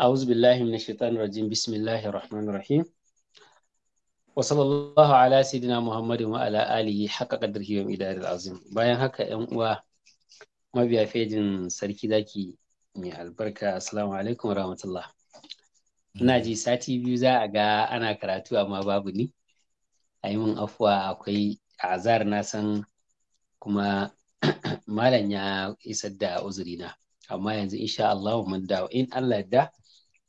أعوذ بالله من الشيطان الرجيم بسم الله الرحمن الرحيم وصلى الله على سيدنا محمد وعلى آله حق bayan haka ƴan uwa mabiya fejin sarki zaki mai albarka assalamu alaikum rahmatullah ina ji sati biyu za a ga ana karatu amma babu ni a yi min afuwa akwai azar na san kuma malam ya isar da uzurina amma yanzu insha Allah mun in Allah da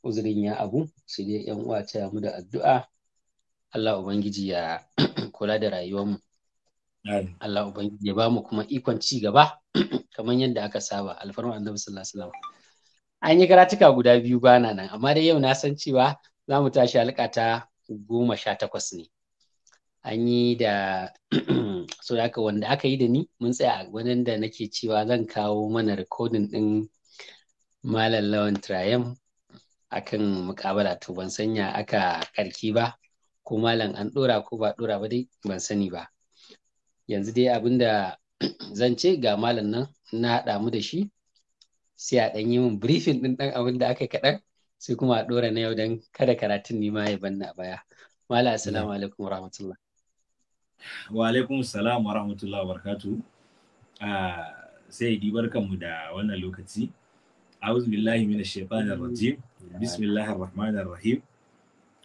uzurin ya abu su dai yan uwa taya mu da addu'a Allah ubangiji ya kula da rayuwar mu Allah ubangiji ya bamu kuma ikon ci gaba kamar yadda aka saba alfarma annabi sallallahu alaihi wasallam an yi karatuka guda biyu bana nan amma dai yau na san cewa za mu tashi alƙa ta goma sha takwas ne an yi da so haka wanda aka yi da ni mun tsaya a wannan da nake cewa zan kawo mana rikodin ɗin malam lawan Triumph. akan mukabala to ban sanya aka karki ba ko malam an dora ko ba dora ba dai ban sani ba yanzu dai abin da zan ce ga malam nan na haɗa mu da shi sai a ɗan yi min briefing ɗin ɗan abin da aka yi kaɗan sai kuma a ɗora na yau don kada karatun nima ya banna baya malam assalamu alaikum wa rahmatullah wa alaikum salam wa rahmatullah wa barakatu ah, sai yi barkanmu da wannan lokaci أعوذ بالله من الشيطان الرجيم بسم الله الرحمن الرحيم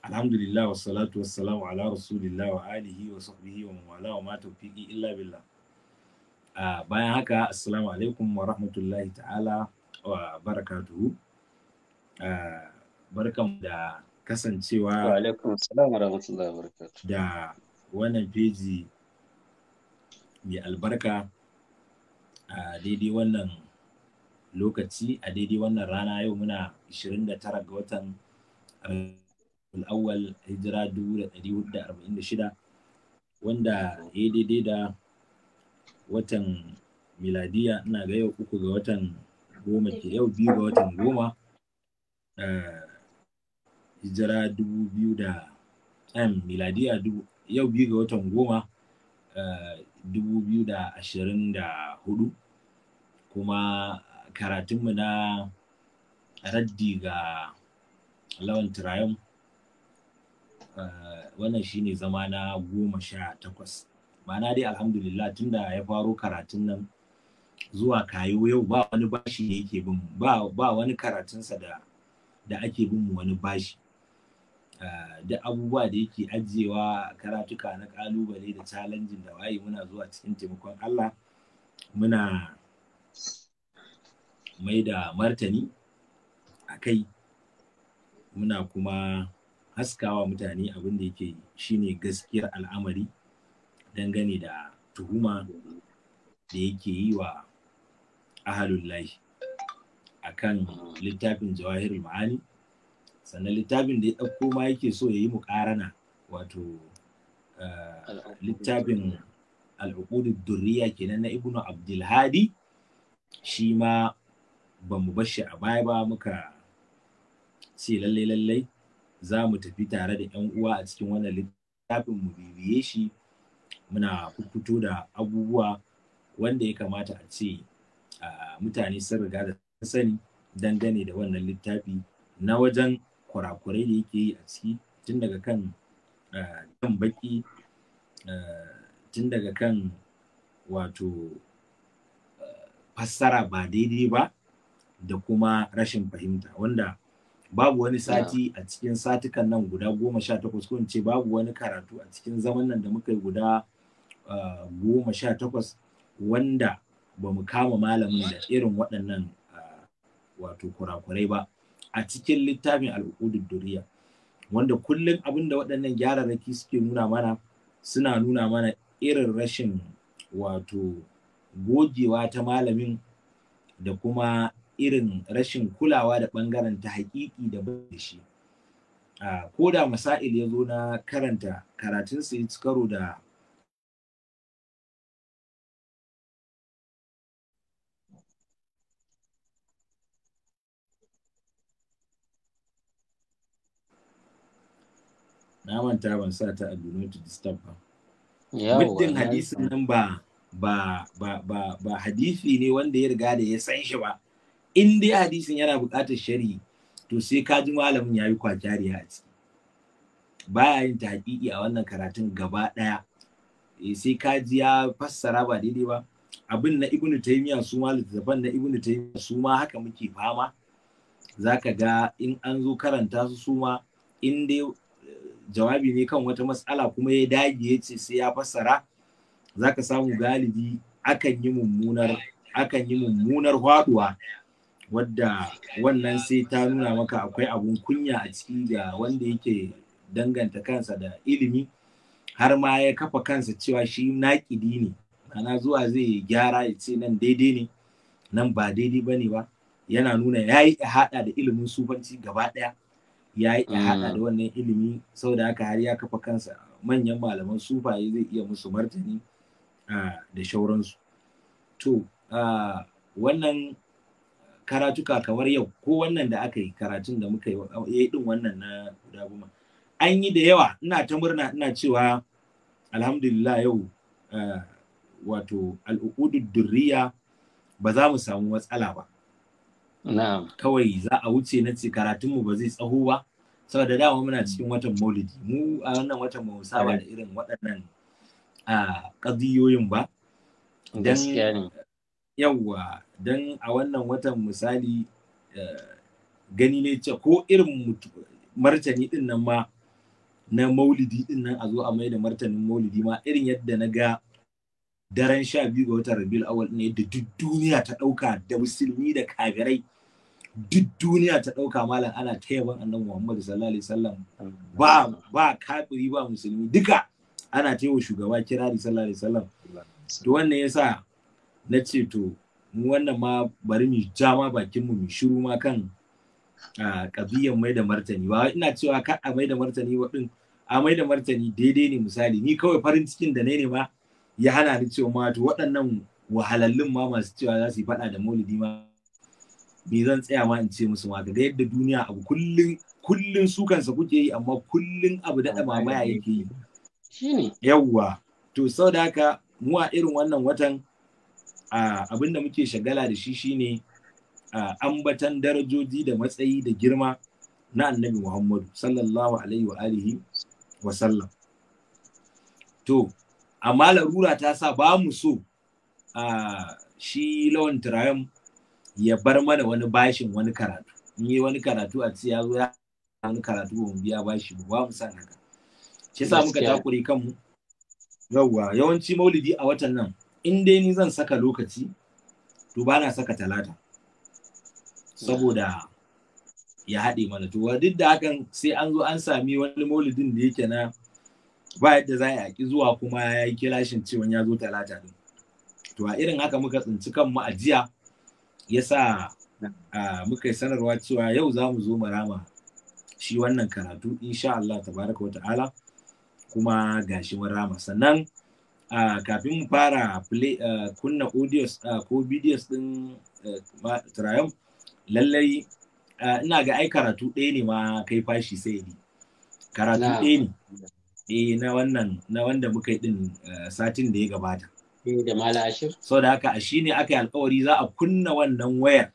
الحمد لله والصلاة والسلام على رسول الله وآله وصحبه ومن والاه وما توفيقي إلا بالله آه bayan haka assalamu alaikum wa rahmatullahi ta'ala wa barakatuhu uh, barkan da kasancewa wa alaikum assalam wa rahmatullahi wa barakatuhu da wannan feji mai albarka a daidai wannan lokaci a daidai wannan rana yau muna 29 ga watan al'awal hijira 1446 wanda ya daidai da watan miladiya ina ga yau uku ga watan goma ke yau biyu ga watan goma eh, hijira dubu biyu da miladiya yau biyu ga watan goma eh, dubu biyu da ashirin da hudu kuma karatunmu na raddi ga lawan turayen eh, wannan ne zama na goma sha takwas ma'ana dai alhamdulillah tun da ya faro karatun nan zuwa kayo yau ba wani bashi da yake bin ba, ba wani karatunsa da da ake bin wani bashi eh, da abubuwa da yake ajiyewa karatuka na kalubale da challenging da waye muna zuwa cikin taimakon Allah muna mai da martani a kai muna kuma haskawa mutane abin da yake shine gaskiyar al'amari dangane da tuhuma da yake yi wa ahalullahi a kan littafin jawahir ma'ani sannan littafin da ya ɗauko ma yake so ya yi muƙarana wato eh, littafin al'ukudu duriya kenan na ibnu abdulhadi shi ma ba mu bar shi a baya ba muka ce lallai lallai za mu tafi tare da yan uwa a cikin wannan littafin mu bibiye shi muna kukuto da abubuwa wanda ya kamata a ce mutane sun riga da sani dangane da wannan littafi na wajen kurakurai da yake yi a ciki tun daga kan kan baki tun daga kan wato fassara ba daidai ba da kuma rashin fahimta wanda babu wani sati a cikin satukan nan guda goma sha takwas ko ce babu wani karatu a cikin zaman nan da muka yi guda ah, goma sha takwas wanda ba mu kama malamin da irin waɗannan ah, wato kurakurai ba a cikin littafin al'udud duriya wanda kullum abin da waɗannan gyararraki suke nuna mana suna nuna mana irin rashin wato gogewa ta malamin da kuma irin rashin kulawa da ɓangaren ta haƙiƙi da da shi ko da masa'il ya zo na karanta karatun su yi karo da na manta ban sa ta abinu do ba muddin hadisin nan ba ba ba ba hadisi ne wanda ya riga da ya san shi ba in dai hadisin yana buƙatar shari'i to sai ka ji malamin ya yi kwajariya a ciki baya yin tahqiqi a wannan karatun gaba ɗaya eh, sai ka ji ya fassara ba daidai ba abin na ibnu taymiya su ma littattafan na ibnu taymiya su ma haka muke fama Za ka ga in an zo karanta su su ma in dai eh, jawabi ne kan wata matsala kuma ya dage ya ce sai ya fassara ka samu galibi akan yi mummunar akan yi mummunar haɗuwa wadda wannan sai ta nuna maka akwai abun kunya a cikin da wanda yake danganta kansa da ilimi har ma ya kafa kansa cewa shi naƙidi ne ana zuwa zai gyara ya ce nan daidai ne nan ba daidai ba ne ba yana nuna ya yi haɗa da ilimin sufanci gaba ɗaya ya yi mm. haɗa da wannan ilimi sau da haka har ya kafa kansa manyan malaman sufaye zai iya musu martani ah, da shauransu to ah, wannan karatuka kamar yau ko wannan da aka yi karatun da muka yi din eh, wannan na guda goma an yi da yawa ina ta murna ina cewa alhamdulillah yau eh, wato al'ukudu durriya ba za mu samu matsala ba Kawai za a wuce na ce karatunmu ba zai tsaho ba, saboda dama muna cikin watan Maulidi. Mu a wannan watan mu saba da irin waɗannan a ah, ba. Gaskiya ne. yawwa don a wannan watan misali eh, gani ne ce ko irin martani din nan ma na maulidi din nan a zo a mai da martanin maulidi ma irin yadda na ga daren sha biyu ga watan rabiul awal ne yadda duk duniya ta ɗauka da musulmi da kafirai duk duniya ta ɗauka malam ana ta yaban annabi Muhammad sallallahu alaihi ba ba kafiri ba musulmi duka ana ta shugaba kirari sallallahu alaihi wasallam to wannan yasa na ce to mu wannan ma bari mu ja ma bakin mu shiru ma kan kabiyan mai da martani ba ina cewa ka a mai da martani ba din a mai da martani daidai ne misali ni kawai farin cikin da ne ne ma ya hana ni cewa ma to waɗannan wahalallun ma masu cewa za su yi faɗa da maulidi ma me zan tsaya ma in ce musu ma ga yadda duniya abu kullun kullun su kansa kuke yi amma kullun abu daɗa mamaya yake yi shine yawwa to sau da haka mu a irin wannan watan abin da muke shagala da shi shine ambatan darajoji da matsayi da girma na annabi Muhammadu sallallahu alaihi wa alihi wa sallam. To, amma larura ta sa ba mu so shi lawan turayen ya bar mana wani bashin wani karatu. In yi wani karatu a ya zo ya wani karatu ba mu biya bashi ba mu sa haka. Shi sa muka takure kanmu. Yawwa, yawanci maulidi a watan nan in dai ni zan saka lokaci to ba na saka talata saboda ya haɗe mana to duk da hakan sai an zo an sami wani maulidin da yake na ba yadda za a ki zuwa kuma ya yi kilashin cewa ya zo talata din to a irin haka muka tsinci kanmu a jiya ya sa muka yi sanarwa cewa yau za mu zo mu shi wannan karatu insha Allah tabaraka wa ta'ala kuma gashi marama, sannan Uh, kafin mu fara uh, kunna audios uh, ko videos din triumph lallai ina ga ai karatu ɗaya ne ma kai fashi sai ne karatu ɗaya ne eh na wannan na wanda muka yi din satin da ya gabata eh, da mala so da haka shi ne aka yi alkawari za a kunna wannan wayar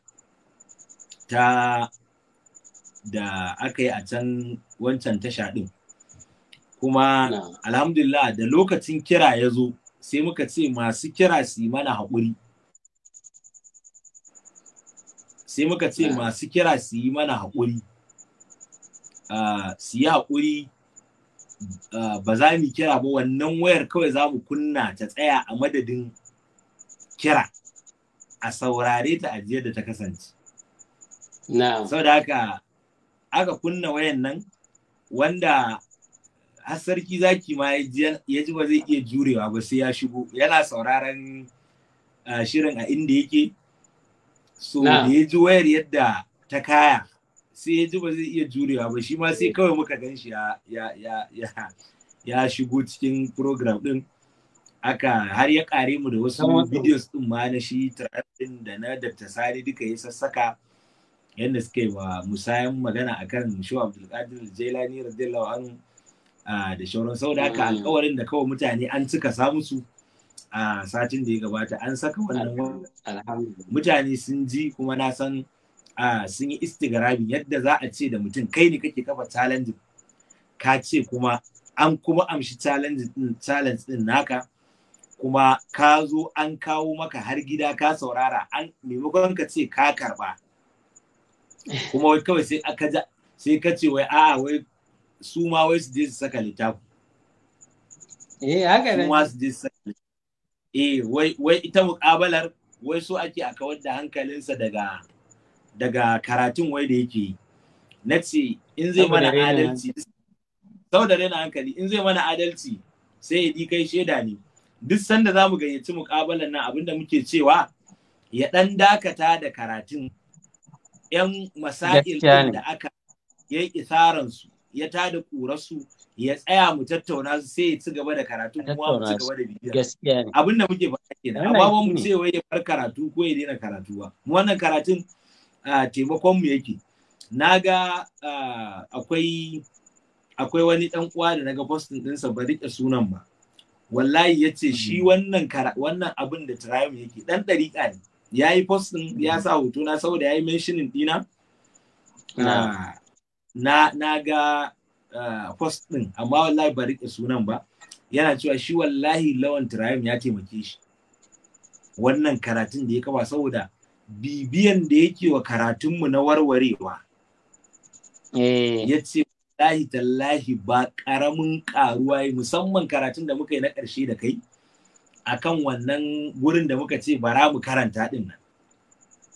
ta da aka yi a can wancan tasha din kuma alhamdulillah da lokacin kira ya zo sai muka ce masu kira su yi mana haƙuri sai muka ce masu kira su yi mana haƙuri su yi haƙuri ba za mu kira ba wannan wayar kawai za mu kunna ta tsaya a madadin kira a saurare ta ajiyar da ta kasance sau da haka aka kunna wayan nan wanda har sarki zaki ma ya ji ba zai iya jurewa ba sai ya shigo yana sauraron shirin a inda yake so da ya ji wayar yadda ta kaya sai ya ji ba zai iya jurewa ba shi ma sai eh. kawai muka gan shi ya shigo cikin program din aka har ya kare mu da wasu videos din ma na shi din da na Dr. Sani duka ya sassaka yadda suka yi wa musayan magana akan shi Abdulkadir Jailani radiyallahu anhu da shauran da aka mm. alkawarin da kawai mutane an cika samu su a satin da ya gabata an saka wannan mutane sun ji kuma na san sun yi istigarabi yadda za a ce da mutum kai ne kake kafa challenge ka ce kuma an kuma amshi challenge din challenge naka kuma ka zo an kawo maka har gida ka saurara an maimakon ka ce ka karba kuma wai kawai sai ka ce wai a'a wai su ma wai su je su saka littafi eh haka ne su ma su je su saka littafi eh wai ita muƙabalar wai so ake a kawar da hankalinsa daga daga karatun wai da yake yi na ce in zai mana adalci sau da rena hankali in zai mana adalci sai ya di kai shaida ne duk sanda za mu gayyaci na nan abinda muke cewa ya ɗan dakata da karatun 'yan masa'il da aka yi isaransu ya tada ƙurasu, ya tsaya mu tattauna su sai ya ci gaba da karatu mu mu ci gaba da bibiya abin da muke faɗa kenan amma ba mu ce wai ya bar karatu ko ya daina karatu ba mu wannan karatun taimakon mu yake naga akwai akwai wani dan uwa da naga postin ɗinsa ba rike sunan ba wallahi ya ce shi hmm. wannan wannan abin da Tirayim yake dan dariƙa ne ya yi postin ya hmm. sa hoto na saboda ya yi mentioning ɗina na na ga uh, post din amma wallahi ba rike sunan ba yana cewa shi wallahi lawan tirayim ya taimake shi wannan karatun da ya kafa saboda bibiyan da yake wa karatun mu na warwarewa eh. ya ce wallahi tallahi ba karamin karuwa musamman karatun da muka yi na karshe da kai akan wannan gurin da muka ce bara mu karanta din nan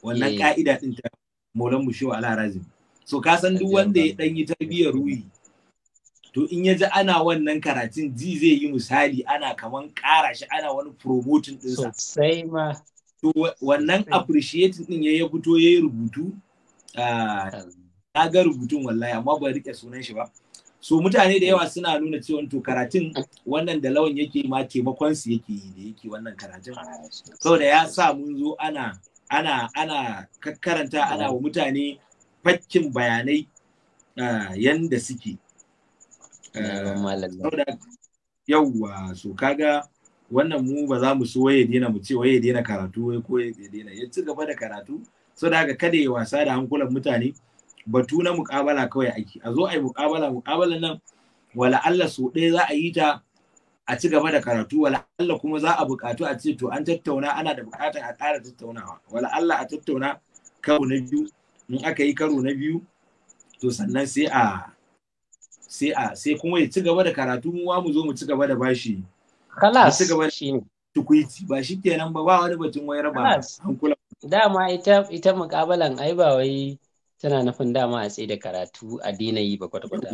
wannan ka'ida eh. din ta maulan mu shi ala razim so ka san duk wanda ya dan yi tarbiyyar ruhi to in ya ji ana wannan karatun ji zai yi misali ana kaman kara shi ana wani promoting sa sai ma. To wannan appreciating ɗin ya fito ya yi rubutu, ah, na ga rubutun wallahi amma ba riƙe sunan shi ba. So mutane da yawa suna nuna cewa to karatun wannan da lawan yake ma taimakon su yake yi da yake wannan karatun. Ah, Saboda ya sa mun zo ana ana ana karanta ana wa mutane fakkin bayanai yanda suke yauwa so kaga wannan mu ba za mu so waye daina mu ce waye daina karatu wai ko ya daina ya ci gaba da karatu so da haka kada ya wasa da hankulan mutane batu na mukabala kawai ake a zo a yi mukabala mukabalan nan wala Allah so ɗaya za a yi ta a ci gaba da karatu wala Allah kuma za a buƙatu a ce to an tattauna ana da buƙatar a ƙara tattaunawa wala Allah a tattauna kawo na biyu in aka yi karo na biyu to sannan sai a sai a sai kuma ya ci gaba da karatu mu mu zo mu ci gaba da bashi kalas tukuiti ba shi kenan ba ba wani batun wayar ba kula dama ita ita mukabalan ai ba wai tana nufin dama a tsaye da karatu a daina yi ba kwata-kwata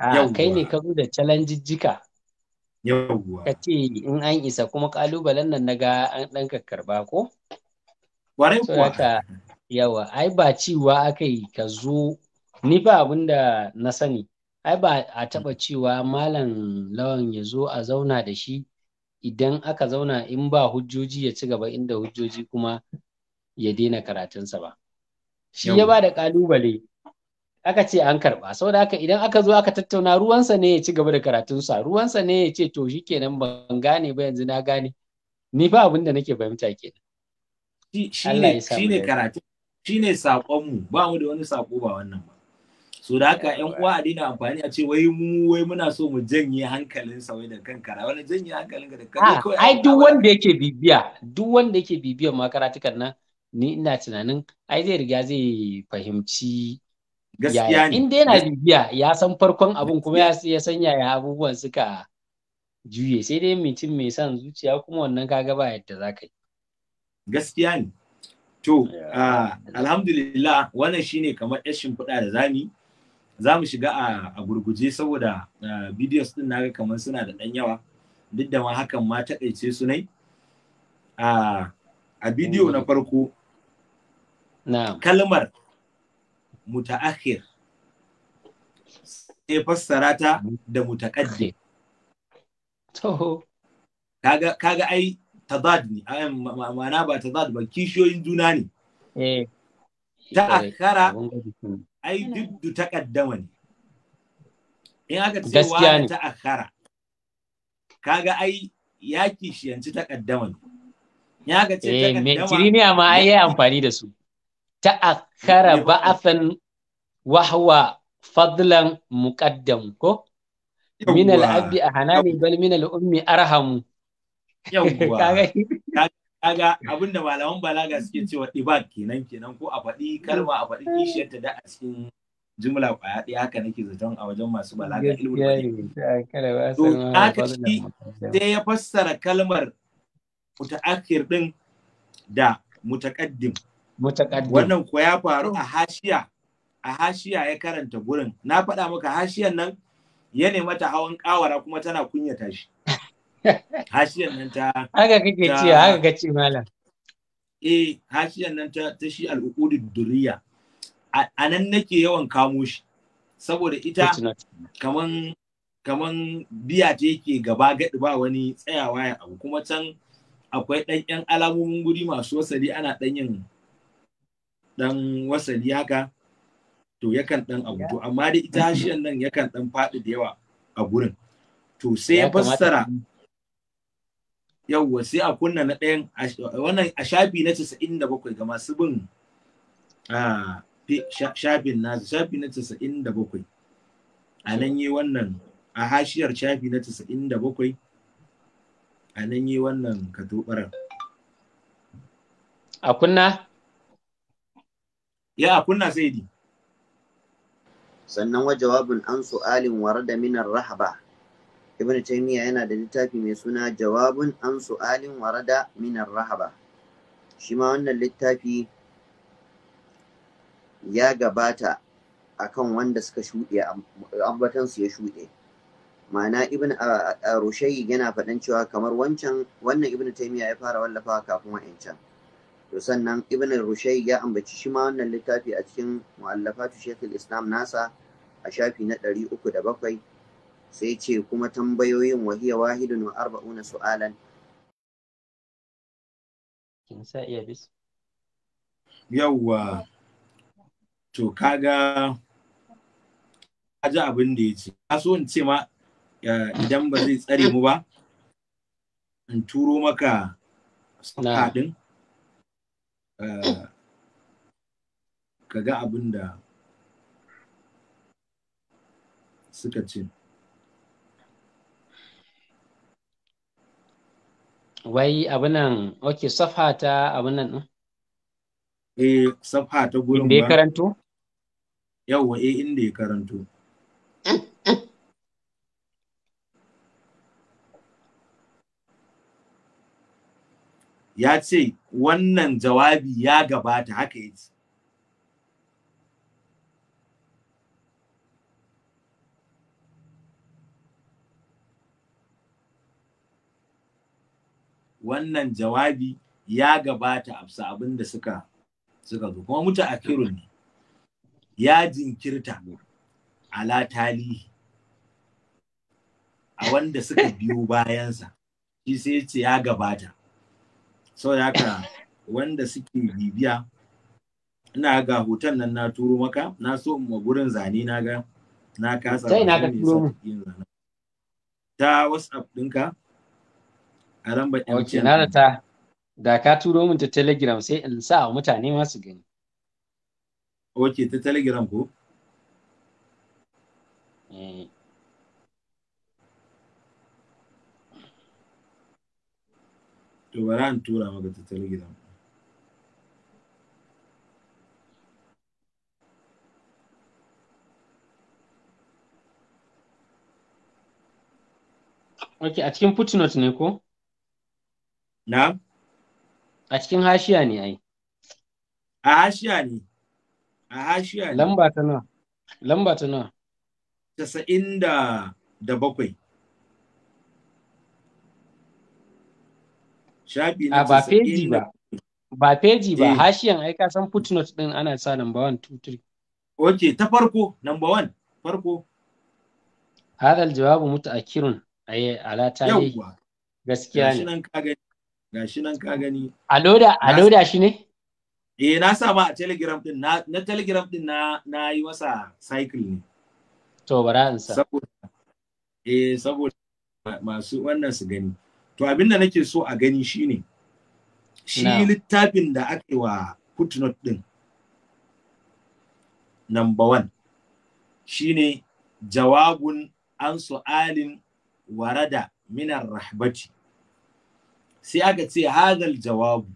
a kai ne ka zo da calanjijjika ka ce in an isa kuma kalubalen nan na ga an ɗan karba ko warai kuwa yawa ai ba cewa aka yi ka zo ni ba abin da na sani ai ba a taba cewa malam lawan ya zo a zauna da shi idan aka zauna in ba hujjoji ya ci gaba inda hujjoji kuma ya daina karatunsa ba shi ya ba da kalubale aka ce an karba saboda haka idan aka zo aka tattauna ruwansa ne ya ci gaba da karatunsa ruwansa ne ya ce to shi kenan ban gane ba yanzu na gane ni ba abin da nake fahimta kenan shi ne karatun shine saƙonmu, ba mu da wani sako ba wannan ba so da haka yan uwa a daina amfani a ce wai mu wai muna so mu janye hankalin sa wai da kan kara wani janye hankalin ka da kai ah, ai duk wanda yake bibiya duk wanda yake bibiyan makaratukan nan ni ina tunanin ai zai riga zai fahimci gaskiya ne inda yana bibiya ya san farkon abun kuma ya san yaya abubuwan suka juye sai dai mutum mai san zuciya kuma wannan kaga ba yadda zaka yi gaskiya ne To, alhamdulillah wannan shine kamar yashin shimfiɗa da zami. Za mu shiga a gurguje saboda videos ɗin naga kamar suna da ɗan yawa, duk da ma hakan ma taƙaice su nai. A bidiyo na farko, kalmar muta'akhir sai fassara ta da mutaƙaddim. Kaga ai tazad ne ma'ana ba tazad ba kishiyoyin juna ne eh. ta eh, akara ai duddu ta kaddama ne in aka ce wa ta akara kaga ai ya kishiyanci ta kaddama ne ya ga ce eh, ta kaddama Tirimiya ma ai yi amfani da su ta akara ba'athan wahwa fadlan muqaddam ko min al a ahanani bal min al-ummi arhamu yawwa kaga abinda malaman balaga suke cewa ibad kenan kenan ko a faɗi kalma a faɗi kishiyar ta da a cikin jumla kwaya ɗaya haka nake zaton a wajen masu balaga ilmin sai ya fassara kalmar mutaakhir din da mutaqaddim mutaqaddim wannan ko ya faru a hashiya a hashiya ya karanta gurin na faɗa maka hashiyan nan ya mata hawan kawara kuma tana kunyata shi hashiyan nan ta haka kake eh, ta shi al'uqud duriya a nan nake yawan kamo shi saboda ita kaman kaman biya ta yake gaba gadi ba wani tsayawa ya abu kuma can akwai ɗan ƴan alamomin guri masu wasali ana ɗan yin ɗan wasali haka to yakan ɗan abu to amma dai ita hashiyan nan yakan ɗan faɗi da yawa a gurin to sai ya fassara yawwa sai a kunna na ɗayan wannan a shafi na casa'in da bakwai ga masu bin shafin na shafi na casa'in da bakwai a nan yi wannan a hashiyar shafi na casa'in da bakwai a nan yi wannan katobarar a kunna ya a kunna sai di sannan wa jawabin an su'alin warada minar rahaba ibn taymiya yana da littafi mai suna jawabun an su'alin warada minar rahaba shi ma wannan littafi ya gabata akan wanda suka shuɗe su ya shuɗe ma'ana ibn rushayi yana faɗan cewa kamar wancan wannan ibn taymiya ya fara wallafa kafin wa'ancan to sannan ibn rushayi ya ambaci shi ma wannan littafi a cikin mu'allafatu shekul islam nasa a shafi na ɗari uku da bakwai sai ce kuma tambayoyin wahiya wahidun wa arba'una su'alan kin sa iya bis yawwa to kaga ji abin da ya ce so in ce ma idan ba zai tsare mu ba in turo maka sakadin eh, ka ga abin da suka ce wai abinan ok safa ta abinan ɗin eh safa ta gurin inda ya karanto yawwa eh inda ya karanto ya ce wannan jawabi ya gabata haka ya wannan jawabi ya gabata bisa abin da suka suka zo kuma muta akirun ne ya jinkirta ala talihi a wanda suka biyo bayansa shi sai ce ya gabata sau da haka wanda suke bibiya ina ga hoton nan na turo maka na so ma gurin zane na ga na kasa ta WhatsApp ɗinka a ramba mtn ok na da ta da ka turo min ta telegram sai in sa wa mutane masu gani ok ta telegram ko eh. to bari an tura maka ta telegram Ok, a cikin footnote ne ko? na a cikin hashiya ne ai a hashiya ne a hashiya ne lamba ta nawa lamba ta nawa tasa'in da da bakwai shafi na ba feji ba ba feji ba eh. hashiyan ai ka san footnote din ana sa number 1 2 3 Oke, ta farko number 1 farko hadal jawabu mutaakkirun ay ala ta gaskiya ne gashi nan ka gani a loda a loda shi ne eh na sa ma a telegram din na, na telegram din na na yi masa cycle ne to bara in sa saboda eh saboda masu wannan su gani to abin da nake so a gani shine shi littafin da ake wa footnote din number one shine jawabun an su'alin warada minar rahbati sai aka ce hadal jawabu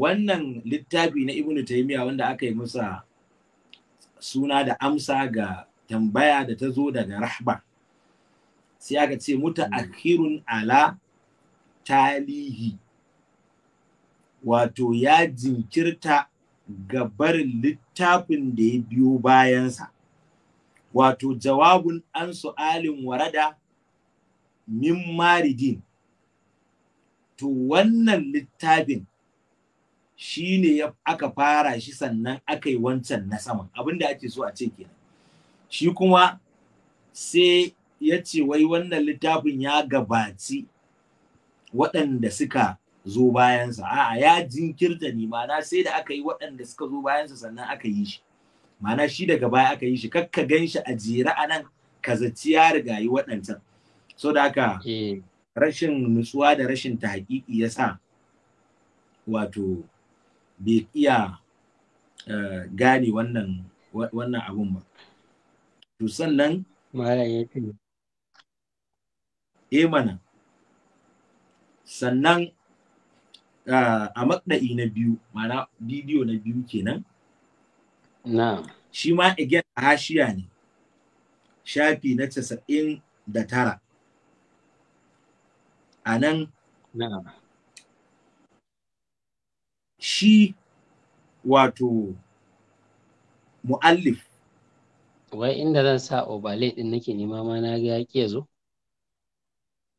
wannan littafi na ibnu taymiya wanda aka yi masa suna da amsa ga tambaya da ta zo daga rahba sai aka ce muta akhirun ala talihi wato ya jinkirta gabar littafin da ya biyo bayansa wato jawabun an su Alin warada min maridin to wannan littafin shi ne aka fara shi sannan aka yi wancan na saman abinda ake so a ce kenan shi kuma sai ya ce wai wannan littafin ya gabaci waɗanda suka zo bayansa a'a ya jinkirta ni ma'ana sai da aka yi waɗanda suka zo bayansa sannan aka yi shi ma'ana shi daga baya aka yi shi kakka gan shi a jere a nan ka zaci riga yi waɗancan so da haka eh. rashin nutsuwa da rashin ta ya sa wato bai iya eh, gane wannan wannan abun ba to sannan malam ya eh mana sannan eh, a maɗai na biyu mana bidiyo na biyu kenan na shi ma igen hashiya ne shafi na casa'in da tara a nan shi wato mu'allif wai inda zan sa obale din nake nema ma na ga ya zo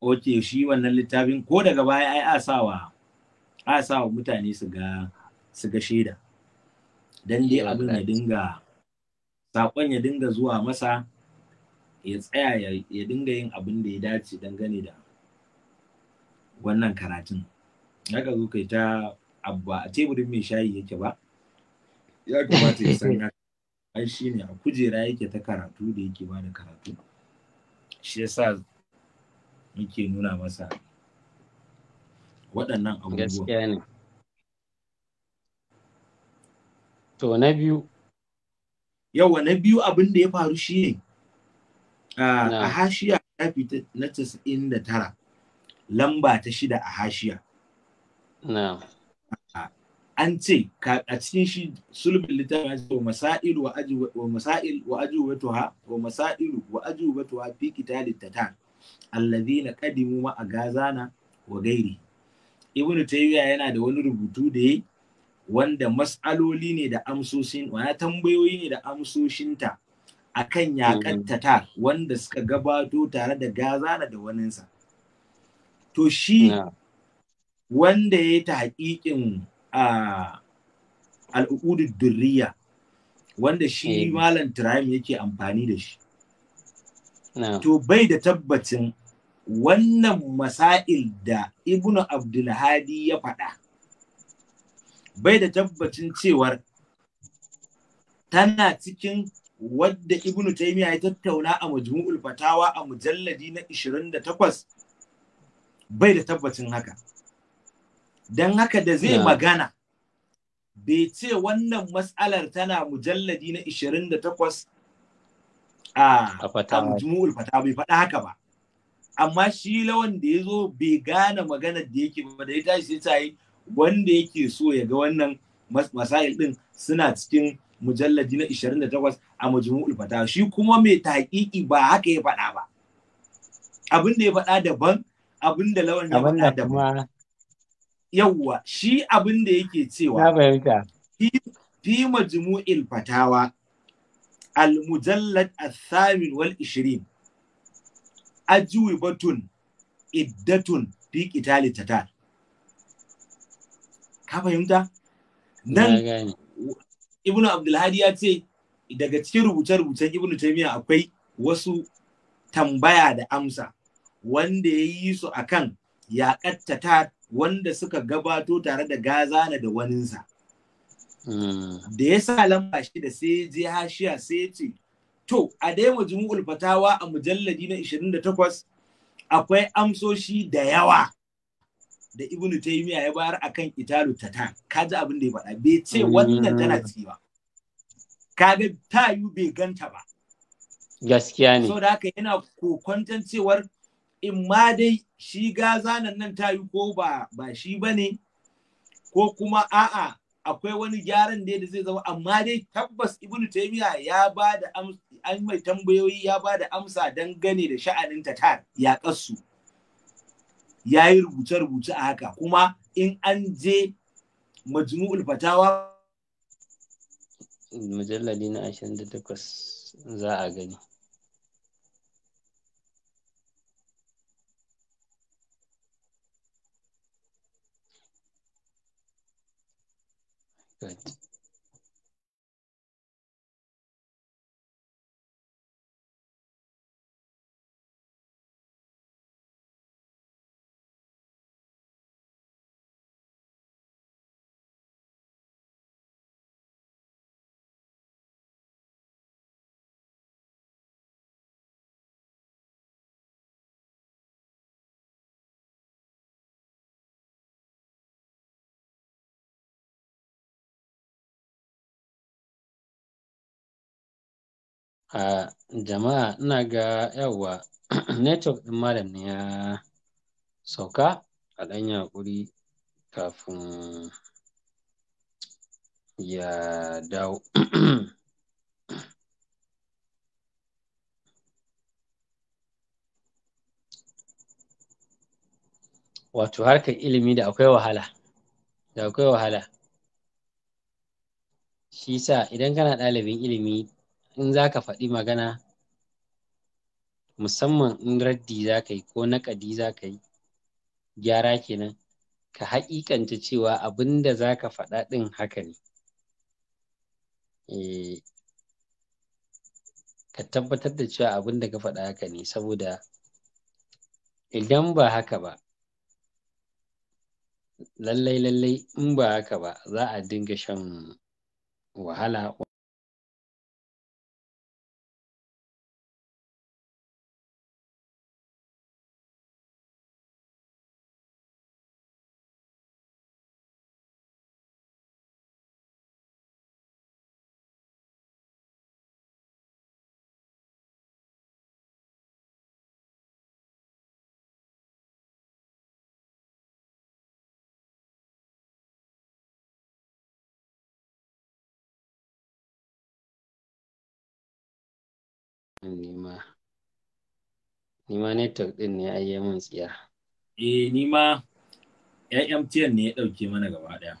ok shi wannan littafin ko daga baya ai asawa asawa mutane su ga su ga shaida dan dai abin ya dinga sakon ya dinga zuwa masa ya tsaya ya dinga yin abin da ya dace dangane da wannan karatun Ya ka zo kai ta abu a teburin mai shayi yake ba ya kamata ya san haka ai ne a kujera yake ta karatu da yake ba da karatu shi yasa muke nuna masa waɗannan abubuwa gaskiya ne to na biyu yawa na biyu abin da ya faru shi ne a hashiya ya fita na 99 lamba ta shida a hashiya. An ce a cikin shi sulbin littafin ya ce wa masa'il wa ajubatuha wa masa'il wa tuha fi qitalin tatar alladhina qadimu ma na, wa gairi. Ibn Taymiyyah yana da wani rubutu da ya wanda mas'aloli ne da amsoshin tambayoyi ne da amsoshinta akan yakan mm-hmm. tatar wanda suka gabato tare da gazana da waninsa. to shi wanda ya yi ta haƙiƙin al'udud duriya wanda shi eh. malam turayim yake amfani da shi. To bai da tabbacin wannan masail da Ibnu Abdulhadi ya faɗa. Bai da tabbacin cewar tana cikin wadda Ibnu taimiyya ya tattauna a majmu'ul fatawa a mujalladi na 28 bai da tabbacin haka don haka da zai magana bai ce wannan matsalar tana mujalladi na 28 a mujmu'ul fata bai faɗa haka ba amma shi lawan da ya zo bai gane maganar da yake ba da ya tashi sai ta yi wanda yake so ya ga wannan masail ɗin suna cikin mujalladi na 28 a majmu'ul fata shi kuma mai taƙiƙi ba haka ya faɗa ba abin da ya faɗa daban abin da lawan ya faɗa da ma. yawwa shi abin da yake cewa na fahimta fi majmu'il fatawa al-mujallad al-thamin wal 20 ajwibatun iddatun fi qitali tatar ka fahimta nan ibnu abdulhadi ya ce daga cikin rubuce-rubucen ibnu taymiya akwai wasu tambaya da amsa wanda ya yi su kan yaƙatta ta wanda suka gabato tare da gazana da waninsa. Da ya sa lamba shi da sai je hashiya sai ya ce, To, a dai majmu'ul ulfatawa a mujalladi na 28 akwai amsoshi da yawa da Ibn Taymiyyah ya bayar akan Italu ta, Ka ji abin da ya faɗa, bai ce mm. wannan tana ciki ba. Kaga tayu bai ganta ba. Gaskiya ne. So da haka yana kokwanton cewar in ma dai shi zanen nan ta yi ko ba ba shi ba ne ko kuma a'a akwai wani gyaran da zai zama amma dai tabbas Ibn taymiya ya ba da an mai tambayoyi ya ba da amsa gane da sha'anin ta ya kasu ya yi rubuce-rubuce a haka kuma in an je majmu'ul fatawa mujalladi na 28 za a gani Good a jama'a ina ga yawa network ɗin malam ne ya sauka a ɗan yaƙuri kafin ya dawo wato harkar ilimi da akwai wahala da akwai wahala shi sa idan kana ɗalibin ilimi in za ka faɗi magana musamman in raddi za ka yi ko naƙadi za ka yi gyara kenan ka haƙiƙanta cewa abin da za ka faɗa ɗin haka ne eh, ka tabbatar da cewa abin da ka faɗa haka ne saboda idan ba haka ba lallai lallai in ba haka ba za a dinga shan wahala Ni ma network ɗin ne ai ya mun tsiya. Eh ni ma MTN ne ya ɗauke mana gaba daya.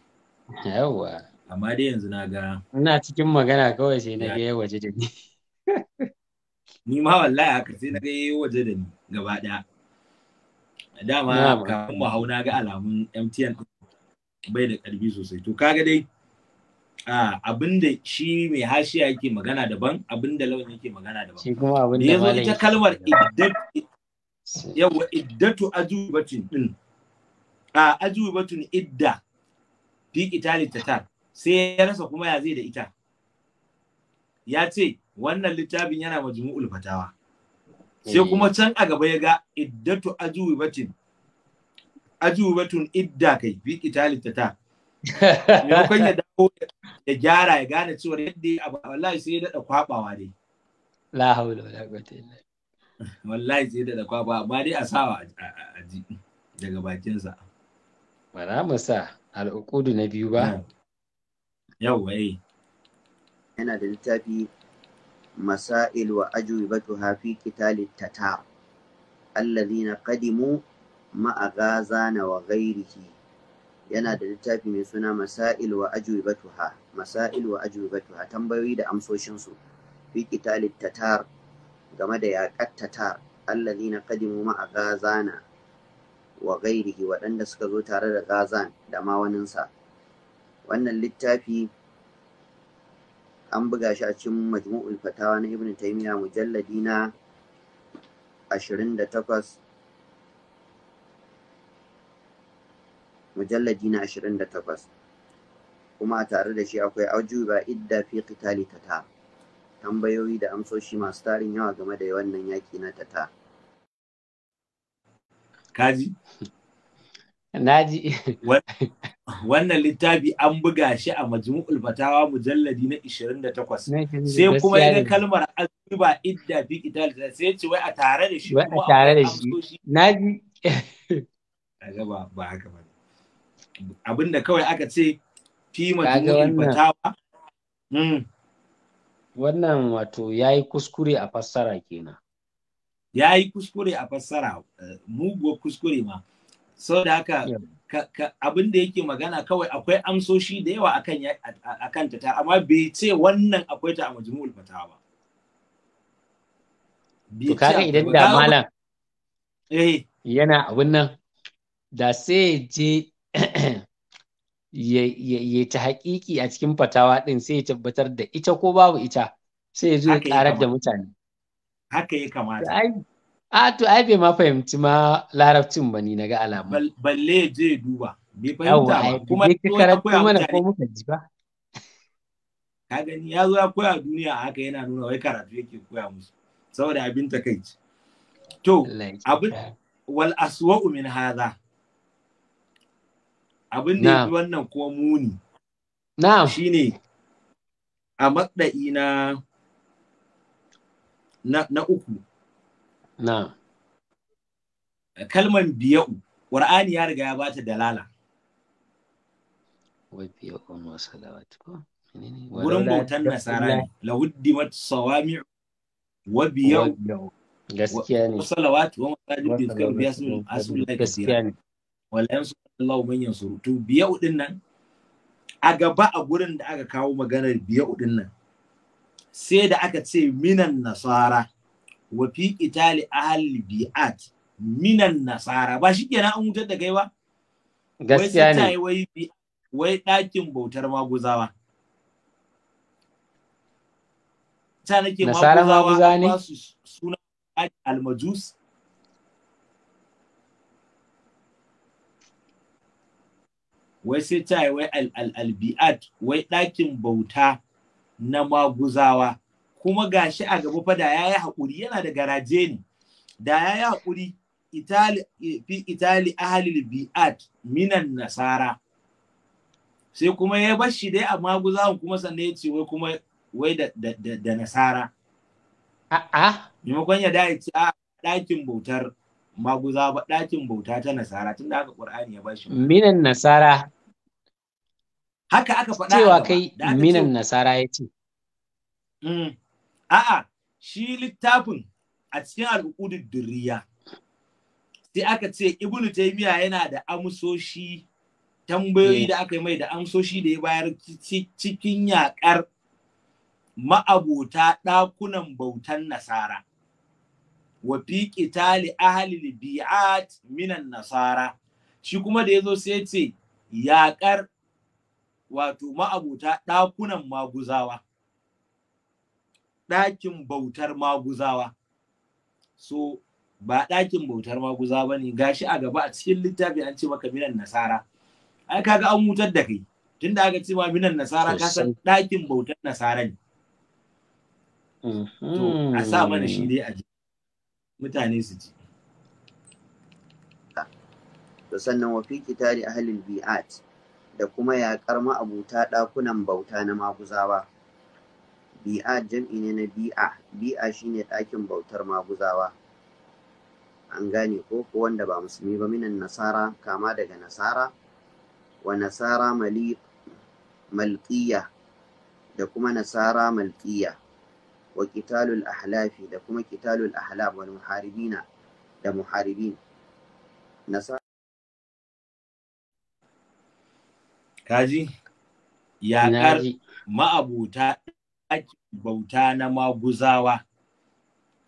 Yawwa. Amma dai yanzu na ga. Ina cikin magana kawai sai na ga ya waje da ni. Nima ma wallahi haka sai na ga ya waje da ni gaba daya. Dama kafin mu hau na ga alamun MTN bai da ƙarfi sosai. To kaga dai abin da shi mai hashiya yake magana daban abin da lawan yake magana daban shi kuma abinda da yazo ita kalmar iddatu yawa iddatu ajubatin din a ajubatun idda fi itali tatar sai ya rasa kuma ya zai da ita ya ce wannan littafin yana majmu'ul fatawa sai eh. kuma can a gaba ya ga iddatu ajubatin ajubatun idda kai fi itali tatar maimakon ya dawo ya gyara ya gane cewa yadda ya abu wallahi sai ya daɗa kwabawa dai la haula wala quwwata illa wallahi sai ya daɗa kwabawa amma dai a sawa a ji daga bakinsa bara mu sa al'uqudu na biyu ba yawwa eh yana da littafi masail wa ajwibatuha fi qitali tatar alladhina qadimu ma'a na wa ghairihi yana da littafi mai suna masail wa ajwibatuha masail wa tambayoyi da amsoshin su fi qitalit tatar game da yaƙar tatar alladhina qadimu ma gazana. wa ghairihi waɗanda suka zo tare da gazan da ma wannan littafi an buga shi a cikin majmu'ul fatawa na ibn taymiya mujalladi na 28 mujalladi na 28 kuma a tare da shi akwai aujuba idda fi qitali tata tambayoyi da amsoshi masu tarin yawa game da wannan yaki na tata kaji naji wannan littafi an buga shi a majmu'ul fatawa mujalladi na 28 sai kuma yana kalmar azuba idda fi qital sai ce wai a tare da shi wai a tare da shi naji ba haka ba abinda kawai aka ce fi majmu'in fatawa hmm. wannan wato yayi kuskure a fassara kenan yayi kuskure a fassara eh, muguwa kuskure ma da haka abin da yake magana kawai akwai amsoshi da yawa akan akan ta amma bai ce wannan akwai ta a majmu'ul fatawa ba to kaga idan da malam eh yana abin nan da sai je ya ta haƙiƙi a cikin fatawa ɗin sai ya tabbatar da ita ko babu ita sai ya zo ya ƙarar da mutane. Haka ya kamata. A to ai bai ma fahimci ma larabcin ba ni na ga alamu. Balle ya je ya duba. Bai fahimta ba. Kuma ya karanta mana ko muka ji ba. Ka gani ya zo ya koya duniya a haka yana nuna wai karatu yake koya musu. Saboda abin takaici. To abin wal aswa'u min hadha abin da wannan kuma muni shi ne a maɗa'i na na uku kalman biya'u Qur'ani ya riga ya bata dalala wurin bautan nasara ne lahuddimat sawami'u wa biya'u gaskiya ne salawatu wa biya gaskiya ne wala yansu Allah man yin surutu biya din nan a gaba a gurin da aka kawo maganar biya uɗin nan sai da aka ce minan nasara wa fi itali ahli bi'at minan nasara ba shi kenan an wutar da kai ba gaskiya ne wai wai ɗakin bautar maguzawa ta nake maguzawa ba su suna almajus wai sai ta wai al'albi'at wai ɗakin bauta na maguzawa kuma ga shi a gaba fa da ya yi haƙuri yana da garaje ne da ya yi haƙuri itali fi itali ahlil bi'at minan nasara sai kuma ya bar shi dai a maguzawan kuma sannan ya ce wai kuma wai da, da, nasara a'a maimakon ya da ce a ɗakin bautar maguza ba ɗakin bauta ta nasara tun da haka ƙur'ani ya bashi minan nasara haka aka faɗa cewa kai minan nasara ya ce mm. a'a shi littafin a cikin al'ukudu duriya sai aka ce ibnu taymiya yana da amsoshi tambayoyi da aka yi mai da amsoshi da ya bayar cikin yaƙar ma'abota ɗakunan bautan nasara wa fi qitali ahli bi'at minan nasara shi kuma da yazo sai ya ce yakar wato ma'abuta ɗakunan maguzawa ɗakin bautar maguzawa so ba ɗakin bautar maguza ba ne gashi a gaba a cikin littafi an ce maka minan nasara ai kaga an wutar da kai tunda aka ce ma minan nasara ka san ɗakin bautar nasara ne to a sa mana shi mhm. dai a ji mutane su ji sannan wa fi kitari ahlul bi'at da kuma yaƙar ma'abuta ɗakunan bauta na maguzawa. Bi'a jam'i ne na bi'a, bi'a shine ɗakin bautar maguzawa. An gane ko ku wanda ba musulmi ba minan nasara kama daga nasara wa nasara malƙiya da kuma nasara malƙiya wa kitalul ahlafi da kuma kitalul ahlab wal muharibina da muharibin. Nasara kaji yaƙar ma'abuta bauta na maguzawa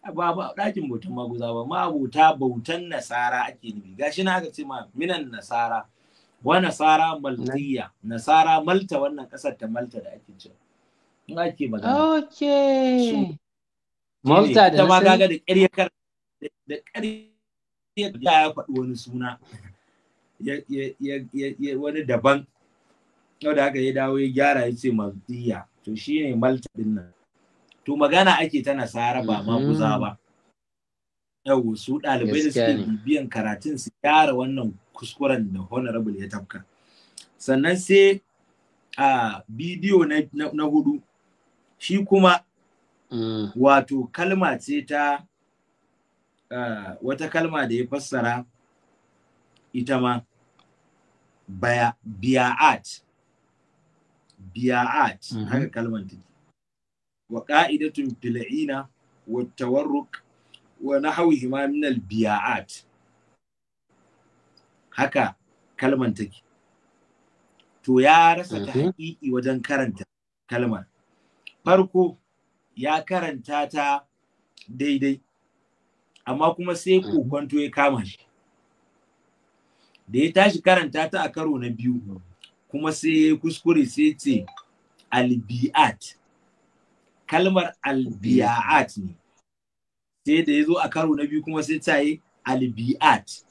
ba ɗakin bautan maguzawa ma'abuta bautan nasara ake nufi gashi na aka ce ma minan nasara wa nasara maltiya nasara malta wannan ƙasar ta malta da ake cewa in ake magana okay malta da ma kaga da ƙaryar da ƙaryar ya faɗi wani suna wani daban yau da haka ya dawo ya gyara ya ce mabdiya to shi ne malta din nan to magana ake ta nasara ba ma kuza mhm. ba yau su ɗalibai da suke bibiyan karatun su gyara wannan kuskuren da honorable ya tafka sannan sai a bidiyo na hudu shi kuma mm. wato kalma ce ta wata kalma da ya fassara ita ma biya art biya'at mhm. haka kalmar take wa qa'idatun fil'ina wa tawarruk wa nahawihima min al biya'at haka kalmar take to ya rasa mhm. ta haƙiƙi wajen karanta kalmar farko ya karanta ta daidai amma kuma sai mhm. kokonto ya kama shi da ya tashi karanta ta a karo na biyu kuma sai ya yi kuskure sai ce albi'at kalmar albi'at ne sai da ya zo a karo na biyu kuma sai ta yi albi'at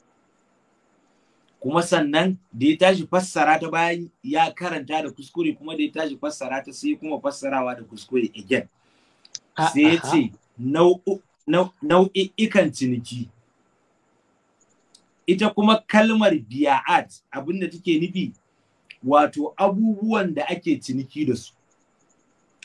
kuma sannan da ya tashi fassara ta bayan ya karanta da kuskure kuma da ya tashi fassara ta sai kuma fassarawa da kuskure again sai ya ce nau'i'ikan ciniki ita kuma kalmar biya'at abinda take nufi wato abubuwan da ake ciniki da su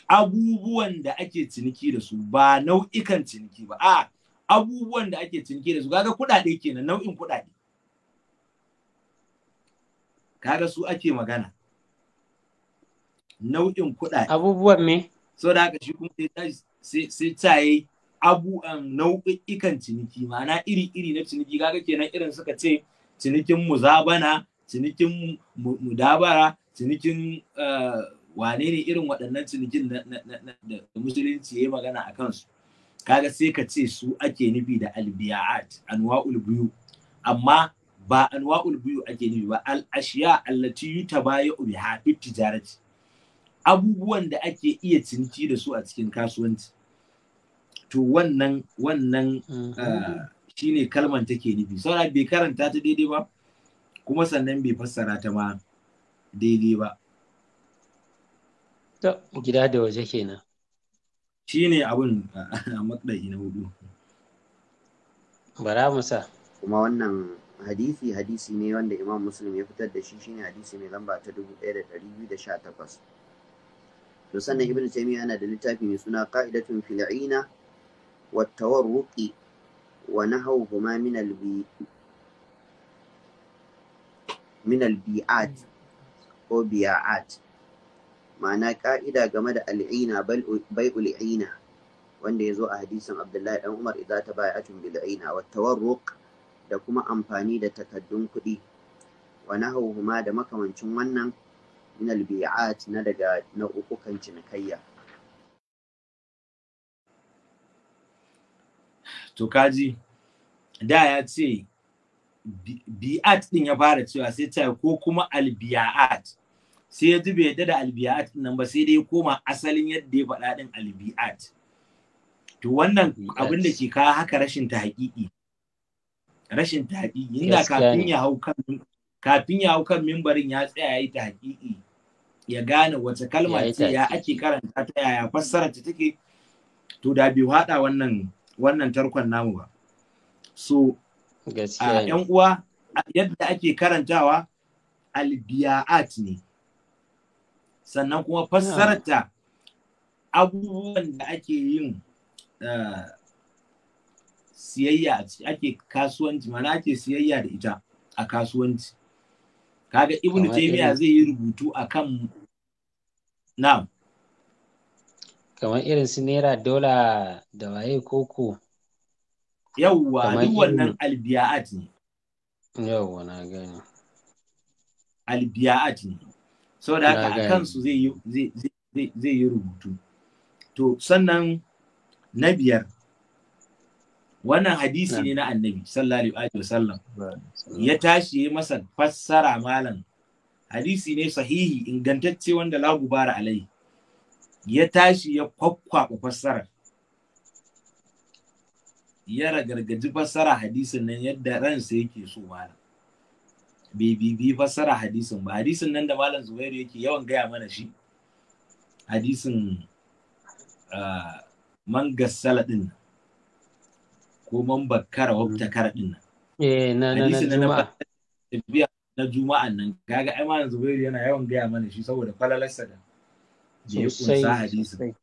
abubuwan da ake ciniki da su ba nau'ikan ciniki ba a abubuwan da ake ciniki da su kaga kuɗaɗe kenan nau'in kuɗaɗe kaga su ake magana nau'in kuɗaɗe abubuwan me so da haka shi kuma sai tsaye abubuwan um, nau'ikan ciniki ma'ana iri-iri na ciniki kaga kenan irin suka ce cinikin muzabana cinikin mudabara cinikin eh, wane ne irin waɗannan cinikin da musulunci ya magana a kansu kaga sai ka ce su ake nufi da albiya'at anwa'ul biyu amma ba anwa'ul biyu ake nufi ba al ashiya allati baya biha fit tijarati abubuwan da ake iya ciniki da su a cikin kasuwanci to wannan wannan mm. eh, shine kalman take nufi saura bai karanta ta daidai ba kuma sannan bai fassara ta ma daidai ba gida da waje kenan shi ne abin a matsayi na hudu bara musa kuma wannan hadisi hadisi ne wanda imam muslim ya fitar da shi shine hadisi mai lamba ta dubu da 1218 to sannan Ibn taymiya yana da littafi mai suna qa'idatun fil'ina ina wa tawarruqi wa nahawhuma min al minal bi'at ko biya'at ma'ana ka'ida game da al'ina bai ul'ina wanda ya zo a hadisin abdullahi dan umar idan ta bai atun bil'ina wa tawarruq da kuma amfani da takaddun kuɗi wa nahawhuma da makamancin wannan minal bi'at na daga nau'ukan cinikayya to kaji da ya ce bi'at din ya fara cewa sai ta ko kuma albi'at sai ya zube yadda da albi'at nan ba sai dai koma asalin yadda ya faɗa din albi'at to wannan abin da ke kawo haka rashin ta haƙiƙi rashin ta haƙiƙi inda kafin ya hau kan kafin ya hau kan mimbarin ya tsaya yi ta haƙiƙi ya gane wace kalma ce ya ake karanta ta yaya fassara ta take to da bai haɗa wannan wannan tarkon namu ba so a yan uwa yadda ake karantawa albiya'at ne sannan kuma fassarta abubuwan da ake yin eh, siyayya ake kasuwanci mana ake siyayya da ita a kasuwanci kaga ibnu taymiya zai yi rubutu a kan na kamar irin su naira dola da waye koko yawwa duk wannan albiya'at ne yawwa na gani albiya'at ne saboda haka a kansu zai yi rubutu to sannan na biyar wannan hadisi ne na annabi sallallahu alaihi wasallam ya tashi ya masa fassara malam hadisi ne sahihi ingantacce wanda la gubara alai ya tashi ya kwakwaba fassarar ya ragargaji fassara hadisin nan yadda ransa yake so malam bai bibi fassara hadisin ba hadisin nan da malam zubairu yake yawan gaya mana shi hadisin man gassala din nan ko man bakkara wabta kara din nan eh na na na juma'a na juma'a nan kaga ai malam zubairu yana yawan gaya mana shi saboda falalarsa da je kunsa hadisin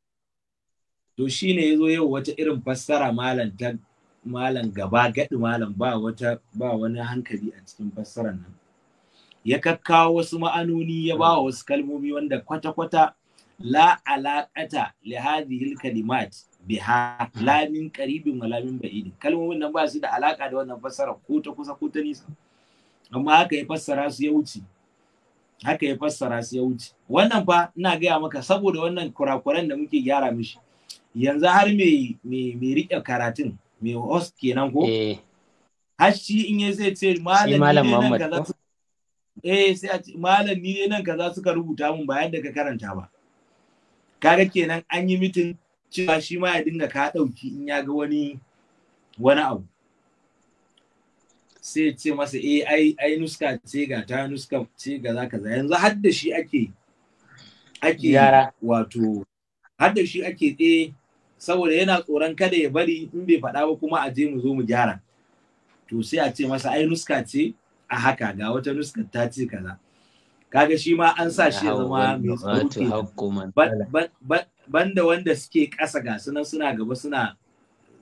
to shine yazo yau wata irin fassara malam ta malam gaba gaɗi malam ba wata ba wani hankali a cikin fassarar nan ya kakkawo wasu ma'anoni ya ba wasu kalmomi wanda kwata-kwata la alaƙata li hadhihi kalimat biha la min qaribin wala min ba'idin kalmomin nan ba su da alaƙa da wannan fassara ko ta kusa ko ta nisa amma haka ya fassara su ya wuce haka ya fassara su ya wuce wannan fa ina gaya maka saboda wannan kurakuran da muke gyara mishi yanzu har me me riƙe karatun mai host kenan ko eh. har shi in ya ce malam eh, sai ce malam ni ne nan kaza suka rubuta mun ba da ka karanta ba kaga kenan an yi mitin cewa shi ma ya dinga ka dauki in ya ga wani wani abu sai ce masa eh ai ai nuska ce ga ta nuska ce ga za kaza yanzu har da shi ake ake wato har da shi ake eh saboda yana tsoron kada ya bari in bai faɗa ba kuma a je mu zo mu gyara to sai a ce masa ai nuska ce a haka ga wata nuskar ta ce kaza kaga shi ma an sa shi zama mai tsoro banda wanda suke ƙasa ga sunan suna gaba suna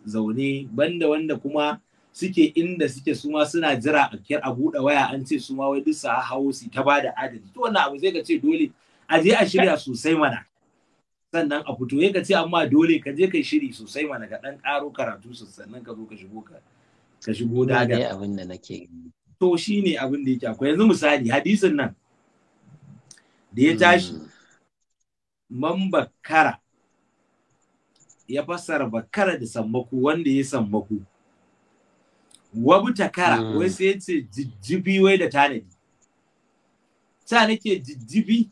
zaune banda wanda kuma suke inda suke su suna jira a kyar a buɗe waya an ce su wai duk su hawo su ta bada adadi to wannan abu zai ga ce dole a je a shirya sosai mana sannan a fito ya ka ce amma dole ka je kai shiri sosai mana ka dan karo karatu sannan ka zo ka shigo ka ka shigo daga abin da nake to shine abin da yake akwai yanzu misali hadisin nan da ya tashi hmm. man bakara ya fassara bakara da sammaku wanda ya sammaku wabu takara hmm. wai sai ya ce jijjibi wai da tanadi ta nake jijjibi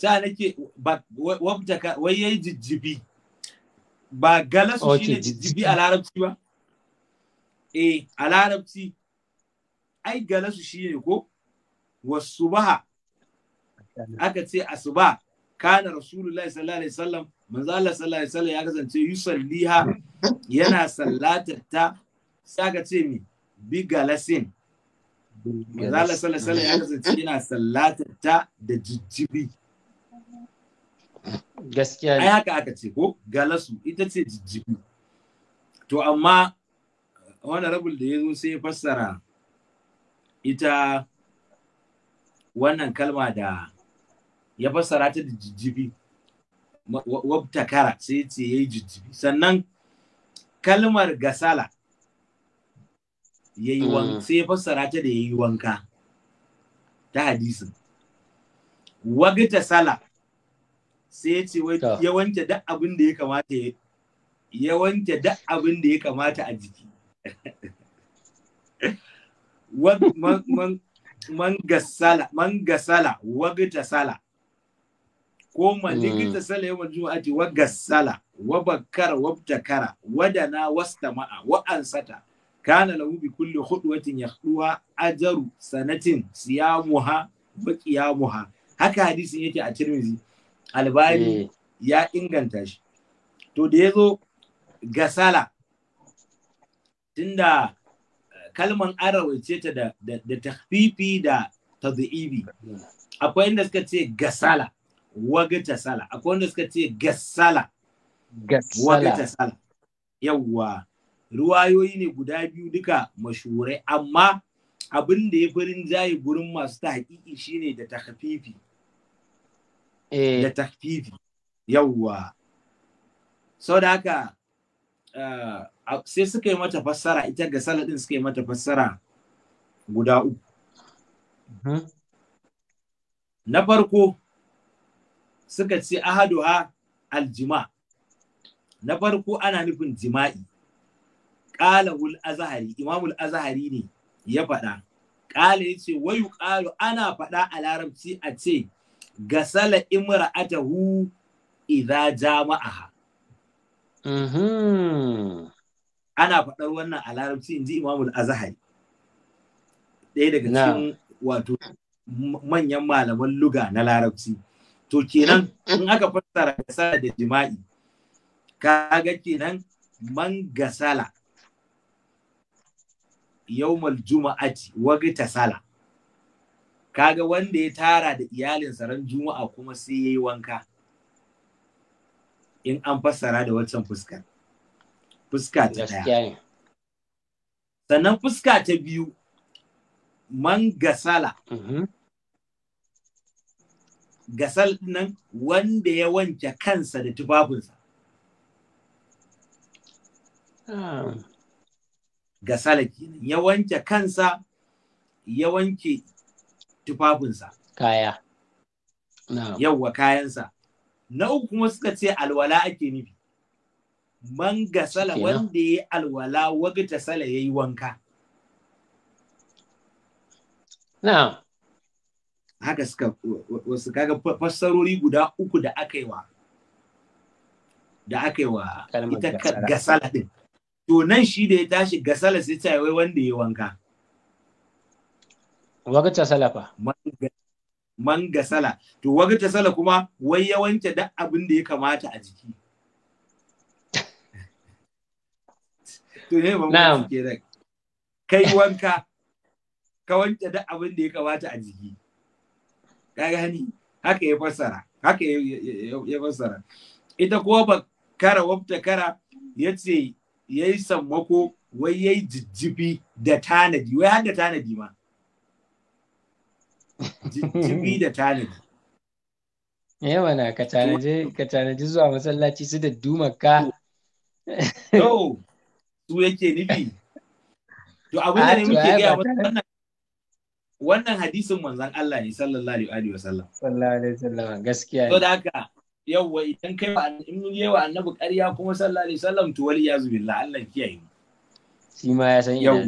sai nake ba ka wai yayi jijjibi ba galasu shine jijjibi a larabci ba eh a larabci ai galasu shine ko wasubaha aka ce asuba kana rasulullahi sallallahu alaihi wasallam manzo Allah sallallahu alaihi wasallam ya kasance yusalliha yana sallatar ta sai aka ce mi bi galasin manzo Allah sallallahu alaihi wasallam ya kasance yana sallatar ta da jijjibi gaskiya ai haka aka ce ko galasu ita ce jijjibi to amma rabul da ya zo sai ya fassara ita wannan kalma da ya fassara ta da jijjibi wabtakara sai ce ya yi jijjibi sannan kalmar gasala yayi wanka mm. sai ya fassara ta da ya yi wanka ta hadisin Wagita sala sai ya ce ya wanke duk abin da ya kamata ya wanke duk abin da ya kamata a jiki man gasala man gasala wagta sala ko malikita hmm. sala yau juma'a wa gasala wa bakkara wa btakara wadana wastama'a wa ansata kana lahu bi kulli khudwatin yakhduha ajaru sanatin siyamuha wa qiyamuha haka hadisin yake a Tirmidhi albani eh. ya inganta shi to da ya zo gasala tunda eh, kalman arawa ce ta da, da, da tahfifi da tadhibi akwai inda suka ce gasala ta sala akwai inda suka ce gasala ta sala yawwa ruwayoyi ne guda biyu duka mashurai amma abin da ya fi rinjaye gurin masu ta shine da tahfifi Eh. da takfifi yawwa sau da haka eh, sai suka yi mata fassara ita ga saladin suka yi mata fassara guda uku mhm. na farko suka ce ahaduha aljima na farko ana nufin jima'i wul azahari imamul azahari ne ya faɗa ƙala ya ce wayu ƙalu ana faɗa a larabci a ce gasala imra atahu idza jama'aha mhm. ana faɗar wannan a larabci in ji imamul azhari ɗaya daga cikin wato manyan malaman luga na larabci to kenan in aka fassara gasala da jima'i kaga kenan man gasala yawmal juma'ati wa sala kaga wanda ya tara da iyalinsa ran juma'a kuma sai ya yi wanka in an fassara da waccan fuska. fuska ta ɗaya sannan fuska ta biyu man gasala mm-hmm. gasal nan wanda ya wanke kansa da tufafinsa ah. gasala kenan ya wanke kansa ya wanke tufafinsa. Kaya. Yawwa kayansa. Na uku kuma suka ce alwala ake nufi. Man gasala wanda ya alwala ta sala ya yi wanka. Na. Haka suka wasu kaga fassarori guda uku da aka yi wa da aka yi wa ita gasala din. To nan shi da ya tashi gasala sai ta wai wanda ya wanka. Wagata sala fa. Man sala. To wagata sala kuma wai ya wanke duk abin da ya kamata a jiki. To ne ba mu Kai wanka ka wanke duk abin da ya kamata a jiki. Ka gani? Haka ya fassara. Haka ya fassara. Ita kuwa ba kara wabta kara ya ce ya yi sammako wai ya yi jijjifi da tanadi wai har da tanadi ma. jibi da talib yawa eh wana ka tanaji ka zuwa masallaci su da dumaka. ka su yake nufi to abin da ah, ne muke gaya wannan wannan hadisin manzon Allah ne sallallahu alaihi wa wasallam sallallahu alaihi wasallam gaskiya to da haka yawwa idan kai in yi wa annabi ƙarya kuma sallallahu alaihi wasallam to tuwali ya zubi Allah kiyaye shi ma ya san ina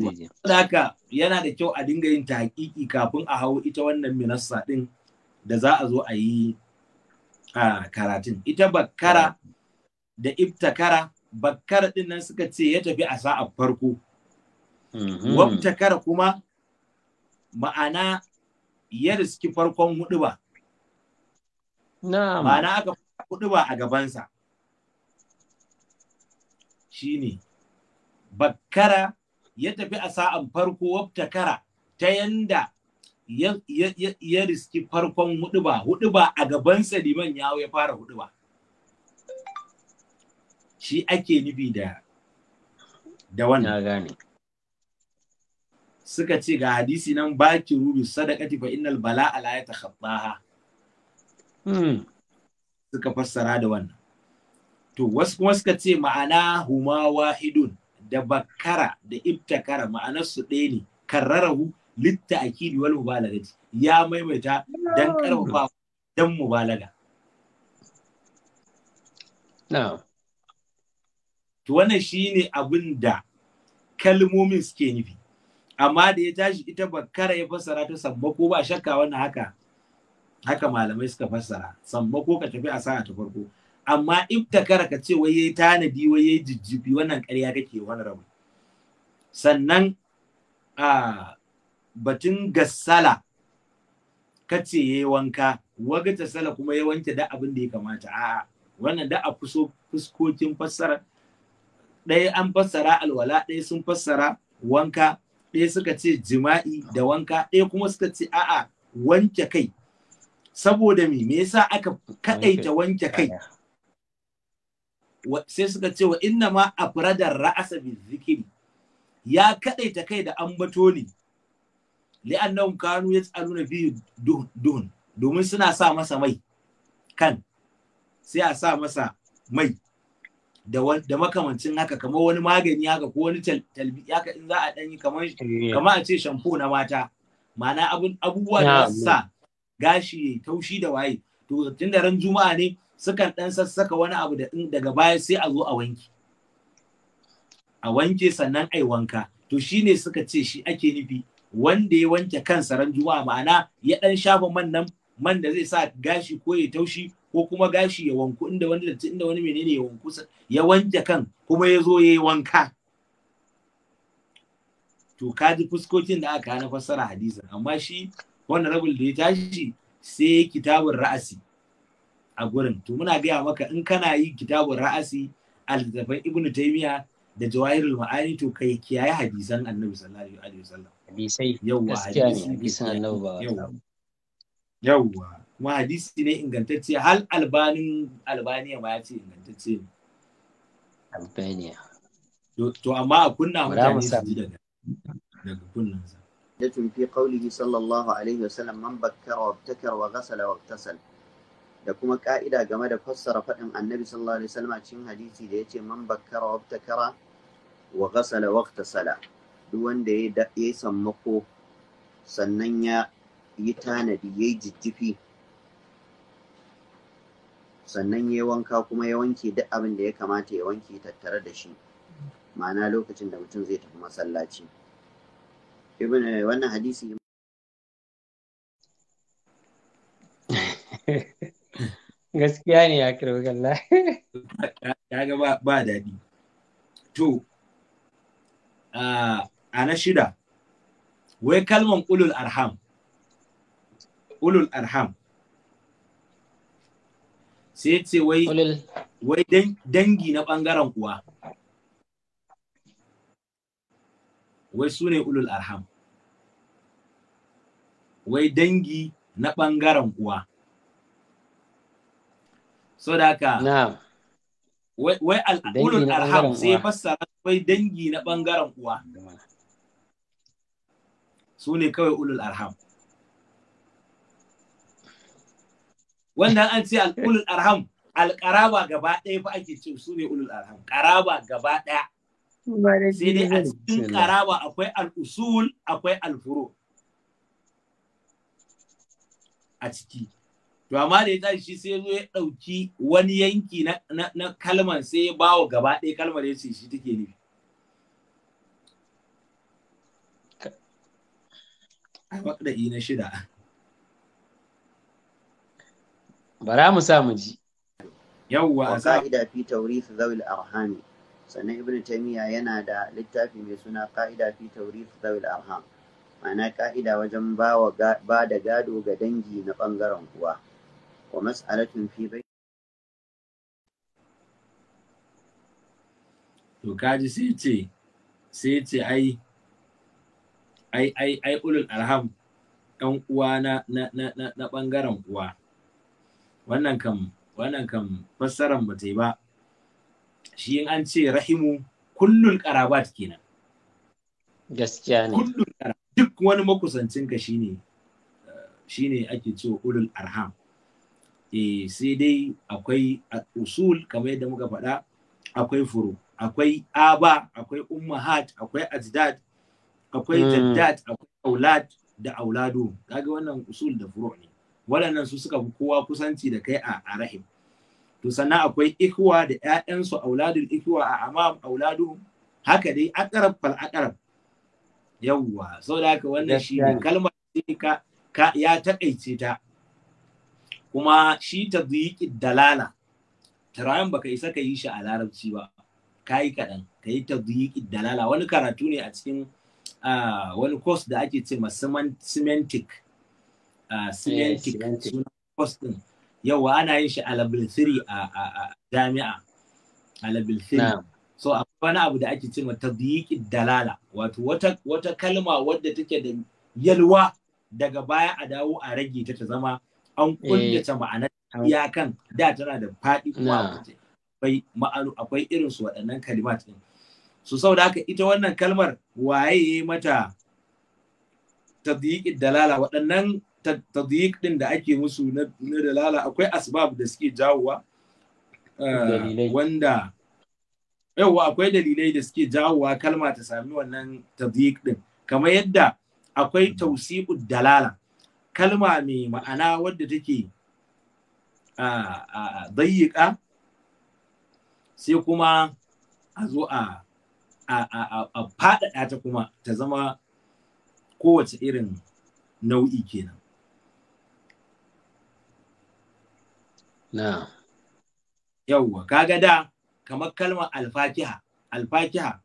zai haka yana da kyau a dinga yin ta hakiki kafin a hau ita wannan minassa ɗin da za a zo a yi a karatun ita bakkara da ibtakara bakkara din nan suka ce ya tafi a sa'a farko mhm. wabtakara kuma ma'ana ya riski farkon hudu ba ma'ana aka hudu ba a gabansa shine bakkara ya tafi a sa'an farko wabta kara ta yanda ya riski farkon huduba ba a gaban saliman yawo ya fara huduba shi ake nufi da da wannan suka ce ga hadisi nan baki rubi sadaka, fa innal bala'a la yatakhattaha hmm suka fassara da wannan to wasu kuma suka ce ma'ana huma wahidun da bakara da ibtakara su ɗaya ne karrarahu litta akidi wal mubalagati ya maimaita dan karfafa dan mubalaga na'am to wannan shine abin da kalmomin suke nufi amma da ya tashi ita bakara ya fassara ta sammako ba shakka wannan haka haka malamai suka fassara sammako ka tafi a sa'a ta farko amma iftakara ka ce wai yayi tanadi wai yayi jijjibi, wannan ƙarya kake wani rabu sannan a batun gassala ka ce yayi wanka waga ta sala kuma ya wanke da abin da ya kamata a wannan da a kuso fuskokin fassara ɗaya an fassara alwala ɗaya sun fassara wanka ɗaya suka ce jima'i da wanka ɗaya kuma suka ce a'a wanke kai saboda me me yasa aka kadaita wanke kai sai suka ce wa inna ma a ra'asa bi zikiri ya ta kai da ambato ne li'annahum kanu ya nuna biyu duhun domin suna sa masa mai kan sai a sa masa mai da makamancin haka kamar wani magani haka ko wani talbi haka in za a dan yi eh. a ce shampo na mata ma'ana abubuwa da sa gashi taushi da waye to tun da ran juma'a ne sukan ɗan sassaka wani abu da daga baya sai a zo a wanke. A wanke sannan ai wanka. To shi ne suka ce shi ake nufi wanda ya wanke kansa ran juma'a ma'ana ya ɗan shafa man nan man da zai sa gashi ko ya taushi ko kuma gashi ya wanku inda wani datti inda wani menene ya wanku ya wanke kan kuma ya zo ya yi wanka. To ka ji fuskokin da aka na fassara hadisin amma shi wannan rabul da ya tashi sai kitabun ra'asi. a gurin to muna gaya maka in kana yi kitabun ra'asi alzafan ibnu taymiya da jawahirul ma'ani to kai kiyaye hadisan annabi sallallahu alaihi wasallam hadisai yawa hadisan annabi yawa kuma hadisi ne ingantacce hal albanin albaniya ma ya ce ingantacce ne albaniya to amma a kunna mutane su ji daga daga kunnansa da tun fi sallallahu alaihi wasallam man bakkara wa ibtakara wa ghasala wa da kuma ka'ida game da fassara faɗin annabi sallallahu alaihi wasallam cikin hadisi da yace man bakkara wa abtakara wa ghasala wa sala duk wanda ya yi sammako sannan ya yi tanadi ya yi jijjifi sannan ya wanka kuma ya wanke duk abin da ya kamata ya wanke tattare da shi ma'ana lokacin da mutum zai tafi masallaci ibn wannan hadisi gaskiya ne ya kirbi galla. ya ga ba daɗi to a na shida wai kalman ulul arham ulul arham sai ce wai wai dangi na ɓangaren kuwa wai su ne ulul arham wai dangi na ɓangaren kuwa so da haka wai al'ulul arham sai fassara wai dangi na bangaren uwa su ne kawai ulul arham wannan an ce al'ulul arham alƙaraba gaba ɗaya fa ake ce su ne ulul arham ƙaraba gaba ɗaya sai dai a cikin ƙaraba akwai al'usul akwai alfuro a ciki to amma da ya tashi shi sai zo ya ɗauki wani yanki na, na, kalmar sai ya bawa gaba ɗaya kalmar ya ce shi take nufi maɗaɗi na shida bara mu sa mu ji yawwa a sa ƙa'ida fi su zawil arhami sannan Ibn taymiya yana da littafi mai suna ƙa'ida fi su zawil arham ma'ana ƙa'ida wajen ba da gado ga dangi na ɓangaren kuwa. ومسألة في بيت to kaji sai ce sai ce ai ai ai ai ulul arham ɗan uwa na na na uwa wannan kam wannan kam fassaran ba ta yi ba shi in an ce rahimu kullul karabat kenan gaskiya ne duk wani makusancin ka shine shine ake cewa ulul arham eh sai dai akwai usul kamar yadda muka faɗa akwai furu akwai aba akwai ummahat akwai ajdad akwai hmm. jaddad akwai aulad da auladu kaga wannan usul da furu ne waɗannan su suka fi kowa kusanci da kai a rahim to sannan akwai ikhwa da ƴaƴansu auladul ikhwa a amam auladu haka dai aqrab fal aqrab yawwa saboda haka wannan shi ne kalmar ka ya takaice ta kuma shi ta tadyiqi dalala ba baka isa ka yi shi a larabci ba kai kaɗan ka yi ta zuyi dalala wani karatu ne a cikin wani course da ake ce semantic eh, semantic suna course din yawa ana yin shi a level 3 a jami'a a level 3 so akwai wani abu da ake cewa zuyi dalala wato wata kalma wadda take da yalwa daga baya a dawo a rage ta ta zama an kunyace eh. ma'anar iyakan da tana da faɗi kuma akwai ma'aru akwai irin su waɗannan kalimat ɗin su sau da haka ita wannan kalmar waye mata tadyiq dalala waɗannan tadyiq ɗin da ake musu na dalala akwai asbab da suke jawowa eh, wanda yauwa akwai dalilai da suke jawowa kalma ta sami wannan tadyiq ɗin kamar yadda akwai tausi'ud dalala kalma mai ma'ana wadda take a dayyika sai kuma a zo a faɗaɗa ta kuma ta zama kowace irin nau'i kenan. Na. Yawwa, kaga da kamar kalmar alfakiha, alfakiha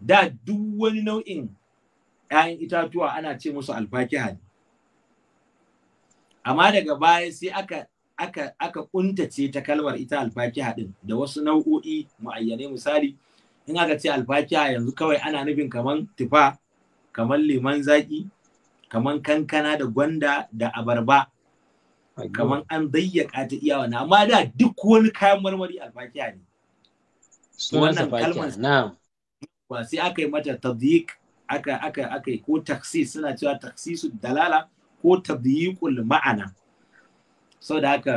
da duk wani nau'in ‘ya'yan itatuwa ana ce musu alfakiha ne. amma daga baya sai aka aka aka kuntace ta kalmar ita alfakiha din da wasu nau'o'i muayyane misali in aka ce alfakiha yanzu kawai ana nufin kaman tufa kaman liman zaki kaman kankana da gwanda da abarba kaman an zayyaka ta iya wani amma da duk wani kayan marmari alfakiha ne wannan kalmar ba sai aka yi mata tadhiq aka aka aka ko taksi suna cewa taksisu dalala ko tadyiqul ma'ana saboda haka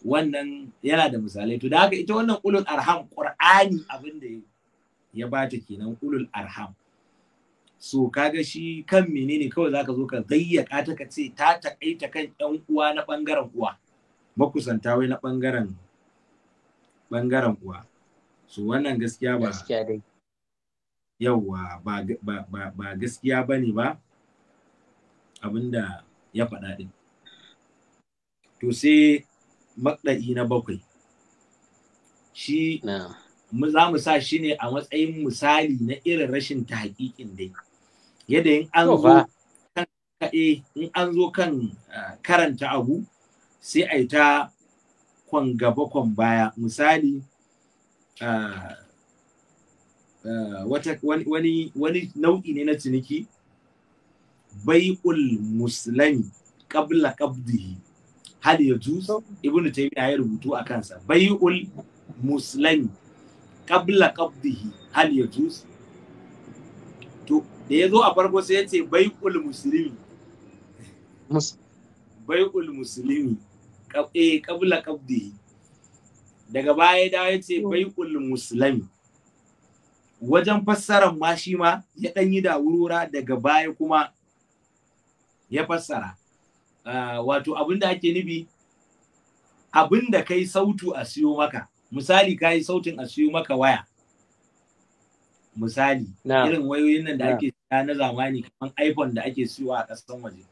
wannan yana da misalai to da haka ita wannan ulul arham qur'ani abin da ya bata kenan ulul arham so kaga shi kan menene kawai zaka zo ka zayyaka ta ka ce ta takaita kan yan uwa na bangaren uwa makusanta wai na bangaren bangaren uwa so wannan gaskiya ba gaskiya dai yawa ba ba ba gaskiya bane ba abinda ya faɗa ɗin to sai maɗa'i na bakwai shi mu za mu sa shi ne a matsayin misali na irin rashin ta hakikin dai yadda in an zo kan in an zo kan karanta abu sai a yi ta kwan gaba kwan baya misali wani nau'i ne na ciniki bai'ul muslimi qabla qabdihi hal yajuz ibnu taymiyyah ya rubutu a kansa bai'ul muslimi qabla qabdihi hal yajuz to da yazo a farko sai ya ce bai'ul muslimi bai'ul muslimi eh, qabla qabdihi daga baya da ya ce bai'ul muslimi wajen fassara ma shi ma ya ɗan yi da wurura daga baya kuma ya fassara ah, wato abin da ake nufi abin da kai sautu a siyo maka misali ka yi sautin a siyo maka waya misali irin wayoyin nan da ake siya na zamani kamar iphone da ake siyo a ƙasar waje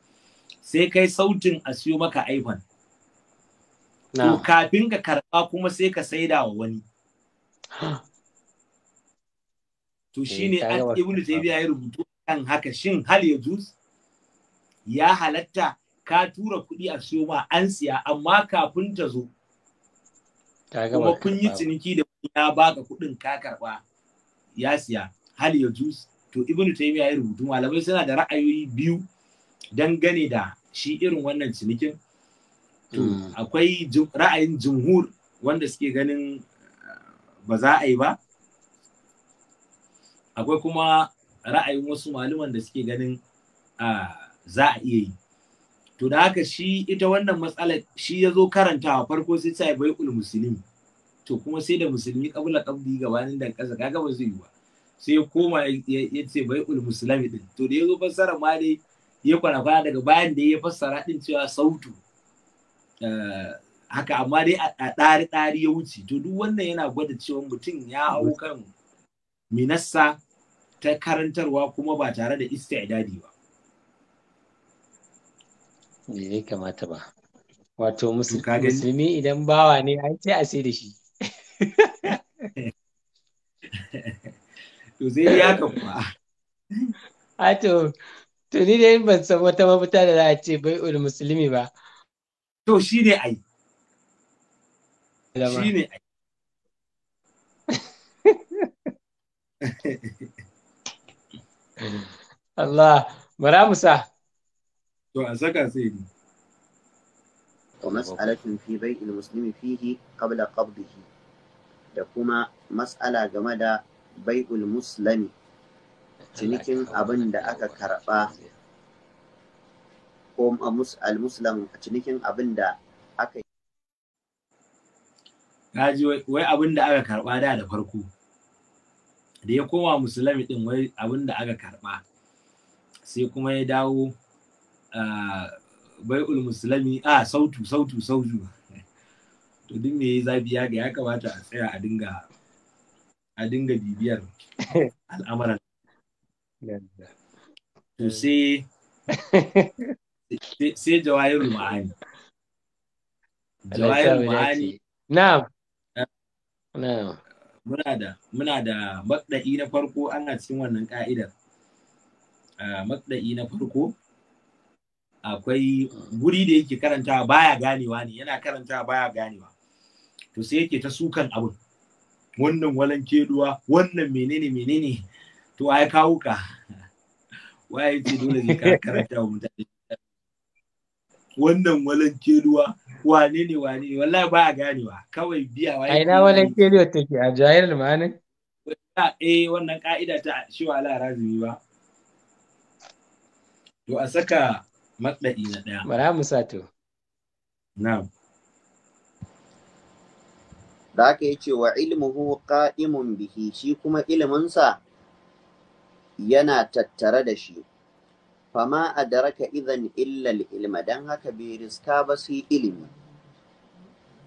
sai kai sautin a siyo maka iphone to kafin ka karba kuma sai ka saida wa wani to eh, shine ibnu taymiya ya rubutu kan haka shin hal yajuz ya halatta ka tura kuɗi a siyo ma an siya amma kafin ta zo kuma kun yi ciniki da ya baka kuɗin ka karɓa ya siya hal ya jus to Ibn taymiya ya rubutu malamai suna da ra'ayoyi biyu gane da shi irin wannan cinikin to hmm. akwai ra'ayin jumhur wanda suke ganin eh, ba za a yi ba akwai kuma ra'ayin wasu maluman da suke ganin ah, za a iya yi to da haka shi ita wannan matsala shi ya zo karantawa farko sai a bai ul musulmi to kuma sai da musulmi kabla kabdi gabanin dan kasa kaga ba zai yi ba sai ya koma ya ce bai ul musulmi din to da ya zo fassara ma dai ya kwarafa daga bayan da ya fassara din cewa sautu eh, haka amma dai a ɗari ɗari ya wuce to duk wannan yana gwada cewa mutum ya hau kan minassa ta karantarwa kuma ba tare da istidadi ba bai kamata ba wato musulmi idan bawa ne an ce a sai da shi to zai ya kafa a to to ni dai ban san wata mafita da za a ce bai ul musulmi ba to shi ne ai shi ne ai Allah, bara musa. to a saka sai ne To mas'alatin fi bai'il muslimi fihi qabla qabdihi da kuma mas'ala game da bai'ul muslimi cinikin abin da aka karba ko al muslim cinikin abin da aka ji wai abin da aka karba da da farko da ya koma musulmi din wai abin da aka karba sai kuma ya dawo bai'ul musulmi a sautu sautu sautu to duk me zafi ya ga ya kamata a tsaya a dinga a dinga bibiyar al'amuran to sai sai jawahirul ma'ani jawahirul ma'ani na'am eh? na'am muna da muna da na farko ana cikin wannan ka'idar eh, maɗa'i na farko akwai guri da yake karantawa baya ganewa ne yana karantawa baya ganewa to sai yake ta sukan abun. wannan walan keduwa wannan menene menene to ai kawo ka waye ce dole ne ka karanta wa mutane wannan walan keduwa wane ne wane ne wallahi baya ganewa kawai biya waye ai na walanke duwa take a jahil ma'anin eh wannan ka'ida ta shi wa lazimi ba to a saka matsayi na ɗaya. Bara mu sato. Na'am. Da aka yi cewa ilmuhu qa'imun bihi shi kuma iliminsa yana tattare da shi. Fama a daraka idan illal ilma don haka bai riska ba sai ilimi.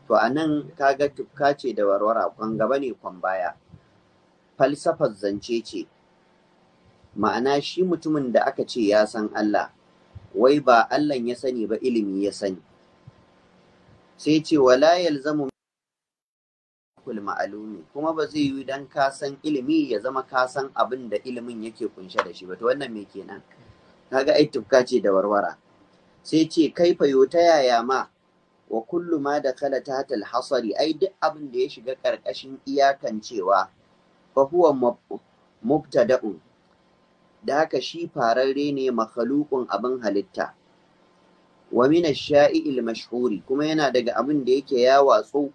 To a nan kaga tufka ce da warwara kwan gaba ne kwan baya. Falsafar zance ce, ma'ana shi mutumin da aka ce ya san Allah. wai ba Allah ya sani ba ilimi ya sani sai ce wala yalzamu kul ma'alumi kuma ba zai yi dan ka san ilimi ya zama ka san abin da ilimin yake kunshe da shi ba to wannan me kenan kaga ai tufka ce da warwara sai ce kai fayo ta yaya ma wa kullu ma da kala ta hatal hasari ai duk abin da ya shiga karkashin iyakancewa fa huwa mubtada'un da haka shi fararre ne makhalukun abin halitta wa min ash mashhuri kuma yana daga abin da yake ya watsu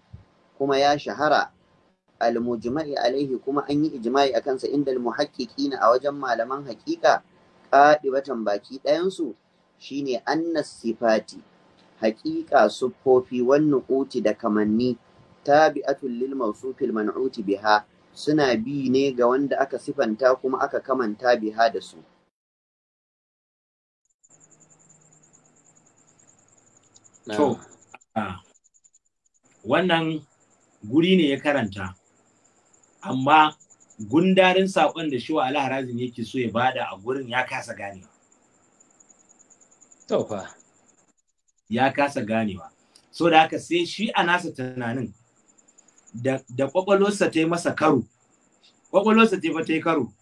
kuma ya shahara al-mujma'i alaihi kuma an yi ijma'i akan sa inda al-muhaqqiqina a wajen malaman haqiqa qadibatan baki ɗayan su shine anna sifati haqiqa suffofi wan nuquti da kamanni tabi'atul lil mawsufil man'uti biha suna bi ne ga wanda aka sifanta kuma aka kamanta biha da su. To, ah. wannan guri ne ya karanta, amma gundarin saƙon da shi wa alharazin yake so ya bada a gurin ya kasa gane To fa. Ya kasa ganewa. So da haka sai shi a nasa tunanin da da kwakwalwarsa ta yi masa karo kwakwalwarsa ta fa ta yi karo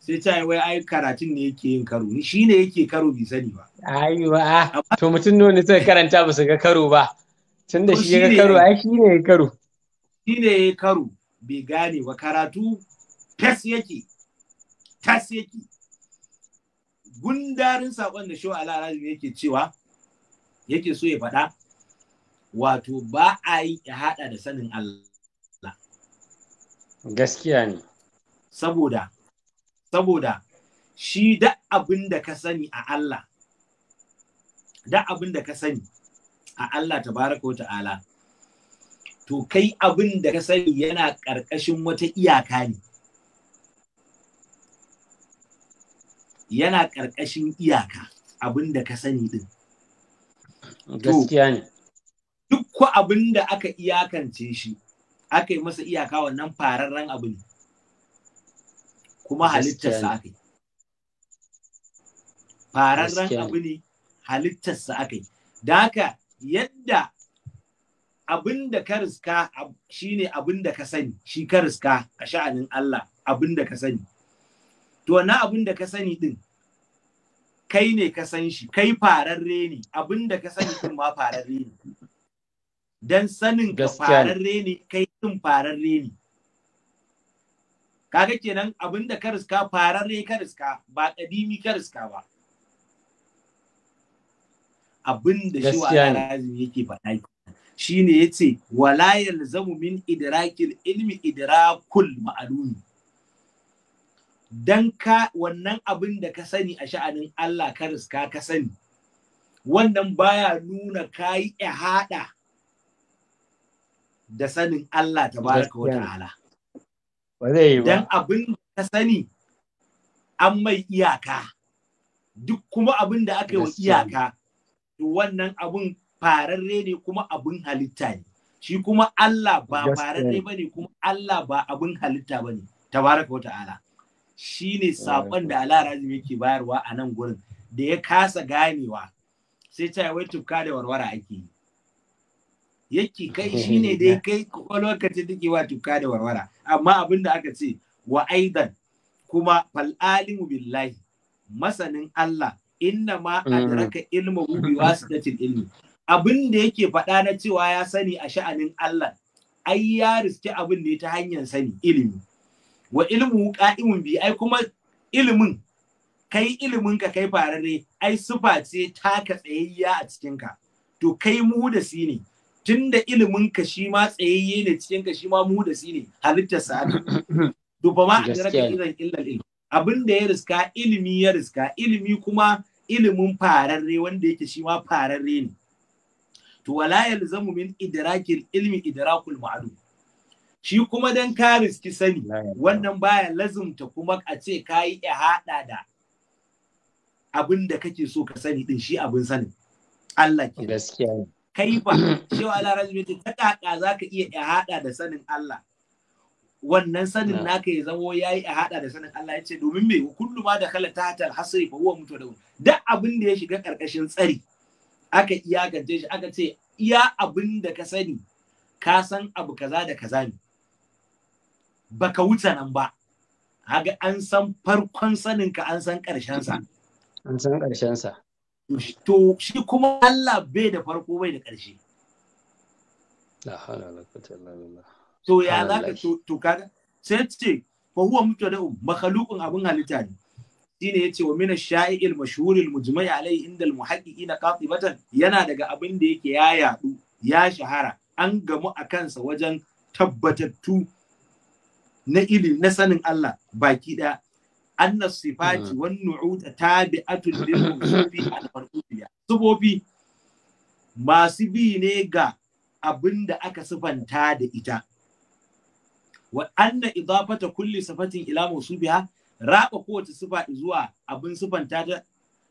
sai ta yi wai ai karatun ne yake yin karo ni shi ne yake karo bai sani ba aiwa to mutum ne zai karanta ba su ga karo ba tun da shi ga karo ai shi ne karo shi ne karo bai gane ba karatu tas yake tas yake gundarin sakon da shi ala yake cewa yake so ya faɗa wato ba a yi haɗa da sanin Allah Gaskiya ne. Saboda, saboda shi da abin da ka sani a Allah, da abin da ka sani a Allah tabaraka wa ta'ala, to kai abin da ka sani yana ƙarƙashin wata iyaka ne. Yana ƙarƙashin iyaka abin da ka sani ɗin. Gaskiya ne. Duk abin da aka iyakance shi, aka yi masa iyaka wannan fararren abu ne kuma halittarsa aka yi fararren abu ne halittarsa aka yi da haka yadda abin da ka riska shi ne abin da ka sani shi ka riska a sha'anin Allah abin da ka sani to na abin da ka sani din kai ne ka san shi kai fararre ne abin da ka sani din ma fararre ne dan sanin ka fararre ne kai din fararre ne kaga kenan abinda ka riska fararre ka riska ba kadimi ka riska ba abinda shi wa lazim yake faɗa ne yace wala yalzamu min idrakil ilmi idrakul ma'lumi dan ka wannan abin da ka sani a sha'anin Allah ka riska ka sani wannan baya nuna kayi ihada da sanin Allah ta baraka wa ta'ala. Dan abin da sani an mai iyaka, duk kuma abin da aka yi wa iyaka, wannan abin fararre ne kuma abin halitta ne. Shi kuma Allah ba fararre ba ne kuma Allah ba abin halitta ba ne, ta baraka wa ta'ala. Shi ne saƙon da Allah razumi yake bayarwa a nan gurin da ya kasa ganewa sai ta wai tufka da warwara ake yi. yake kai shine dai kai ka ce take wa tuka da warwara amma abin da aka ce wa aidan kuma fal billahi masanin Allah inna ma mm. adraka ilmu bi cin ilmi abin da yake faɗa na cewa ya sani a sha'anin Allah ai ya riske abin ne ta hanyar sani ilimi wa ilmu qa'imun bi ai kuma ilimin kai ilimin ka kai farare ai sufa ce taka tsayayya a cikin ka to kai mu da ne tunda ilimin ka shi ma tsayayye ne cikin ka shi ma mu da si ne halittar sa dubba ma a daraka irin illal ilmi abin da ya riska ilimi ya riska ilimi kuma ilimin fararre wanda yake shi ma fararre ne to wala zamu min idrakil ilmi idrakul ma'lum shi kuma dan ka riski sani wannan baya lazumta kuma a ce kayi hada da abin da kake so ka sani din shi abin sanin Allah ke gaskiya kaifa shewa ala rajmi ta kaka ka iya hada da sanin Allah wannan sanin naka ya zamo yayi hada da sanin Allah ya ce domin me kullu ma da kala ta al-hasri fa huwa mutawad duk abin da ya shiga karkashin tsari aka iyakance shi aka ce iya abin da ka sani ka san abu kaza da kaza ne baka wuce nan ba haga an san farkon sanin an san karshen sa an san karshen sa to shi kuma Allah bai da farko bai da ƙarshe to ya za ka to kaga sai ce fa huwa mubtada'un makhluqun abun halitta ne shine yace wa min ash-sha'il al-mujmai alai inda al-muhaqqiqina qatibatan yana daga abin da yake ya yadu ya shahara an gamu a kansa wajen tabbatattu na ilimi na sanin Allah baki ɗaya anna sifati wan nu'ud tabi'atun lil mawsufi al marfudiyya subobi masu bi ne ga abinda da aka sifanta da ita wa anna idafata kulli sifatin ila mawsufiha raba kowace sifa zuwa abin sifanta ta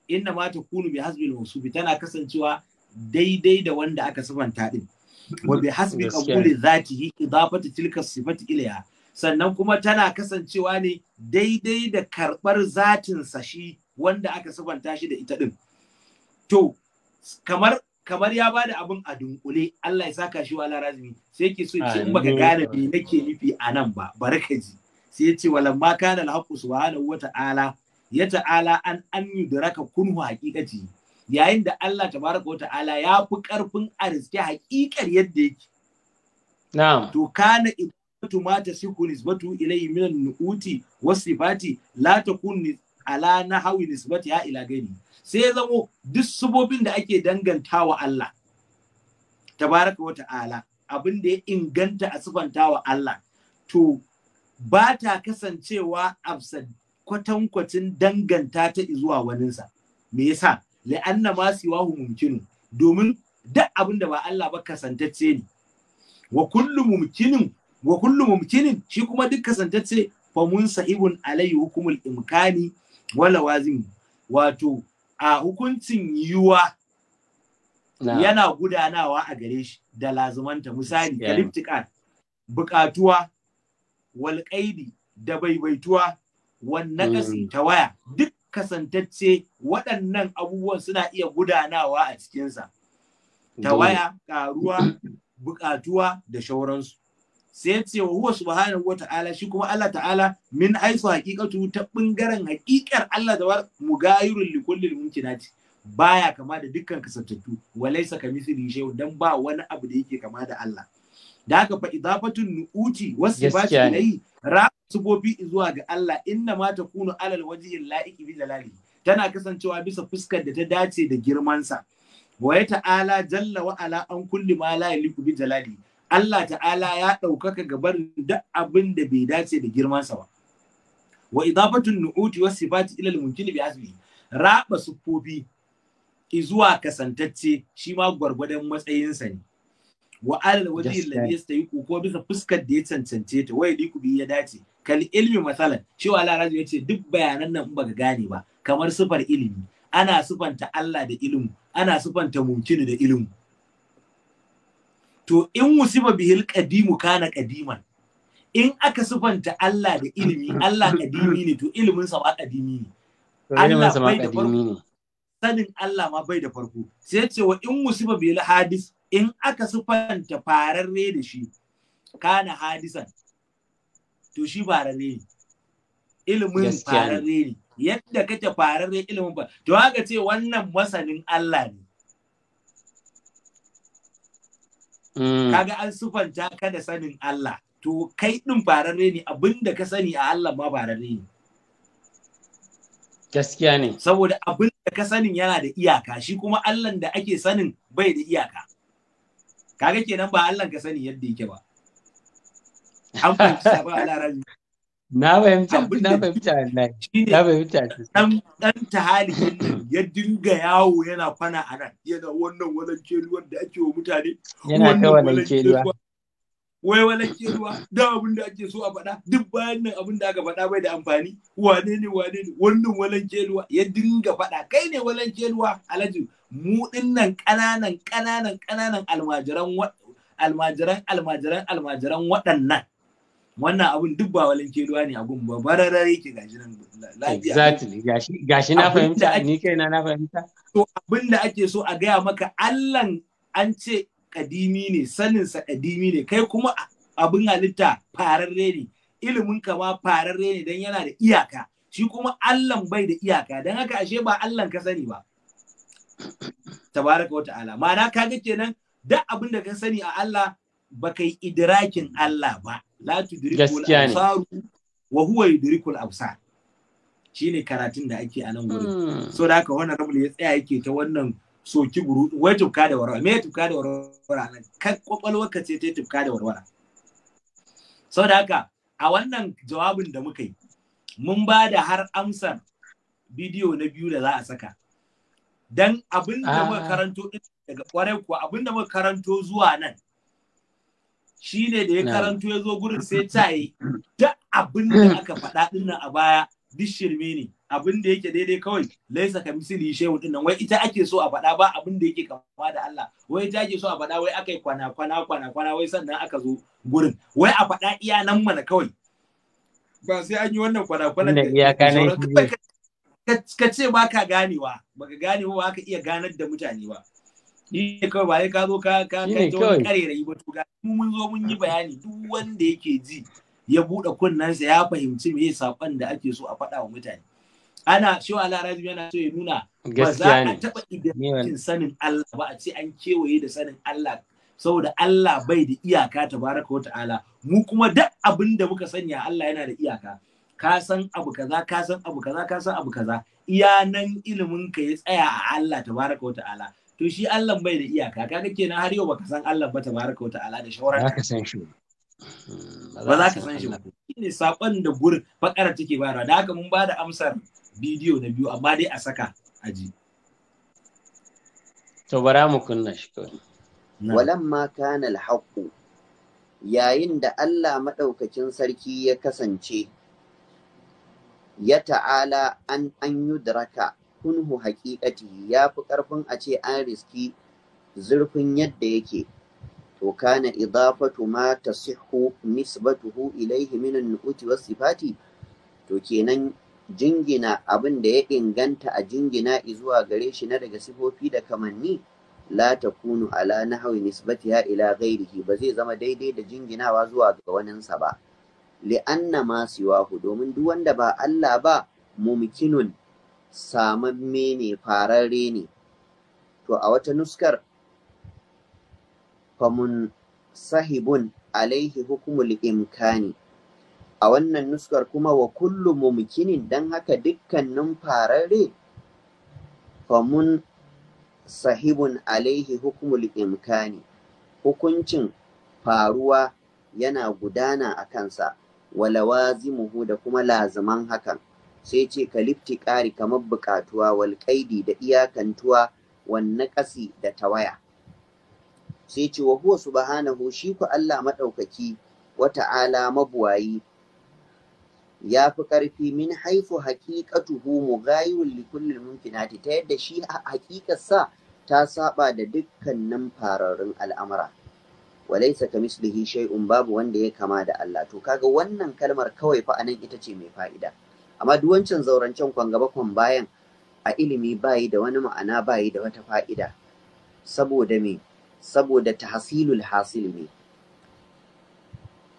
inna ma takunu bi hasbil mawsufi tana kasancewa daidai da wanda aka sifanta din wa bi hasbi qabuli dhatihi idafatu tilka sifati ilayha sannan kuma tana kasancewa ne daidai da karɓar zatinsa shi wanda aka sabanta shi da ita ɗin. To, kamar kamar ya bada abin a dunkule Allah ya saka shi wala razumi sai yake so in baka gane me nake nufi a nan ba barkaji sai yace walam ma kana alhaqu subhanahu wa ta'ala ya ta'ala an an yudraka kunhu haqiqati yayin da Allah tabaraka wa ta'ala ya fi karfin arziki haƙiƙar yadda yake na'am to kana nisbatu ma siku nisbatu ilayhi min an-nuquti was-sifati la takun ala nahawi nisbati ha ila gani sai ya zamo duk subobin da ake dangantawa Allah tabaraka wa ta'ala abin da ya inganta a sifantawa Allah to ba ta kasancewa absad kwatankwacin danganta ta zuwa waninsa me yasa la'anna ma siwahu mumkinu domin duk abin da ba Allah ba kasantacce ne wa kullu mumkinin wa kullu mumkinin shi kuma duk kasantacce fa mun sahibun alayhi hukumul imkani wala wazim wato a hukuncin yiwa yana gudanawa a gare shi da lazumanta misali kaliptikan bukatuwa wal qaidi da baibaituwa wannan kasi mm. ta waya duk kasantacce waɗannan abubuwan suna iya gudanawa a cikinsa tawaya karuwa bukatuwa da shauransu sai ya ce wa huwa subhanahu wata'ala shi kuma Allah ta'ala min haisu haqiqatu ta bangaren haqiqar Allah da mugayirul li kulli mumkinati baya kama da dukkan walai saka kamithlihi shay'un dan ba wani abu da yake kama da Allah da haka fa idafatun nu'uti wasu ba shi ilayi rasubobi zuwa ga Allah inna ma takunu alal wajhi la'iki bi jalali tana kasancewa bisa fuskar da ta dace da girmansa wa ta'ala jalla wa ala an kulli ma la yaliku bi jalali Allah ta'ala ya ɗaukaka gaban duk abin da bai dace da girmansa ba wa idafatun nu'uti wa sifati ila al-mumkin bi azmi raba sufofi izuwa kasantacce shi ma gwargwadon matsayinsa ne wa alal waji alladhi yastayiqu ko bisa fuskar da ya cancance ta wai liku bi ya dace kal ilmi masalan cewa Allah ya ce duk bayanan nan ba ga gane ba kamar sifar ilimi ana sufanta Allah da ilimu. ana sufanta mumkin da ilimu. to in musiba bihil qadimu kana qadiman in aka sufanta Allah da ilimi Allah qadimi ne to ilimin sa ba qadimi ne Allah bai da farko sanin Allah ma bai da farko sai ce wa in musiba bihil hadis in aka sufanta fararre da shi kana hadisan to shi fararre ne ilimin fararre ne yadda kake fararre ilimin ba to haka ce wannan masanin Allah ne Mm. kaga an sufanta ka da sanin Allah to kai din bararre ne abinda ka sani a Allah ma bararre ne gaskiya ne saboda abinda ka sanin yana da iyaka shi kuma Allah da ake sanin bai da iyaka kaga kenan ba Allah ka sani yadda yake ba an ba a na fahimta na fahimta na fahimta dan dan tahalikin hali ya dinga yawo yana kwana a nan yana wannan wannan keluwar da ake wa mutane yana ta wannan keluwa wai wannan keluwa da abin da ake so a faɗa duk bayan nan abin da aka faɗa bai da amfani wane ne wane ne wannan wannan keluwa ya dinga faɗa kai ne wannan keluwa alaji mu dinnan ƙananan ƙananan kananan almajiran almajiran almajiran almajiran waɗannan wannan abin duk ba walin ne a ba barara yake gashi nan lafiya exactly gashi na fahimta ni kaina na fahimta abin ake so a gaya maka allan an ce kadimi ne saninsa sa kadimi ne kai kuma abin halitta fararre ne ilimin ka ma fararre ne dan yana da iyaka shi kuma allan bai da iyaka dan haka ashe ba allan ka sani ba tabaraka wata ta'ala ma'ana kaga kenan duk abin da ka sani a Allah baka yi idirakin Allah ba la tudrikul absar wa huwa yudrikul absar shine karatun da ake a nan hmm. yake ta wannan soki a wannan jawabin da muka yi mun ba da har amsar bidiyo na biyu da za a saka dan ah. daga kwarai abin da muka karanto zuwa nan Shi ne da ya karanto ya zo gurin sai ta yi da abin da aka faɗa dinnan a baya duk shirme ne abin da yake daidai kawai laisa ka misili shehu dinnan wai ita ake so a faɗa ba abin da yake kama da Allah wai ita ake so a faɗa wai aka yi kwana kwana kwana kwana wai sannan aka zo gurin wai a faɗa iya nan mana kawai ba sai an yi wannan kwana kwana da iyaka ne ka ce ba ka ganewa ba ka gane ba ka iya ganar da mutane ba Ni ne kawai ba ka zo ka ka kai wani ba to ga mun zo mun yi bayani duk wanda yake ji ya buɗe kunnensa ya fahimci me saban da ake so a faɗa wa mutane. Ana shi wa yana so ya nuna ba za a taba idan sanin Allah ba a ce an kewaye da sanin Allah saboda Allah bai da iyaka tabaraka wa ta'ala mu kuma duk abin da muka sanya Allah yana da iyaka ka san abu kaza ka san abu kaza ka san abu kaza iya nan ilimin ka ya tsaya a Allah tabaraka wata ala. to shi Allah bai da iyaka kaga kenan har yau baka san Allah ba tabaraka wa ta'ala da shawara ba ka san shi ba hmm, za ka san shi ba shine sakon da gurin fakara take bayarwa da haka mun bada amsar bidiyo na biyu amma dai a saka aji to bara mu kunna shi kawai walamma kana alhaqu yayin da Allah madaukakin sarki ya kasance ya ta'ala an an yudraka kunhu haƙiƙati ya fi ƙarfin a ce an riski zurfin yadda yake to kana idafatu ma tasihhu nisbatuhu ilaihi min nukuti wasu sifati to kenan jingina abin da ya inganta a jingina izuwa gare shi na daga sifofi da kamanni la kunu ala nahwi ya ila ghairihi ba zai zama daidai da jinginawa zuwa ga waninsa ba li'anna ma siwahu domin duk wanda ba Allah ba mumkinun samamme ne fararre ne to a wata nuskar famun sahibun alaihi hukumul imkani a wannan nuskar kuma wa kullu mumkinin don haka dukkanin fararre famun sahibun alaihi hukumul imkani hukuncin faruwa yana gudana a kansa walawazimuhu da kuma laziman hakan sai ce ka lifti ƙari kamar buƙatuwa wal da iyakantuwa wanne naƙasi da tawaya sai ce wa huwa subhanahu shi ku Allah maɗaukaki wa ta'ala mabuwayi ya fi ƙarfi min haifu haƙiƙatuhu mu gayuwar kullil mumkinati ta yadda shi haƙiƙarsa ta saba da dukkanin fararrun al'amura ka kamislihi shay'un babu wanda ya kama da Allah to kaga wannan kalmar kawai fa ita ce mai fa'ida amma duk wancan zaurancen kwan gaba kwan bayan a ilimi bayi da wani ma'ana bayi da wata fa'ida saboda me saboda tahsilul hasil ne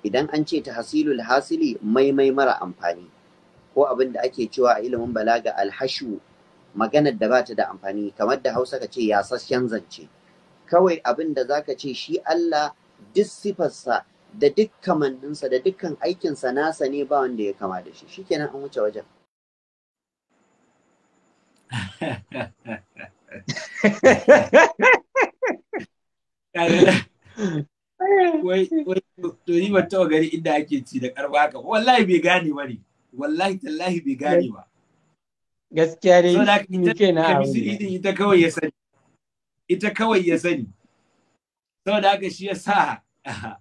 idan an ce tahsilul hasili maimai mara amfani ko abin da ake cewa a ilimin balaga alhashu maganar da bata da amfani kamar da hausa ka ce yasasshen zance kawai abin da zaka ce shi Allah duk sifarsa da duk kamanninsa da dukkan aikinsa nasa ne ba wanda ya kama da shi shikenan an wuce wajen wai to ni gari inda ake ci da karba haka wallahi bai gane ba ne wallahi tallahi bai gane ba gaskiya ne ke na ita kawai ya sani ita kawai ya sani saboda haka shi ya sa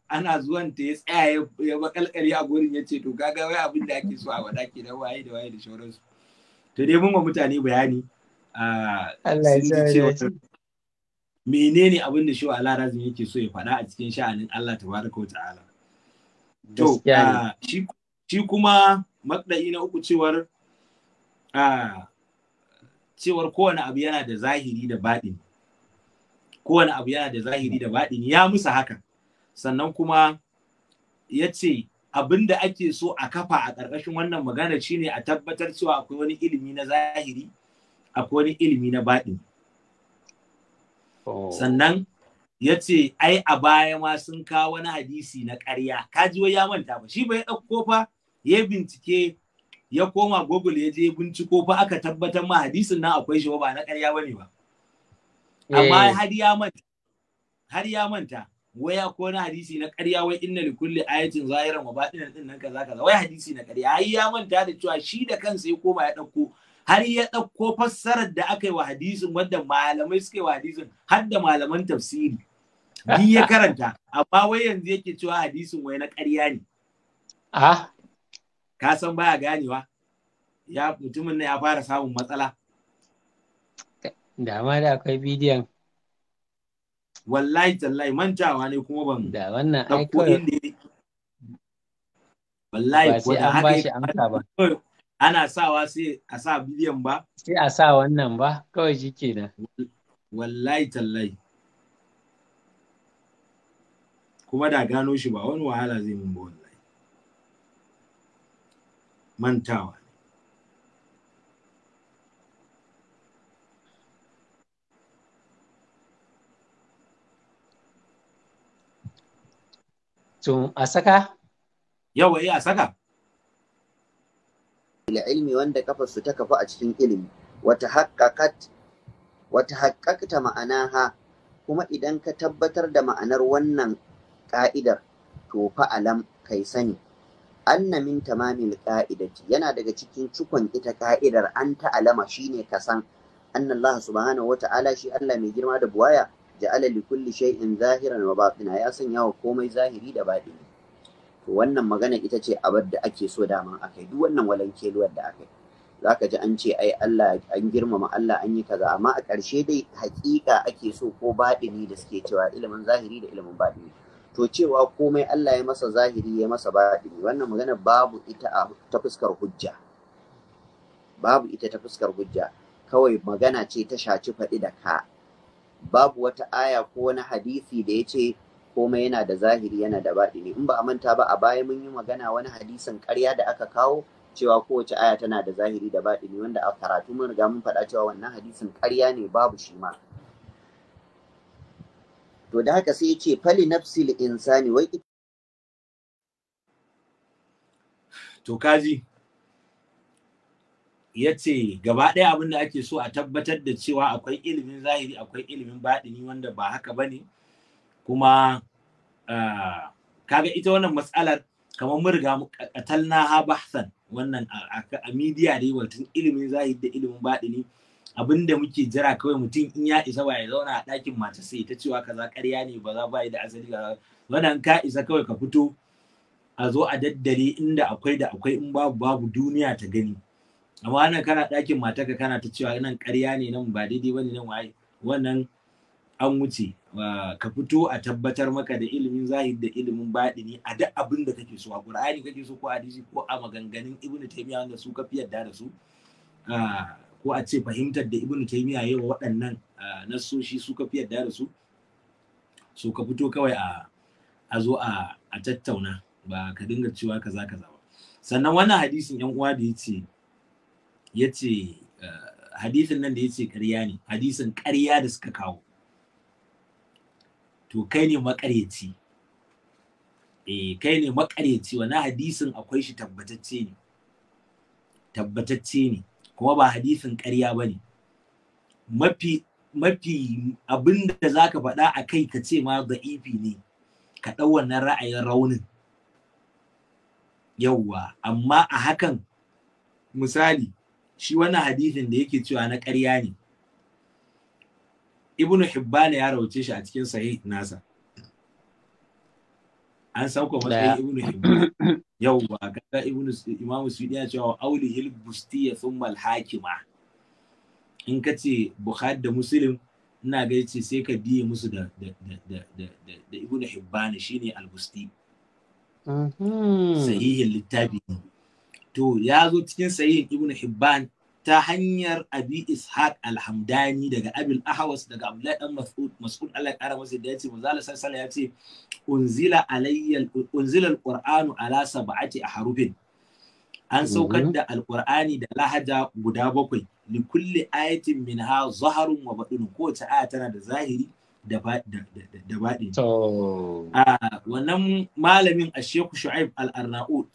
ana zuwan ta ya tsaya ya makalkari a gurin ya ce to gaga wai abin da ake so a wada ke da waye da waye da shauransu to dai mun wa mutane bayani menene abin da shi wa alarazin yake so ya faɗa a cikin sha'anin Allah baraka wa ta'ala to shi kuma maɗa'i na uku cewar cewar kowane abu yana da zahiri da baɗini kowane abu yana da zahiri da baɗini ya musa haka sannan kuma ya ce abin da ake so a kafa a ƙarƙashin wannan magana shine a tabbatar cewa akwai wani ilimi na zahiri akwai wani ilimi na baɗi oh. sannan ya ce ai a baya ma sun kawo wani hadisi na ƙarya kaji wai ya manta ba shi bai ɗauko fa ya bincike ya koma google ya je binciko fa aka tabbatar ma hadisin nan akwai shi ba na ƙarya bane ba amma eh. har ya manta waya ko na hadisi na ƙarya wai inna li kulli ayatin zahiran wa batinan din nan kaza kaza wai hadisi na ƙarya ai ya manta da cewa shi da kansa ya koma ya ɗauko har ya ɗauko fassarar da aka yi wa hadisin wanda malamai suka yi wa hadisin har da malaman tafsiri ni ya karanta amma wai yanzu yake cewa hadisin wai na ƙarya ne a ah. ka san baya ganewa ya mutumin nan ya fara samun matsala dama da akwai bidiyon wallahi tallahi mantawa ne kuma ban da wannan ai kawai wallahi ko da haka ana sawa sai a sa biliyan ba sai a sa wannan ba kawai da. wallahi tallahi kuma da gano shi ba wani wahala zai mun ba wallahi mantawa To, a saka? Yawa, eh, a saka. ilmi wanda kafarsu ta kafa a cikin ilimi, wata ma'ana ha kuma idan ka tabbatar da ma'anar wannan ƙa'idar, to fa'alam kai sani. anna min tamamil ka'idati yana daga cikin cikon ita ka'idar an ta'alama shine ka san Allah subhanahu wata'ala shi Allah mai girma da buwaya ja'ala li kulli shay'in zahiran wa batina ya sanya wa komai zahiri da batini to wannan magana ita ce abar da ake so daman akai duk wannan walanke luwar da akai zaka ji an ce ai Allah an girmama Allah an yi kaza amma a ƙarshe dai haƙiƙa ake so ko batini da suke cewa ilimin zahiri da ilimin batini to cewa komai Allah ya masa zahiri ya masa batini wannan magana babu ita ta fuskar hujja babu ita ta fuskar hujja kawai magana ce ta shaci faɗi da ka babu wata aya ko wani hadisi da ya ce komai yana da zahiri yana da baɗi ne. in ba a manta ba a baya mun yi magana wani hadisin ƙarya da aka kawo cewa kowace aya tana da zahiri da baɗi ne, wanda a karatu mun riga mun faɗa cewa wannan hadisin ƙarya ne babu shi ma to da haka sai ya ce fali nafsil insani wai to kaji ya ce gaba ɗaya abin da ake so a tabbatar da cewa akwai ilimin zahiri akwai ilimin baɗini wanda ba haka ba ne kuma kaga ita wannan matsalar kamar mun riga katalna ha bahsan wannan a midiya dai waltun ilimin zahiri da ilimin baɗini abin da muke jira kawai mutum in ya isa ba ya zauna a ɗakin mace sai ta cewa kaza ƙarya ne ba za ba da asali ga wannan ka isa kawai ka fito a zo a daddare inda akwai da akwai in babu babu duniya ta gani amma wannan kana ɗakin matarka kana ta cewa nan ƙarya ne nan ba daidai bane nan waye wannan an wuce ka fito a tabbatar maka da ilimin zahiri da ilimin baɗini a duk abin da kake so a ƙur'ani kake so ko a hadisi ko a maganganun Ibn taymiya wanda su ka fi yarda da su ah, ko a ce fahimtar da Ibn taymiya yau wa waɗannan ah, nassoshi su ka fi yarda da su so ka fito kawai a a zo a tattauna ba ka dinga cewa kaza kaza ba sannan wannan hadisin yan uwa da yace ya ce eh, hadisin nan da ya ce ƙarya ne hadisin ƙarya da suka kawo to kai ne makareci eh kai ne makareci wani hadisin akwai shi tabbatacce ne tabbatacce ne kuma ba hadisin ƙarya ba ne mafi mafi abin da za ka faɗa a kai ka ce ma za'ifi ne ka ɗau wannan ra'ayin raunin yauwa amma a hakan misali shi wannan hadithin da yake cewa na ƙarya ne ibn hibban ya rawace shi a cikin sahih nasa an sauka matsayin ibn hibban yau ba kaga ibn imamu sudiya ya cewa auli hil bustiya thumma al hakima in ka ce bukhari da muslim ina ga yace sai ka biye musu da da da da da ibn hibban shine al busti mhm. sahihin littafi ne to ya zo cikin sahihin ibn hibban ta hanyar abi ishaq alhamdani daga abil ahawas daga abdullahi dan mas'ud mas'ud Allah ya kara masa da yace manzo Allah sallallahu ya ce unzila alayya unzila alqur'anu ala sab'ati ahrufin an saukar mhm. da alqur'ani da lahaja guda bakwai li kulli ayatin minha zaharun wa ko kowace aya tana da zahiri da baɗi. Ah, wannan malamin a Shehu Shu'aib al-Arnaut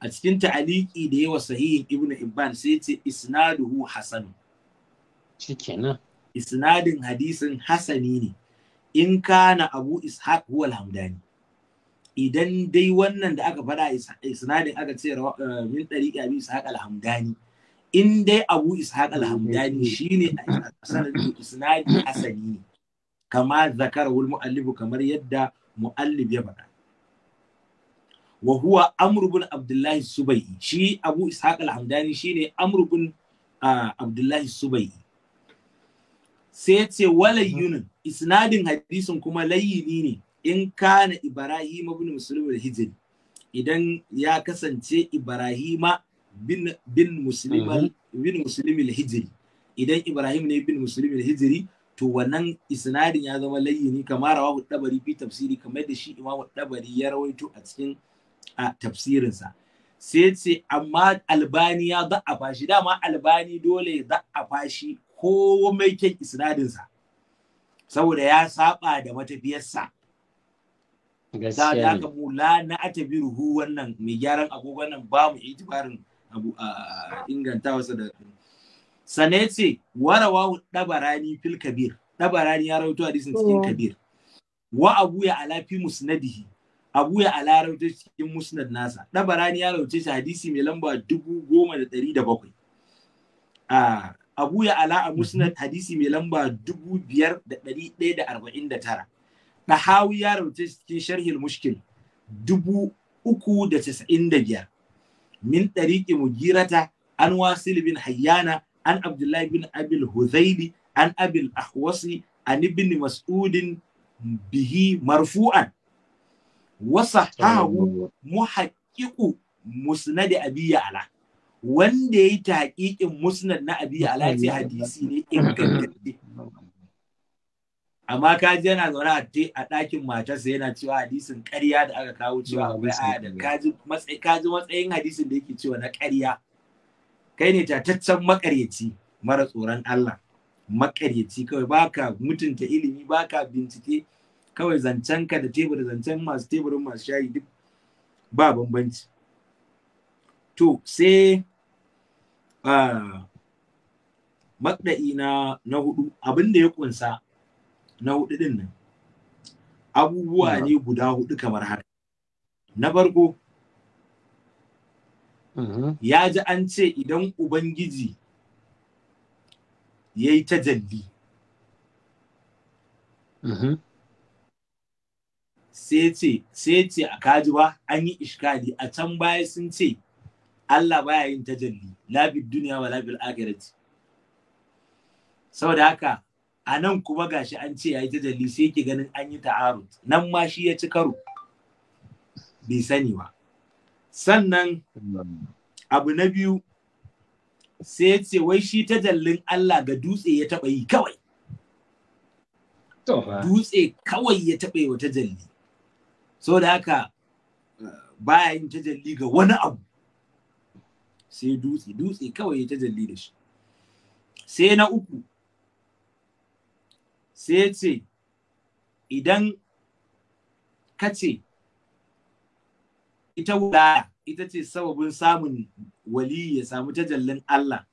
a cikin ta'aliki da yawa sahihin ibnu Ibban sai ce isnaduhu hasan shikenan isnadin hadisin hasani ne in kana abu ishaq huwa alhamdani idan dai wannan da aka faɗa isnadin aka ce eh, min ɗariƙi abi ishaq alhamdani in dai abu ishaq alhamdani mm-hmm. shine sanadin hasani ne kama zakar wal kamar yadda mu'allif ya faɗa wa huwa amr ibn abdullah subai shi abu ishaq alhamdani shine amr ibn abdullah subai sai ya ce walayyunin isnadin hadisin kuma layyini ne in kana ibrahim bin muslim al idan ya kasance ibrahima bin bin muslim bin muslim idan ibrahim ne bin muslim al to wannan isnadin ya zama layyini kamar rawahu dabari fi tafsiri kamar da shi imamu dabari ya rawaito a cikin a tafsirinsa sai ce amma albani ya za'afa shi dama albani dole ya za'afa shi komai kyan isnadinsa saboda ya saba da matafiyarsa da mu la na atabiruhu wannan mai gyaran agogon nan ba mu itibarin abu a wasa da sane ce warawa dabarani fil kabir dabarani ya rawaito hadisin cikin oh. kabir wa abu ya alafi musnadihi abu ya ala cikin musnad nasa dabarani ya rauce shi hadisi mai lamba dubu goma da ɗari da bakwai abu ya ala a musnad hadisi mai lamba dubu biyar da ɗari ɗaya da arba'in da tara ɗahawi ya rauce cikin sharhil mushkil dubu uku da casa'in da biyar min ɗariƙi mugirata an wasil bin hayyana an abdullahi bin abil huzaili an abil ahwasi an ibn mas'udin bihi marfu'an wasahahu muhaqqiqu musnad abi ala wanda yayi taqiqin musnad na abi ala ce hadisi ne ingantacce amma ka ji yana zaune a ɗakin matarsa yana cewa hadisin ƙarya da aka kawo cewa bai aya da kaji matsayin hadisin da yake cewa na ƙarya kai ne tataccen makaryaci mara tsoron Allah makaryaci kawai baka mutunta ilimi baka bincike kawai zancen ka da tebur zancen masu teburin masu shayi duk ba bambanci to sai uh, na na hudu abin ya kunsa na hudu din nan abubuwa ne guda hudu kamar haka na farko mm-hmm. ya ji an ce idan ubangiji ya yi jalli mm-hmm. sai ce sai ce a kaji ba an yi ishkali a can baya sun ce Allah baya yin tajalli la bid dunya wa bil akhirati saboda haka a nan kuma gashi an ce yayi tajalli sai ki ganin an yi ta'arud nan ma shi ya ci karo bai sani ba sannan abu na biyu sai ce wai shi tajallin Allah ga dutse ya taɓa yi kawai. Dutse kawai ya taɓa wa tajalli. so da haka eh, baya yin tajalli ga wani abu sai dutse dutse kawai ya tajalli da shi sai na uku sai ce idan ka ce ita wulaya ita ce sababin samun wali ya samu tajallin Allah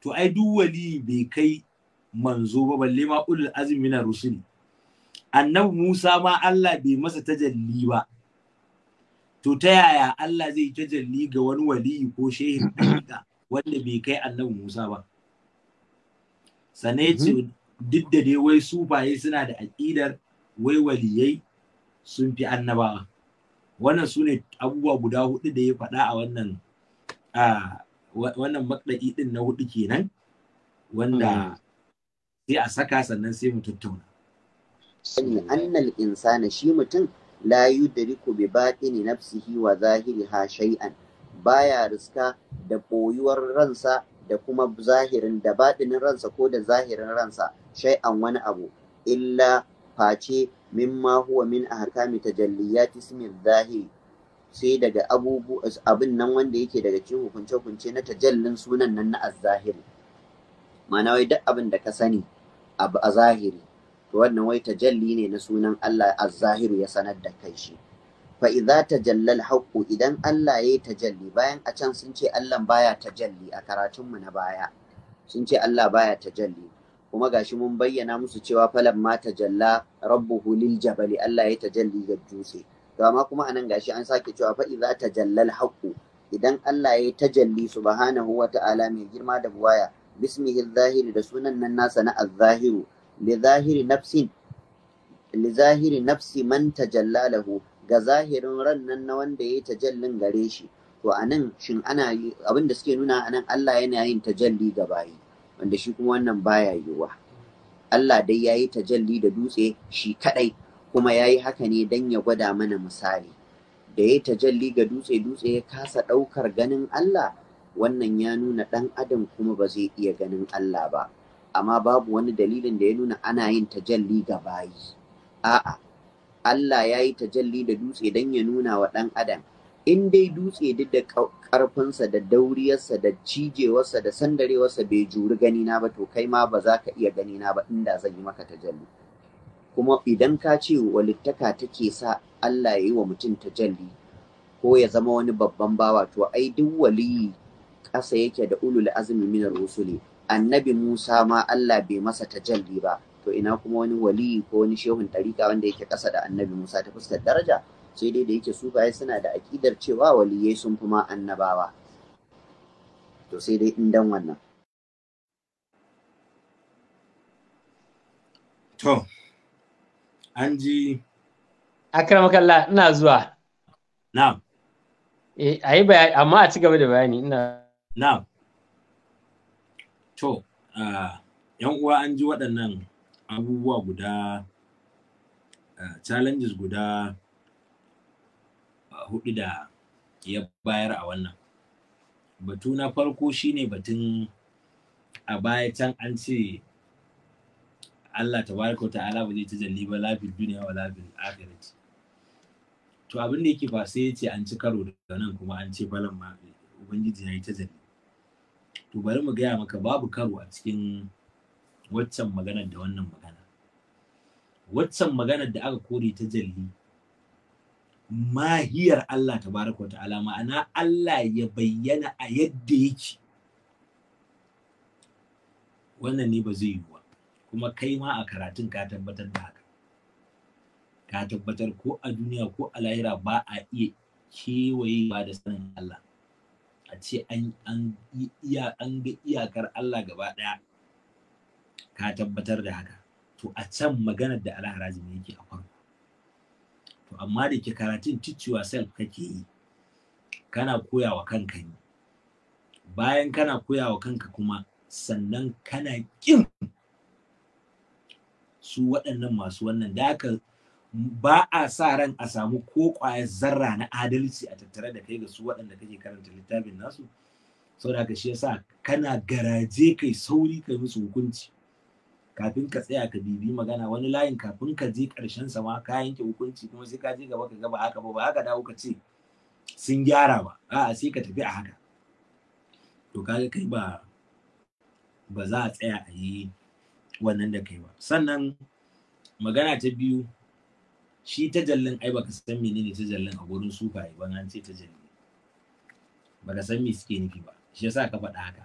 to ai duk wali bai kai manzo ba balle ma ulul azmi na rusuli annabi Musa ma Allah bai masa tajalli ba to ta yaya Allah zai tajalli ga wani waliyu ko shehin ɗanka wanda bai kai annabi Musa ba sane ce duk da dai wai sufaye suna da aƙidar wai waliyai sun fi annabawa wannan su ne abubuwa guda hudu da ya faɗa a wannan a wannan ɗin na hudu kenan wanda hmm. sai a saka sannan sai mu tattauna sani annal insana shi mutum la yudriku bi batini nafsihi wa zahiri ha shay'an baya riska da ɓoyuwar ransa da kuma zahirin da baɗinin ransa ko da zahirin ransa shay'an wani abu illa face mimma huwa min ahkami tajalliyat ismin zahiri sai daga abubu abin nan wanda yake daga cikin hukunce-hukunce na tajallin sunan nan na az-zahiri, ma'ana wai duk abin da ka sani a zahiri to wannan wai tajalli ne na sunan Allah az-zahiru ya sanar da kai shi fa idza tajalla haqqu idan Allah yayi tajalli bayan a can sun ce Allah baya tajalli a karatun mu na baya sun ce Allah baya tajalli kuma gashi mun bayyana musu cewa falan ma tajalla rabbuhu lil jabali Allah ya tajalli ga dutse to amma kuma anan gashi an sake cewa fa idza tajalla haqqu idan Allah yayi tajalli subhanahu wa ta'ala mai girma da buwaya bismihi zahiri da sunan nan nasa na az-zahiru lizahiri nafsi lizahiri nafsi man tajalla lahu ga zahirin rannan na wanda ya yi tajallin gare shi to anan shin ana abin da suke nuna anan Allah yana yin tajalli ga bayi wanda shi kuma wannan baya yiwuwa Allah dai ya yi tajalli da dutse shi kadai kuma ya yi haka ne dan ya gwada mana misali da ya yi tajalli ga dutse dutse ya kasa ɗaukar ganin Allah wannan ya nuna ɗan adam kuma ba zai iya ganin Allah ba amma babu wani dalilin da ya nuna ana yin tajalli ga bayi a'a Allah ya yi tajalli da dutse don ya nuna wa ɗan adam in dai dutse duk da ƙarfinsa da dauriyarsa da cijewarsa da sandarewarsa bai juri gani na ba to kai ma ba za ka iya gani na ba inda zan yi maka tajalli kuma idan ka ce walittaka take sa Allah ya yi wa mutum tajalli ko ya zama wani babban bawa to ai duk waliyi ƙasa yake da ulul azumi minar rusuli annabi Musa ma Allah bai masa tajalli ba to ina kuma wani wali ko wani shehun dariƙa wanda yake ƙasa da annabi Musa ta fuskar daraja sai dai da yake su baya suna da aƙidar cewa waliyai sun fi ma annabawa to sai dai in dan wannan to an ji kalla, ina zuwa na'am eh ayi bayani amma a ci gaba da bayani ina na'am To, ‘yan uwa an ji waɗannan abubuwa guda, challenges guda hudu da ya bayar a wannan. Batu na farko shine batun a baya can an ce Allah tabaraka wa ta'ala ba zai ta jalli ba lafil duniya wa lafil akhirati. To abin da yake ba sai ya ce an ci karo daga nan kuma an ce balan ma Ubangiji ya yi ta jalli. to bari mu gaya maka babu karo a cikin waccan maganar da wannan magana waccan maganar da aka kore ta jalli mahiyar Allah ta baraka ta'ala ma'ana Allah ya bayyana a yadda yake wannan ne ba zai ba kuma kai ma a karatun ka tabbatar da haka ka tabbatar ko a duniya ko a lahira ba a iya kewaye ba da sanin Allah a ce an ga iyakar Allah gaba ɗaya ka tabbatar da haka to a can maganar da ne yake a to amma da ke karatun teach self kake yi kana koyawa kanka ne bayan kana koyawa kanka kuma sannan kana ƙin su waɗannan masu wannan da aka ba a sa ran a samu ko ƙwayar zarra na adalci a tattare da kai ga su waɗanda kake karanta littafin nasu sau da shi yasa kana garaje kai sauri kai musu hukunci kafin ka tsaya ka bibi magana wani layin kafin ka je ƙarshen sa ma ka yanke hukunci kuma sai ka je gaba ka gaba haka ba ba haka dawo ka ce sun gyara ba a'a sai ka tafi a haka to kaga kai ba ba za a tsaya a yi wannan da kai ba sannan magana ta biyu shi tajallin ai baka san menene tajallin a gurin sufaye ban an ce tajalli baka san me suke nufi ba shi yasa ka faɗa haka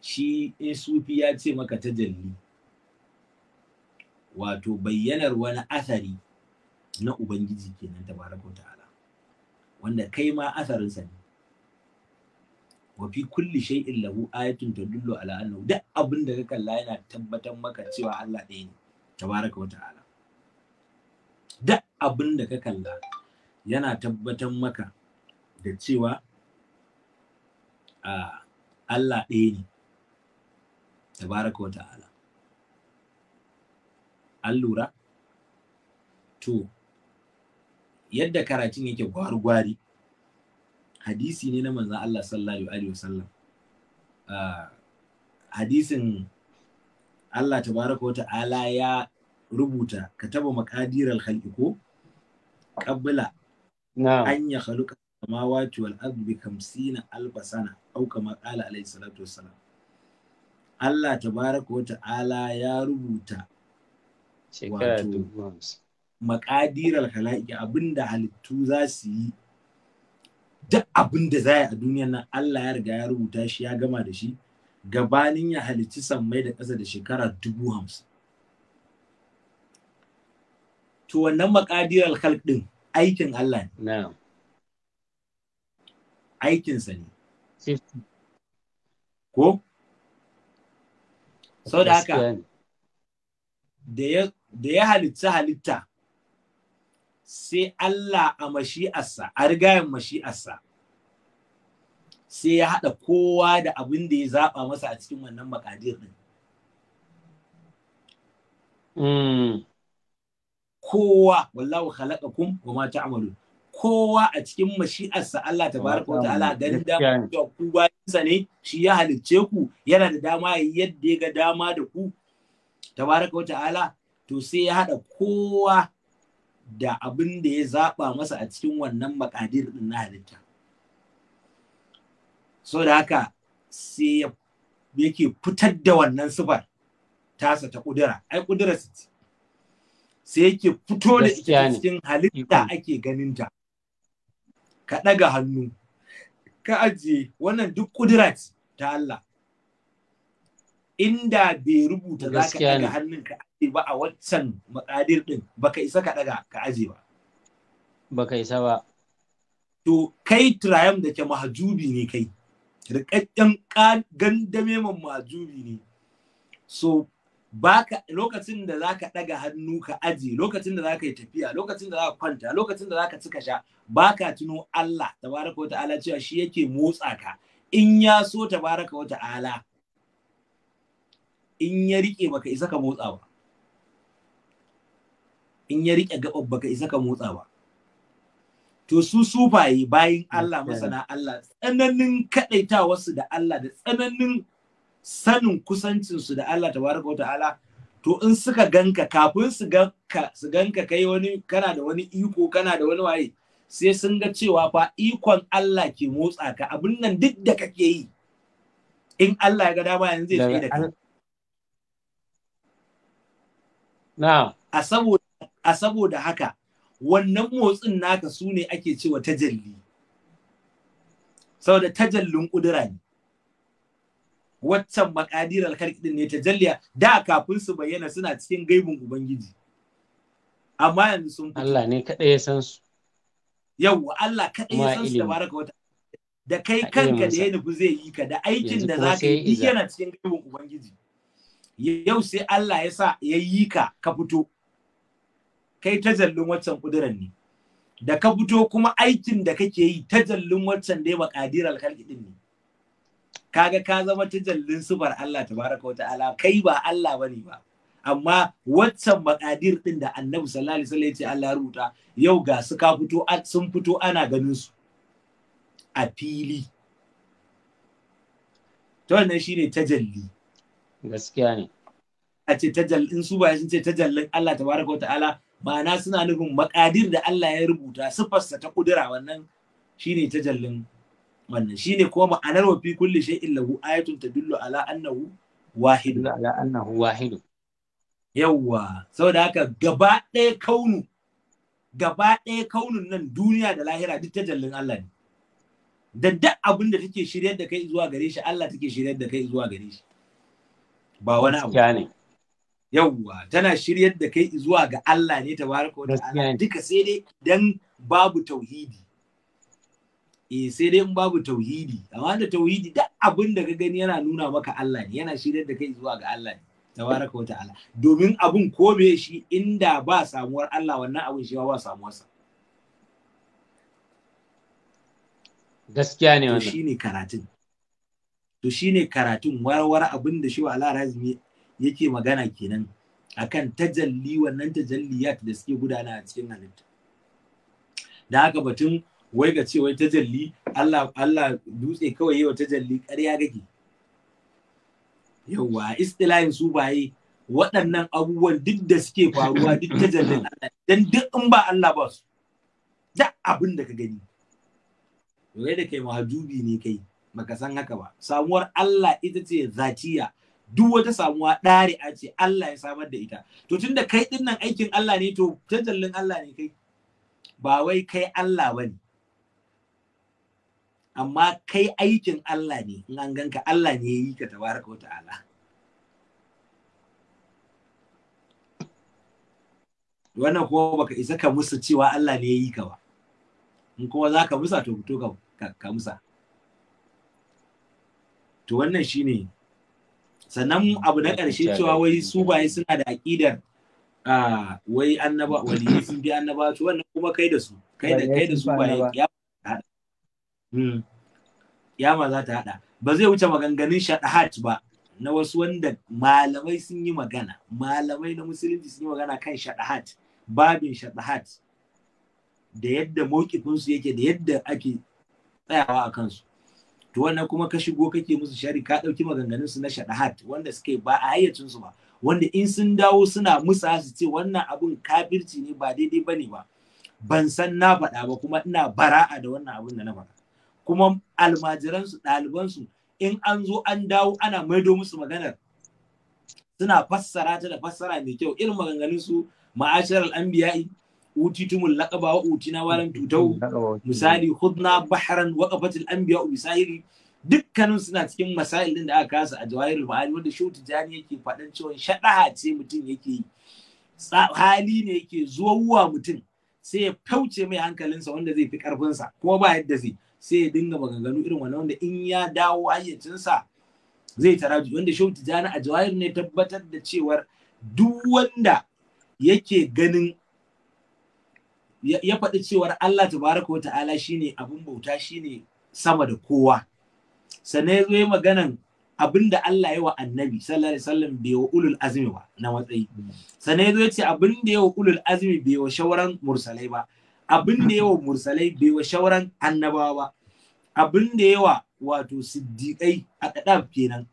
shi in sufi ya ce maka tajalli wato bayyanar wani athari na ubangiji kenan tabaraka ta'ala wanda kai ma asarin sa ne wa fi kulli shay'in lahu ayatun tadullu ala annahu duk abin da ka kalla yana tabbatar maka cewa Allah ɗaya ne tabaraka wa ta'ala duk abin da ka kalla yana tabbatar maka da cewa a ah, Allah ɗaya ne tabaraka wa ta'ala an lura to yadda karatun yake gwari-gwari hadisi ne na manzan Allah sallallahu alaihi wasallam ah, hadisin Allah tabaraka wa ta'ala ya rubuta ka taba al-khalqi ko qabla an ya khaluqa samawati wal ardi bi 50 alf sana au kama qala alayhi salatu wassalam Allah tabaraka wa ta'ala ya rubuta wato makadirar halaƙi abinda halittu za su yi duk abinda za a duniyan nan Allah ya riga ya rubuta shi ya gama da shi gabanin ya halicci sammai da ƙasa da shekara dubu hamsin to wannan makadiyar al din aikin Allah ne aikin ne ko da haka da ya halitta halitta sai Allah a mashi'arsa a rigayen mashi'arsa sai ya haɗa kowa da abin da ya zaɓa masa a cikin wannan makadir din hmm. kowa wallahu khalaqakum wa ma kowa a cikin mashi'arsa Allah tabaraka wa ta'ala dan da ku bayansa ne shi ya halicce ku yana da dama yadda ya ga dama da ku tabaraka wa ta'ala to sai ya haɗa kowa da abin da ya zaɓa masa a cikin wannan makadir ɗin na halitta. So da haka sai yake fitar da wannan sifar tasa ta ƙudura, ai ƙudura ce. sai yake fito da ita cikin halitta ake ganin ta ka ɗaga hannu ka ajiye wannan duk ƙudura ta Allah inda bai rubuta za ka ɗaga hannun ka ajiye ba a waccan makadir ɗin baka isa ka ɗaga ka ajiye ba baka isa ba to kai tirayam da ke mahajubi ne kai rikakken gandame man mahajubi ne so baka lokacin da zaka daga hannu ka aje lokacin da zaka yi tafiya lokacin da zaka kwanta lokacin da zaka cika sha baka tuno Allah tabaraka wa ta'ala cewa shi yake motsa ka in ya so tabaraka wa ta'ala in ya rike baka isa ka motsa ba in ya rike gaɓar baka isa ka motsa ba to su sufaye bayin Allah masana Allah tsananin su da Allah da tsananin sanin kusancinsu da Allah tabaraka wa ta'ala to in suka ganka kafin su ganka su ganka kai wani kana da wani iko kana da wani waye sai sun ga cewa fa ikon Allah ke motsa ka abin nan duk da kake yi in Allah ya ga dama yanzu zai tsaye da kai na a saboda a saboda haka wannan motsin naka su ne ake cewa tajalli saboda tajallin kudura ne waccan makadir alkharki din ne jalliya da kafin su bayyana suna cikin gaibin ubangiji amma yanzu sun Allah ne kada ya san su yawwa Allah kada ya san su baraka wata da kai kanka da ya nufi zai yi ka da aikin da zaka yi duk yana cikin gaibin ubangiji yau sai Allah ya sa ya yi ka ka fito kai tajallin waccan kudiran ne da ka fito kuma aikin da kake yi tajallin waccan dai makadir alkharki din ne kaga ka zama tajallin sufar Allah tabaraka wa ta'ala kai ba Allah bane ba amma waccan makadir din da Annabi sallallahu alaihi wasallam ya ce Allah rubuta yau ga su ka fito sun fito ana ganin su a fili to wannan shine tajalli gaskiya ne a ce tajallin, in su ba sun ce tajallin Allah tabaraka wa ta'ala ma'ana suna nufin makadir da Allah ya rubuta sifarsa ta kudura wannan shine tajallin wannan ne kuma ma'anar wa fi kulli shay'in lahu ayatun tadullu ala annahu wahidu ala annahu Yawwa, sau saboda haka gaba ɗaya kaunu gaba ɗaya kaunun nan duniya da lahira duk jallin Allah ne da duk abin da take shiryar da kai zuwa gare shi Allah take shiryar da kai zuwa gare shi ba wani abu ne yawwa tana shiryar da kai zuwa ga Allah ne tabaraka wa ta'ala duka sai dai dan babu tauhidi eh sai dai in babu tauhidi amma da tauhidi duk abin da ka gani yana nuna maka Allah ne yana shirya da kai zuwa ga Allah ne tabaraka wa ta'ala domin abun ko me shi inda ba samuwar Allah wannan abun shi ba samuwar sa gaskiya ne wannan shine karatun to shine karatun warware abin da shi wa Allah razmi yake magana kenan akan tajalli wannan tajalliyat da suke gudana a cikin halitta da haka batun wai ga ce wai tajalli Allah Allah dutse kawai yi wa tajalli ƙarya gake yawa istilahin su baye waɗannan abubuwan duk da suke faruwa duk tajallin Allah dan duk in ba Allah ba su da abin da ka gani wai da kai mahajubi ne kai baka san haka ba samuwar Allah ita ce zatiya duk wata samuwa ɗari a ce Allah ya samar da ita to tunda kai ɗinnan aikin Allah ne to tajallin Allah ne kai ba wai kai Allah bane. amma kai aikin Allah ne in an ganka Allah ne ya yi ka tabaraka wa ta'ala wannan kuma baka isa ka musa cewa Allah ne ya yi ka ba in kuma za ka musa to fito ka musa to wannan shine sannan abu na ƙarshe cewa wai su baye suna da aƙidar ah, wai annaba waliyi sun bi annaba to wannan kuma kai da su kai da kai da su baye ya Hmm. Yama za ta haɗa ba zai wuce maganganun shaɗahat ba na wasu wanda malamai sun yi magana malamai na musulunci sun yi magana kan shaɗahat babin shaɗahat da yadda mokifinsu yake da yadda ake tsayawa a kansu to wannan kuma ka shigo kake musu shari ka ɗauki maganganun su na shaɗahat wanda suke ba a hayyacin su ba wanda in sun dawo suna musa su ce wannan abun kafirci ne ba daidai ba ne ba ban san na faɗa ba kuma ina bara'a da wannan abin da na faɗa kuma almajiransu ɗalibansu in an zo an dawo ana maido musu maganar suna fassara ta da fassara mai kyau irin maganganun su ma'ashar al'anbiya'i utitumul laqaba wa na walam tutau misali hudna bahran wa qafatil anbiya bisahiri dukkanin suna cikin masail din da aka kasa a jawahirul ma'ani wanda shehu tijani yake faɗan cewa shadaha ce mutum yake yi hali ne yake zuwa mutum sai ya fauce mai hankalinsa wanda zai fi karfinsa kuma ba yadda zai sai ya dinga maganganu irin wannan wanda in ya dawo hayyacinsa zai taraji wanda shehu tijani a jawahir ne tabbatar da cewar duk wanda yake ganin ya faɗi cewar Allah tabaraka wa ta'ala shine abin bauta shine sama da kowa sannan ya zo yi maganan abin da Allah ya wa annabi sallallahu alaihi wasallam bai wa ulul azmi ba na matsayi mm. sannan ya zo ya ce abin da ya wa ulul azmi bai wa shawaran mursalai ba abin da yawa mursalai bai wa shauran annabawa abin da yawa wato siddiƙai a ɗaɗaf kenan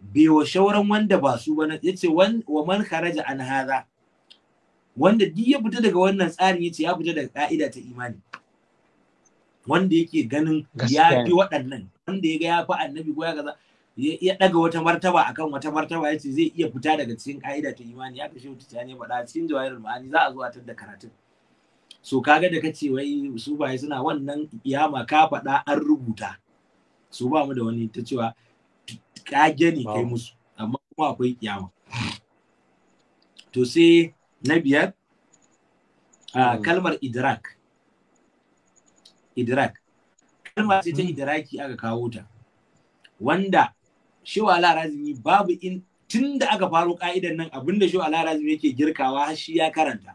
bai wa shauran wanda ba su ba ya ce wa man kharaja an haza wanda duk ya fita daga wannan tsarin ya ya fita daga ka'ida ta imani wanda yake ganin ya fi waɗannan wanda ya ga ya fi annabi ko ya gaza ya ɗaga wata martaba akan wata martaba ya ce zai iya fita daga cikin ka'ida ta imani ya kashe wata ne faɗa cikin jawahirul ma'ani za a zo a tadda karatun so kaga da kace wai su baye suna wannan kiyama ka faɗa an rubuta su ba mu da wani ta cewa kage ne kai musu amma kuma akwai kiyama to sai na biyar hmm. kalmar idrak idrak kalmar ce ta hmm. idraki aka kawo ta wanda shi wa larazimi babu in tun da aka faro ka'idan nan abinda shi wa larazimi yake girkawa har shi ya karanta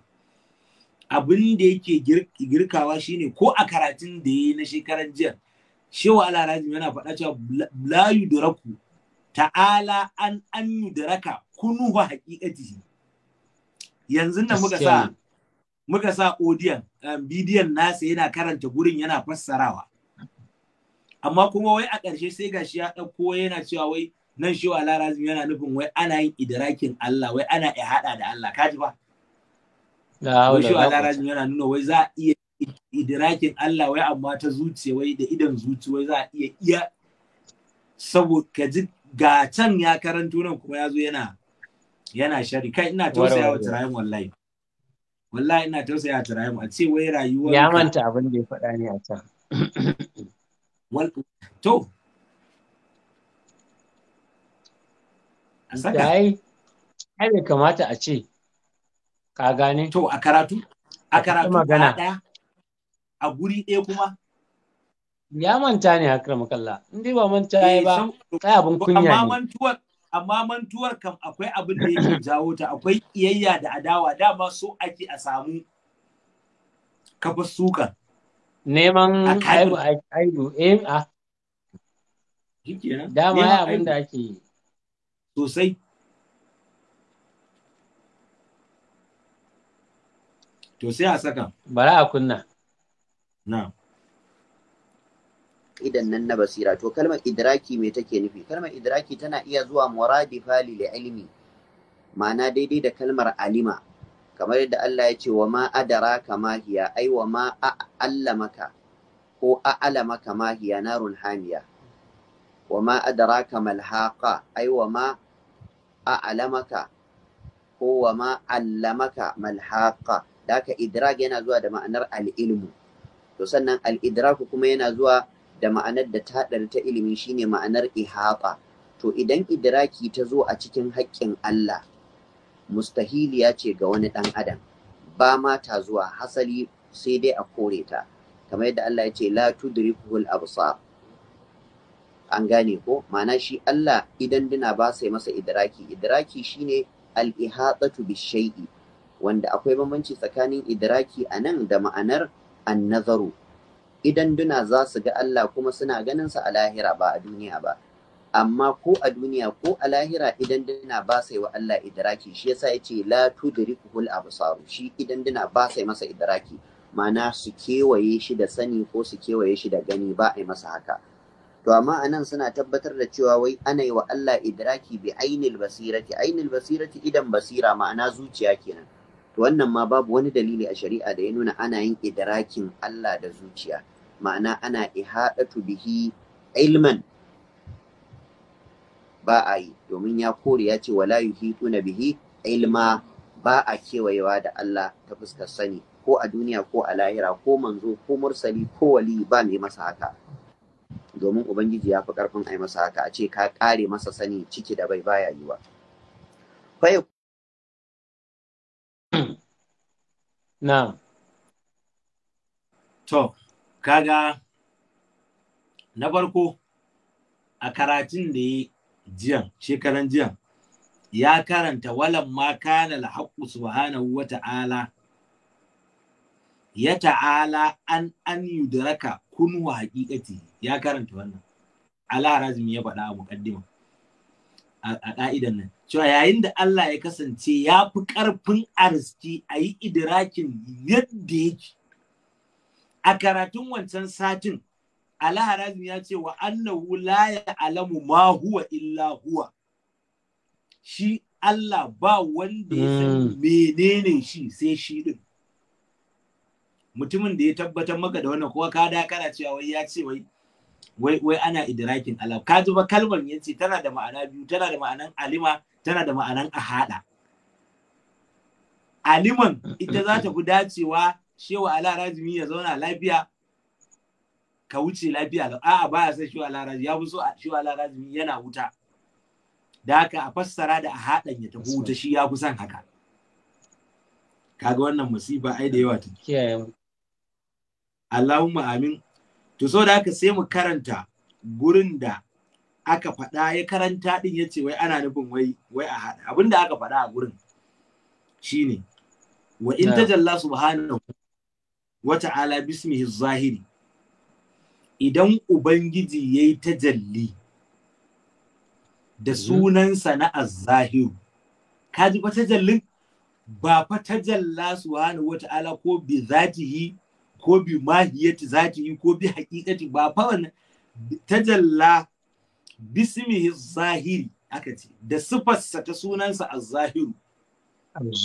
abin da yake girkawa shine ko a karatun da ya yi na shekaran jiya shewa alharajin yana faɗa cewa la yudraku ta'ala an an yudraka kunu wa haqiqatihi yanzu nan muka sa muka sa odiyan um, bidiyon nasa yana karanta gurin yana fassarawa amma kuma wai a ƙarshe sai gashi ya ɗauko yana cewa wai nan shewa alharajin yana nufin wai ana yin idrakin Allah wai ana ihada da Allah kaji ba shi wa larajin yana nuna wai za a iya idrakin Allah wai amma ta zuce wai da idan zuci wai za a iya iya saboda ka ji ga can ya karanto nan kuma ya zo yana yana shari kai ina tausaya wa tarayin wallahi wallahi ina tausaya wa tarayin a ce wai rayuwar ya manta abin da ya faɗa ne a can to a saka ai ai kamata a ce Ka gane? To a karatu? A karatu magana. ɗaya? A guri ɗaya kuma? Ya manta ne a kira makalla. In dai ba manta ya eh, ba, kai abin kunya ne. Amma mantuwar amma mantuwar kam akwai abin da yake jawo ta akwai iyayya da adawa dama so ake a samu kafa sukan. Neman aibu aibu eh, a. Ah. Dama ya abin da ake yi. Sosai. to sai a saka bara a kunna na idan nan na basira to kalmar idraki me take nufi kalmar idraki tana iya zuwa muradi, fali, li ilmi ma'ana daidai da kalmar alima kamar yadda Allah ya ce wa ma adaraka ma hiya ai wa ma a'allamaka ko a'alamaka ma hiya narun hamiya wa ma adaraka mal haka; ai wa ma a'alamaka ko wa ma allamaka mal haka. da haka idrak yana zuwa da ma'anar al'ilmu to sannan al'idraku kuma yana zuwa da ma'anar da ta haɗari ta ilimi shine ma'anar ihaba to idan idraki ta zo a cikin haƙƙin Allah mustahiliya ce ga wani ɗan adam ba ma ta zuwa hasali sai dai a kore ta kamar yadda Allah ya ce la tudrikuhul absar an gane ko ma'ana shi Allah idan dina ba sai masa idraki idraki shine al-ihatatu bishai'i wanda akwai bambanci tsakanin idraki a nan da ma'anar annazaru idan duna za su ga Allah kuma suna ganin sa a lahira ba a duniya ba amma ko a duniya ko a lahira idan duna ba sai wa Allah idraki shi yasa yace la tudrikul absar shi idan duna ba sai masa idraki ma'ana su kewaye shi da sani ko su kewaye shi da gani ba ai masa haka to amma anan suna tabbatar da cewa wai ana yi wa Allah idraki bi ainil basirati ainil basirati idan basira ma'ana zuciya kenan to wannan ma babu wani dalili a shari'a da ya nuna ana yin idrakin Allah da zuciya ma'ana ana ihadatu bihi ilman ba a yi domin ya kore ya ce wala na bihi ilma ba a kewayewa da Allah ta fuskar sani ko a duniya ko a lahira ko manzo ko mursali ko wali ba mai masa haka domin ubangiji ya fi karfin ai masa haka a ce ka kare masa sani ciki da bai baya yiwa ba Na'am. To, kaga na farko a karatun da ya jiyan, shekaran jiyan, ya karanta walan ma kana haƙƙu haqqu subhanahu wa ta'ala ya ta'ala an an yudraka kun wa haƙiƙati, ya karanta wannan ala razumi ya faɗa a muqaddima a ƙa'idan nan cewa yayin da Allah ya kasance ya fi ƙarfin arziki a yi idirakin yadda yake a karatun wancan satin alaharazmi ya ce wa annahu la ya alamu ma huwa illa huwa shi Allah ba wanda ya san hmm. menene shi sai shi din mutumin da ya tabbatar maka da wannan kowa ka da kana cewa wai ya ce wai wai wai ana idrakin alam ka ji ba kalmar yace tana da ma'ana biyu tana da ma'anan alima tana da ma'anan ahada aliman ita za ta guda dacewa shewa ala razumi ya zauna lafiya ka wuce lafiya a'a baya san shewa ala razumi ya fi so shewa ala razumi yana wuta da haka a fassara da a ya tafi wuta shi ya fi son haka kaga wannan musiba ai da yawa ta. Allahumma amin to da haka sai mu karanta gurin da aka faɗa ya karanta ɗin ya ce wai ana nufin wai wai a haɗa abin da aka faɗa a gurin shine wa in tajalla subhanahu wa ta'ala bismihi zahiri idan ubangiji yayi tajalli da mhm. sunansa na azzahiru kaji fa tajallin ba fa tajalla subhanahu wa ta'ala ko bi zatihi ko bi mahiyati yi, ko bi hakikati. ba fa wannan tajalla bismihi zahiri aka ce da sifarsa ta sunansa a zahiru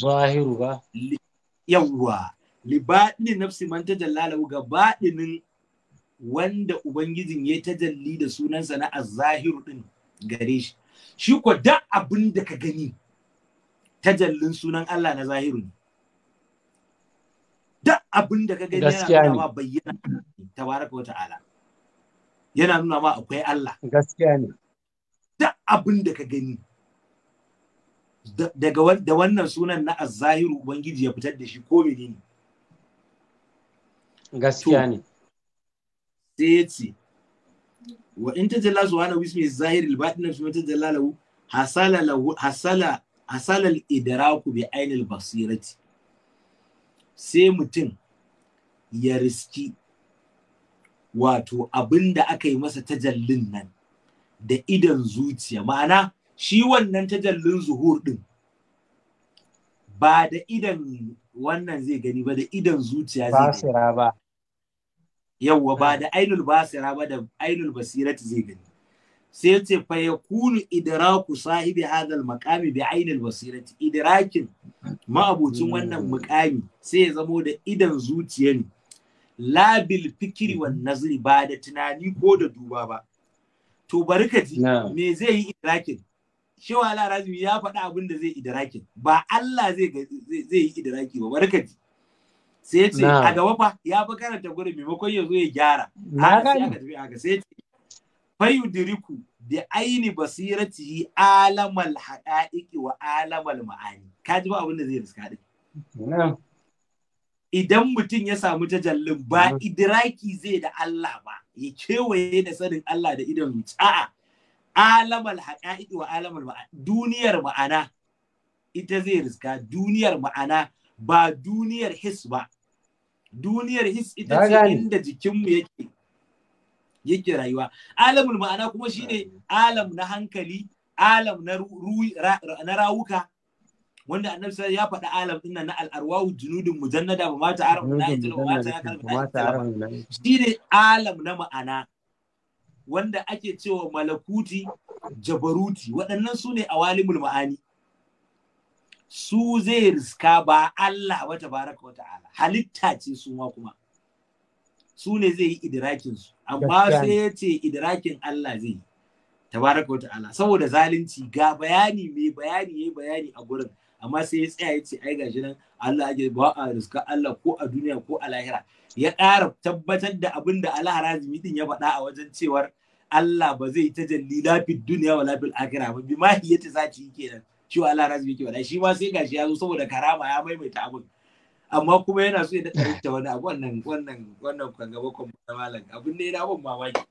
zahiru ba yawwa libaɗi nafsi man tajalla lahu ga baɗinin wanda ubangijin ya tajalli da sunansa na azahiru zahiru din gare shi shi ko duk abinda ka gani tajallin sunan Allah na zahiru ne duk abin da ka gani yana nuna ma bayyana tabaraka wa ta'ala yana nuna ma akwai Allah gaskiya ne duk abin da ka gani daga da wannan sunan na azzahiru ubangiji ya fitar da shi ko menene gaskiya ne sai ya ce wa in wismi subhanahu bismi zahiril batin ta jalla lahu hasala lahu hasala hasala al idraku bi ainil basirati sai mutum ya riski wato abin da aka yi masa tajallin nan da idan zuciya ma'ana shi wannan tajallin zuhur din ba da idan wannan zai gani ba da idan zuciya zai gani ba yawwa ba da ainul basira ba da ainul basirat zai gani sai ya ce fa kunu idraku sahibi hadal maqami bi ainil basirati idrakin ma'abucin wannan hmm. muqami sai ya zamo da idan zuciya ne la bil fikri wan nazri ba da tunani ko da duba ba to barkati me zai yi idrakin shewa larazmi ya faɗa abin da zai idrakin ba Allah zai zai yi idraki ba barkati sai ya ce a gaba fa ya fi karanta gurin maimakon ya zo ya gyara haka sai ya tafi haka sai ya ce fayudiriku da aini basiratihi alamal haqa'iqi wa alamal ma'ani kaji ba abin da zai riska din idan mutum ya samu tajallin ba idiraki zai da Allah ba ya kewaye da sanin Allah da idan ruci. a'a alamal haqa'iqi wa alamal ma'ani duniyar ma'ana ita zai riska duniyar ma'ana ba duniyar his ba duniyar his ita ce inda jikinmu yake yake rayuwa alamul ma'ana kuma shine alam na hankali alam na na rawuka wanda annabi sai ya faɗi alam dinnan na al-arwahu junudun mujannada ba mata arabu na shine alam na ma'ana wanda ake cewa malakuti jabaruti waɗannan su ne awalimul ma'ani su zai riska ba Allah wa tabaraka wa ta'ala halitta ce su ma kuma su ne zai yi idirakin su amma sai ya ce idrakin Allah zai tabaraka wa ta'ala saboda zalunci ga bayani mai bayani yayi bayani a gurin amma sai ya tsaya ya ce ai gashi nan Allah ake ba a riska Allah ko a duniya ko a lahira ya ƙara tabbatar da abin da Alharazmi din ya faɗa a wajen cewar Allah ba zai ta jalli lafid duniya wa lafil akira ba bi ma yi zaki kenan shi Alharazmi yake faɗa shi ma sai gashi ya zo saboda karama ya maimaita abin amma kuma yana so ya daɗa ta wani abu wannan wannan wannan kwangaba kwangaba malam abin ne yana abin mamaki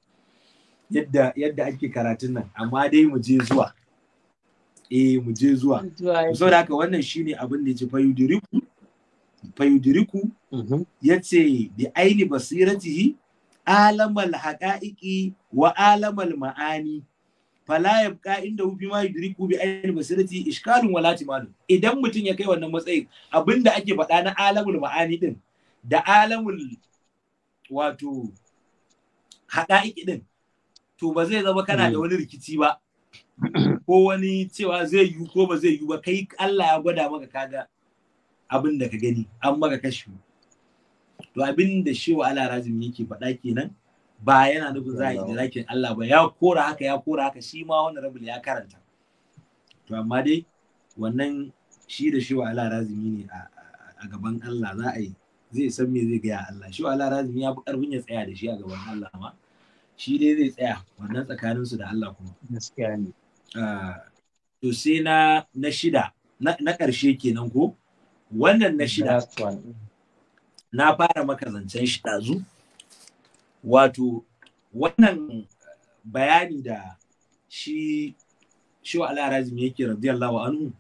yadda yadda ake karatun nan amma dai mu je zuwa eh mu je zuwa da haka wannan shine abin da ya ce fayudiriku fayudiriku mhm. yace bi aini basiratihi alamal haqa'iqi wa alamal ma'ani fala ka inda ma bima yudriku bi ayni basirati iskalun wala timalu idan mutum ya kai wannan matsayin abinda ake faɗa na alamul ma'ani din da alamul wato haɗa'iki din to ba zai zama kana da hmm. wani rikici ba ko wani cewa zai yi ko ba zai yi ba kai Allah ya gwada maka kaga abin da ka gani an maka kashi to abin da wa Allah razumi yake faɗa kenan ba yana nufin za a yi idrakin Allah ba ya kora haka ya kora haka shi ma wani rabul ya karanta to amma dai wannan shi da shi wa Allah razumi ne a gaban Allah za a yi zai san me zai gaya Allah shi wa Allah razumi ya fi karfin ya tsaya da shi a gaban Allah ma shi dai zai tsaya wannan tsakanin su da Allah kuma gaskiya ne to sai na na shida na ƙarshe kenan ko wannan na shida na fara maka zancen shi ɗazu wato wannan eh, bayani da shi shi wa alarazim yake radiyallahu anhu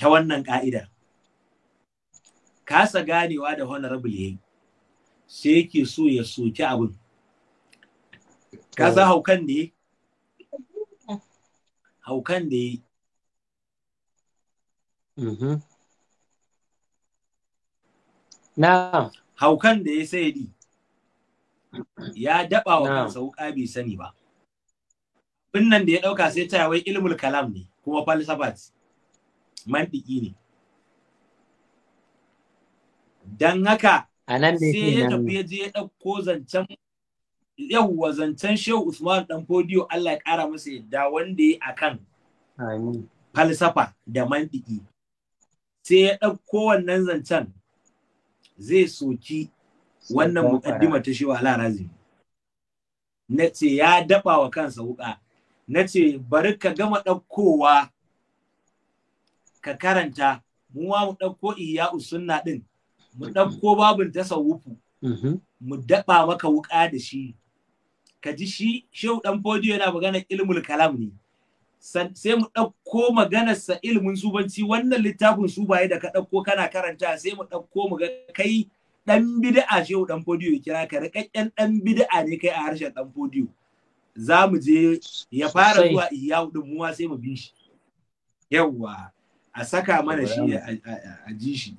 ta wannan ka'ida kasa ganewa da honorable yayi sai yake so ya soki abin kasa eh. haukan da yi haukan da yi mm-hmm. na haukan da ya sai di ya daba wa kansa wuka bai sani ba binnan da ya ɗauka sai ta wai ilmul kalam ne kuma falsafa mantiki ne dan haka sai ya tafi ya je ya dauko zancen yawwa zancen Shehu Usman dan Fodiyo Allah ya kara masa yadda wanda ya akan falsafa da mantiki sai ya ɗauko wannan zancen zai soki wannan mukaddima ta shi wa lazimi na ce ya daba wa kansa wuka na ce bari ka gama ɗaukowa ka karanta mu ma mu ɗauko iya sunna din. mu ɗauko babin tasawufu mm-hmm. mu daɓa maka wuƙa da shi ka ji shi shehu ɗan fodiyo yana magana ilmul kalam ne sai mu ɗauko maganarsa ilmin subanci wannan littafin su baye da ka ɗauko kana karanta sai mu ɗauko mu ga kai dan bid'a shehu ɗan fodiyo ya kira ka rikakken dan bid'a ne kai a harshen ɗan fodiyo za mu je ya fara zuwa iya ɗin mu sai mu bi shi yawwa a saka mana shi a ji shi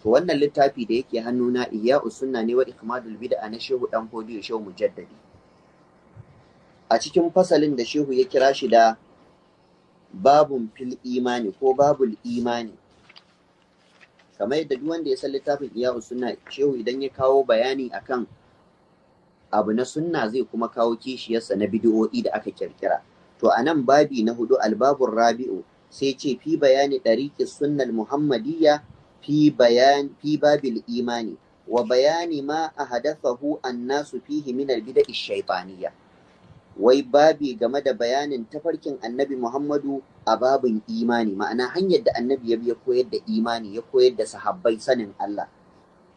to wannan littafi da yake hannuna iya usunna ne wa ikmadul bid'a na shehu dan fodiyo shehu mujaddadi a cikin fasalin da shehu ya kira shi da babun fil imani ko babul imani kamar yadda duk wanda ya san littafin iyahu sunna shehu idan ya kawo bayani akan abu na sunna zai kuma kawo kishiyarsa na bidiyo'i da aka kirkira to a nan babi na hudu albabun rabi'u sai ce fi bayani ɗariƙin sunnal muhammadiyya fi babil imani wa bayani ma a hadafahu annasu fihi min albida shaytaniyya wai babi game da bayanin tafarkin annabi Muhammadu a babin imani ma'ana hanyar da annabi ya ya koyar da imani ya koyar da sahabbai sanin Allah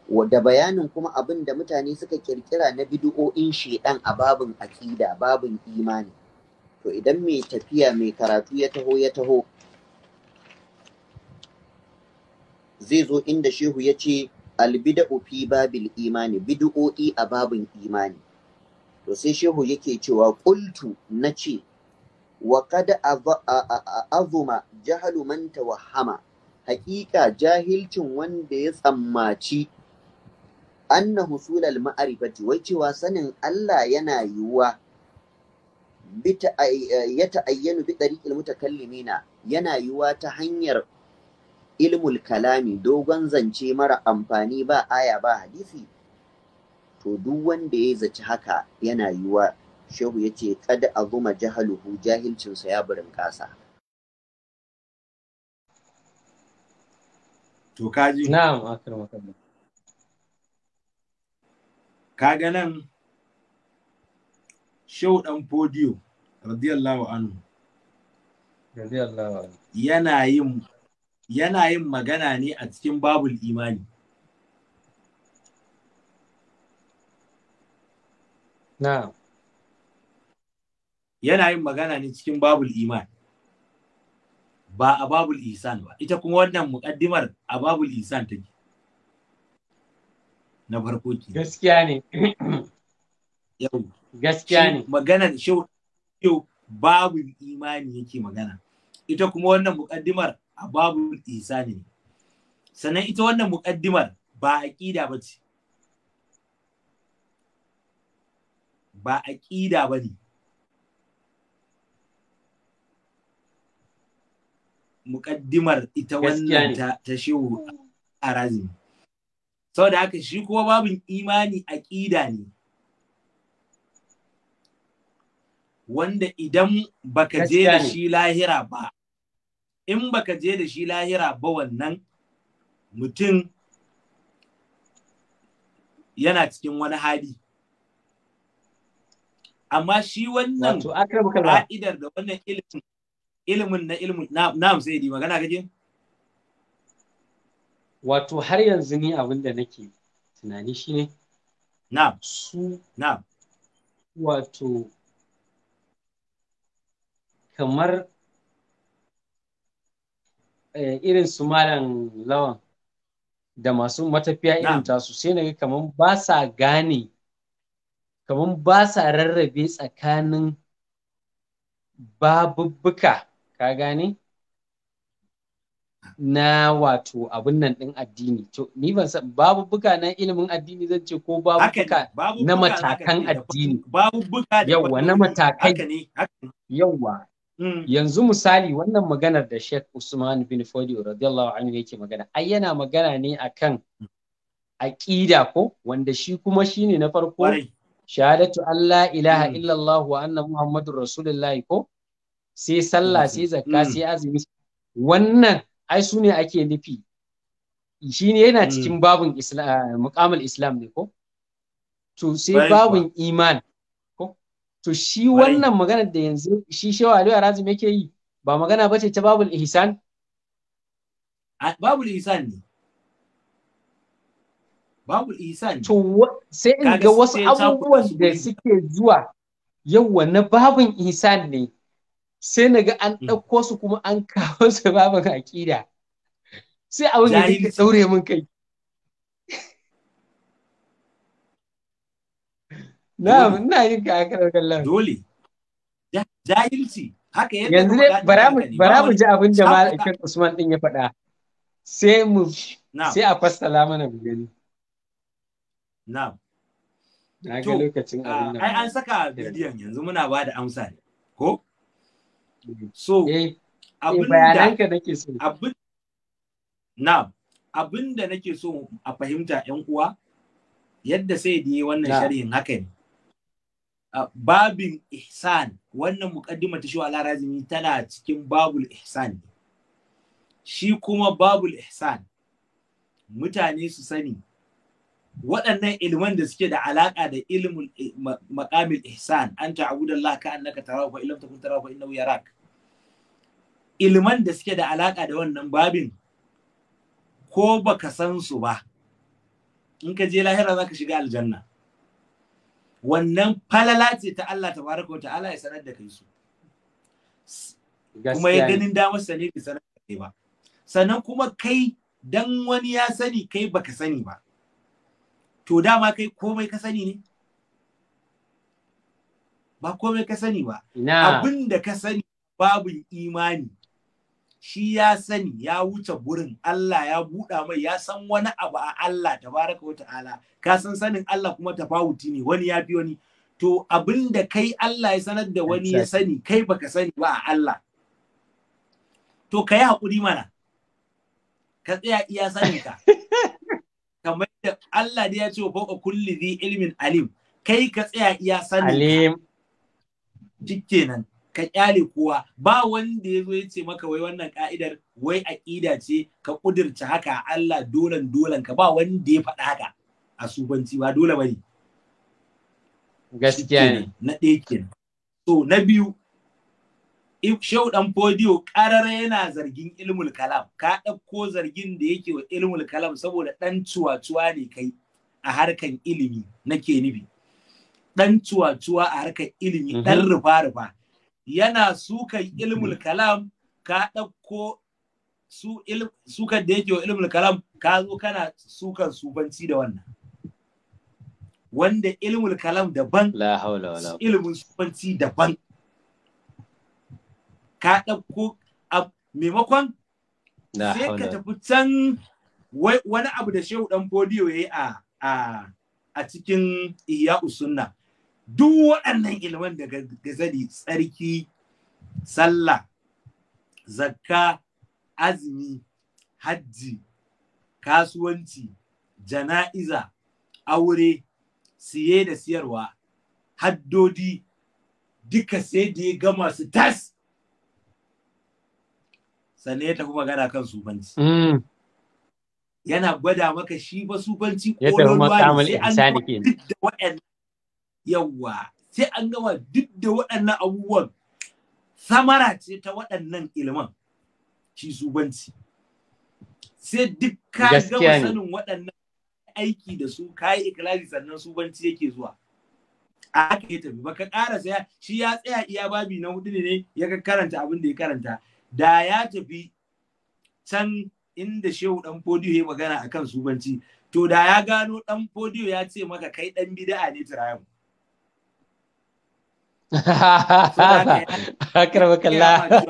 da bayanin kuma abin da mutane suka kirkira na bid'o'in shedan a babin akida babin imani to idan mai tafiya mai karatu ya taho ya taho zai zo inda shehu ya ce albida'u fi babil imani bid'o'i a babin imani to sai shehu yake cewa qultu nace wa qad azuma jahalu man wahama. haƙiƙa jahilcin wanda ya tsammaci anna husulal ma'arifati wai cewa sanin Allah yana yiwuwa ya ta'ayyanu bi ɗariƙil mutakallimina yana yiwuwa ta hanyar ilmul kalami dogon zance mara amfani ba aya ba hadisi to duk wanda ya zaci haka yana yiwa shehu ya ce kada a zuma jahaluhu jahilcinsa ya burin kasa to kaji na'am akram akram kaga nan shehu dan podiyo radiyallahu anhu radiyallahu anhu yana yin yana yin magana ne a cikin babul imani yana yin magana ne cikin babul iman ba a babul isan ba ita kuma wannan muƙaddimar a babul isan ke na farko ki gaskiya ne yau gaskiya ne da shau babul imani yake magana ita kuma wannan muƙaddimar a babul isan ne sannan ita wannan muƙaddimar ba ƙida ba ce ba aƙida ba ne muƙaddimar ita wannan ta, shehu a razini saboda haka shi kuma babin imani aƙida ne wanda idan baka je da shi lahira ba in baka je da shi lahira ba wannan mutum yana cikin wani hali amma shi wannan ka'idar da wannan ilimin ilimin na ilimin na sai yi magana gaje wato har yanzu ni abin da nake tunani shi ne? na su na wato kamar eh, irin su malam lawan da masu matafiya irin tasu sai na kamar ba sa gane kamar ba sa rarrabe tsakanin babubbuka ka gane na wato abin nan ɗin addini to ni ban san babubbuka na ilimin addini zan ce ko babubbuka na matakan addini yawwa na matakai yawwa mm. yanzu misali wannan maganar da Sheikh Usman bin Fodio radiyallahu anhu yake magana ai yana magana ne akan mm. aqida ko wanda shi kuma shine na farko shahadatu Allah ilaha hmm. illallah wa anna muhammadur rasulullahi ko sai sallah hmm. sai zakka hmm. sai azumi wannan ai su ne ake nufi shi ne yana cikin babun ah, muƙamul islam ne ko to sai babun iman ko to shi wannan magana da yanzu shi wa aliyu razumi yake yi ba magana ba ce ta babul ihsan babul ihsan ne babu ihsani to sai in ga wasu abubuwan da suke zuwa yawwa na babin ihsan ne sai na ga an mm. ɗauko su kuma an kawo su babin aƙida sai abin da yake daure min kai na ina yin ka aka kallon dole jahilci haka yadda yanzu ne bara mu ji abin da Usman din ya faɗa sai mu sai a fassala mana mu gani na'am na ga lokacin abin ai an saka bidiyon yanzu muna ba da amsa ne ko mm. eh, eh, so abin da da nake so a fahimta yan uwa yadda sai da yi wannan sharhin haka ne babin ihsan wannan muqaddimar ta shiwa larazimi tana cikin babul ihsan shi kuma babul ihsan mutane su sani waɗannan ilman da suke da alaƙa da ilmin maƙamil ihsan an ta'budallah ka annaka tarahu fa ta takun tarahu fa innahu yarak ilman da suke da alaƙa da wannan babin ko baka san su ba in ka je lahira zaka shiga aljanna wannan falala ce ta Allah tabaraka wa ta'ala ya sanar da kai su kuma ya ganin damar sani ka sanar da kai ba sannan kuma kai dan wani ya sani kai baka sani ba to dama kai komai ka sani ne ba komai ka sani ba abin da ka sani babin imani shi ya sani ya wuce gurin Allah ya buɗa mai ya san wani abu a Allah tabaraka wa ta'ala ka san sanin Allah kuma tafawuti ne wani ya fi wani to abin da kai Allah ya sanar da wani ya sani kai baka sani ba a Allah to ka yi haƙuri mana ka tsaya iya sanin ka kamar da Allah da ya ce wa kulli dhi ilmin alim kai ka tsaya iya sanin alim shikenan ka kyale kowa ba wanda ya zo ya ce maka wai wannan ka'idar wai aqida ce ka kudirce haka Allah dolan dolan ka ba wanda ya faɗa haka a subanci ba dole bane gaskiya ne na ɗaya kenan na biyu Shau dan Fodiyo karara yana zargin ilmul kalam ka ɗauko zargin da yake wa ilmul kalam saboda ɗan cuwa-cuwa ne kai a harkan ilimi nake nufi ɗan cuwa-cuwa a harkan ilimi mhm. ɗan rufa-rufa yana sukan mhm. ilmul kalam ka ɗauko su sukan da yake wa ilmul kalam ka zo kana sukan sufanci da wannan wanda ilmul kalam daban ilmun sufanci daban ka ɗauko maimakon sai ka tafi can wani abu da shehu dan fodiyo ya yi a a cikin iya usunna duk waɗannan ilman da gazali tsarki sallah zakka azumi hajji kasuwanci jana'iza aure siye da siyarwa haddodi duka sai da ya gama su tas sannan ya tafi magana kan sufanci mm. yana gwada maka shi ba sufanci ko ruwa sai an gama duk da waɗannan yawa sai an gama duk da waɗannan abubuwan samara ce ta waɗannan ilman shi sufanci sai duk ka gama sanin waɗannan aiki da su kayi yi sannan sufanci yake zuwa a haka ya tafi baka ƙara saya shi ya tsaya iya babi na hudu ne ya karanta abin da ya karanta da ya tafi can inda shehu dan fodiyo ya magana akan subanci to da ya gano dan fodiyo ya ce maka kai dan bid'a ne tirayan Akramakallah.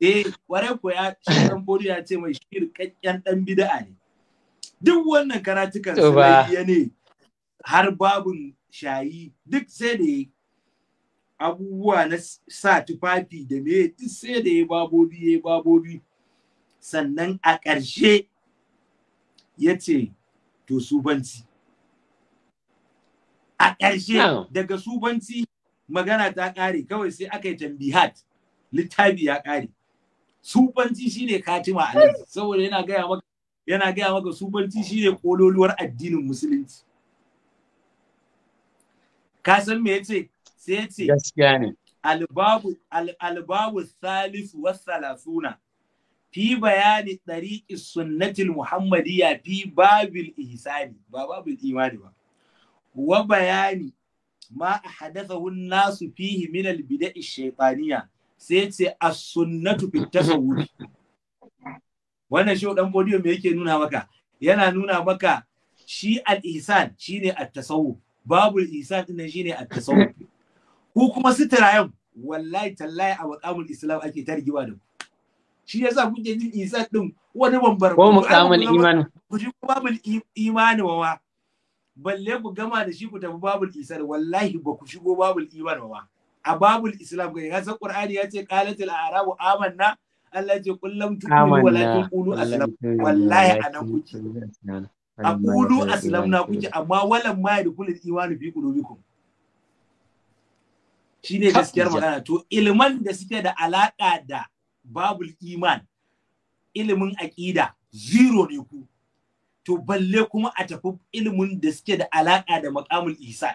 Eh, ware ko ya shi dan fodiyo ya ce mai shirin shirkakken dan bid'a ne. Duk wannan karatukan sai ne har babun shayi duk sai da abubuwa na sa tufafi da me duk da ya babobi ya babobi sannan a ƙarshe ya ce to subanci a ƙarshe daga subanci magana ta ƙare kawai sai aka yi tambihat littafi ya ƙare subanci shine katima a nan saboda yana gaya maka yana gaya maka subanci shine kololuwar addinin musulunci ka san me yace sai ce gaskiya ne albabu albabu salisu salasuna fi bayani ɗariƙi sunnatil muhammadiyya fi babil ihsani ba babil imani ba wa bayani ma a nasu fihi min al bida'i shaytaniya sai ce as-sunnatu fi tasawwuf wannan shi dan bodiyo me yake nuna maka yana nuna maka shi al-ihsan shine at-tasawwuf babul ihsan din shine at-tasawwuf Ko kuma sitirayen wallahi tallahi a makamul islam ake ta rigiwa da Shi shi yasa kuke jin isa din wani bambar ko mukamul imani ku ji babul imani wawa balle ku gama da shi ku tafi babul isar wallahi ba ku shigo babul imani wawa a babul islam ga ka san qur'ani ya ce qalatil arabu amanna Allah ya ce qul lam tu'minu walakin qulu aslam wallahi anan kuke aqulu aslamna kuke amma walan ma yadkhulul imanu fi qulubikum shine gaskiyar magana to ilman da suke da alaka da babul iman ilimin aƙida zero ne ku to balle kuma a tafi ilimin da suke da alaƙa da makamul isan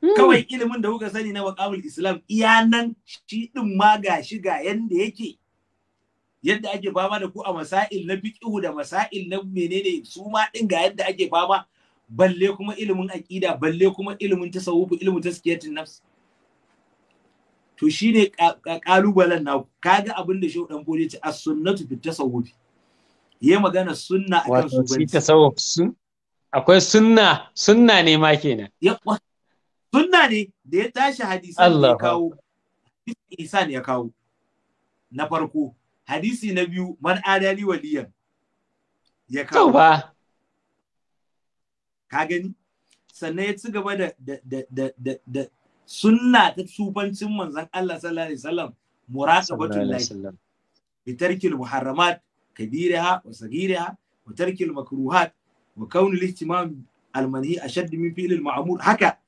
hmm. kawai ilimin da kuka sani na makamul islam iya nan shi ɗin ma ga shi ga yanda yake yadda ake fama da ku a masail na fiqhu da masail na menene su ma ɗin ga yadda ake fama balle kuma ilimin aƙida balle kuma ilimin tasawufu ilimin taskiyatin nafs to shine kalubalen na kaga abin da shehu dan bode ce as sunnatu fi tasawufi yayi magana sunna akan su bane tasawuf sun akwai sunna sunna ne ma kenan yawa sunna ne da ya tashi hadisi ya kawo isan ya kawo na farko hadisi na biyu man adali waliyan ya kawo ka gani sannan ya ci gaba da da sunna ta tsufancin manzan Allah sallallahu alaihi wasallam batun lahi bi tarkil muharramat kabiraha wa sagiraha wa tarkil makruhat wa al ihtimam almanhi ashadd min fi'l al-ma'mur haka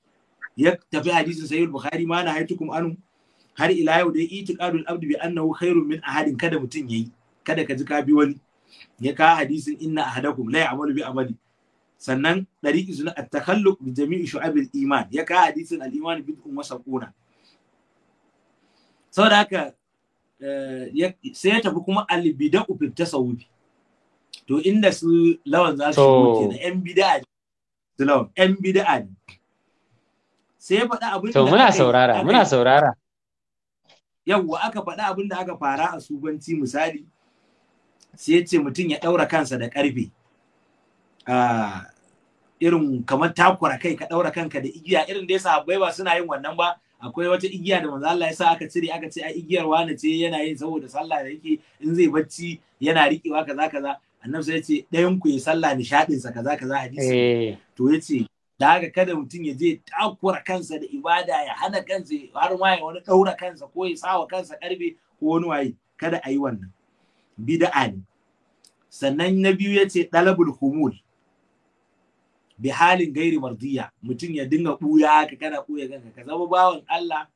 ya tafi hadisin sahih bukhari ma na haitukum anu har ila yau da itiqadul abdu bi annahu khairun min ahadin kada mutun yayi kada ka ji ka bi wani ya ka hadisin inna ahadakum la ya'malu bi amali sannan ɗari suna a at da bi jami'i iman ya ka hadisin al'imani iman bid'un wa sau da haka eh, sai ya tafi kuma al ufin fi tasawufi to inda su lawan za su mutu na yan bid'a su lawan yan bid'a ne sai faɗa abin da muna saurara muna saurara yawwa aka faɗa abin da aka fara a subanci misali sai ya ce mutum ya ɗaura kansa da ƙarfe irin kamar takura kai ka ɗaura kanka da igiya irin da yasa bai ba suna yin wannan ba akwai wata igiya da manzo Allah ya sa aka cire aka ce a igiyar wani ce yana yin saboda sallah da yake in zai bacci yana riƙewa kaza kaza annabi sai ya ce ɗayan ku yi sallah nishaɗin sa kaza kaza hadisi eh. to ya ce da haka kada mutum ya je takura kansa da ibada ya hana kansa har ma ya wani ɗaura kansa ko ya sawa kansa karbe ko wani waye kada a yi wannan Bida'a ne sannan na biyu ya ce ɗalabul humul bi halin gairi mardiya mutum ya dinga ɓuya ka kana ɓuya kanka ka zama bawan Allah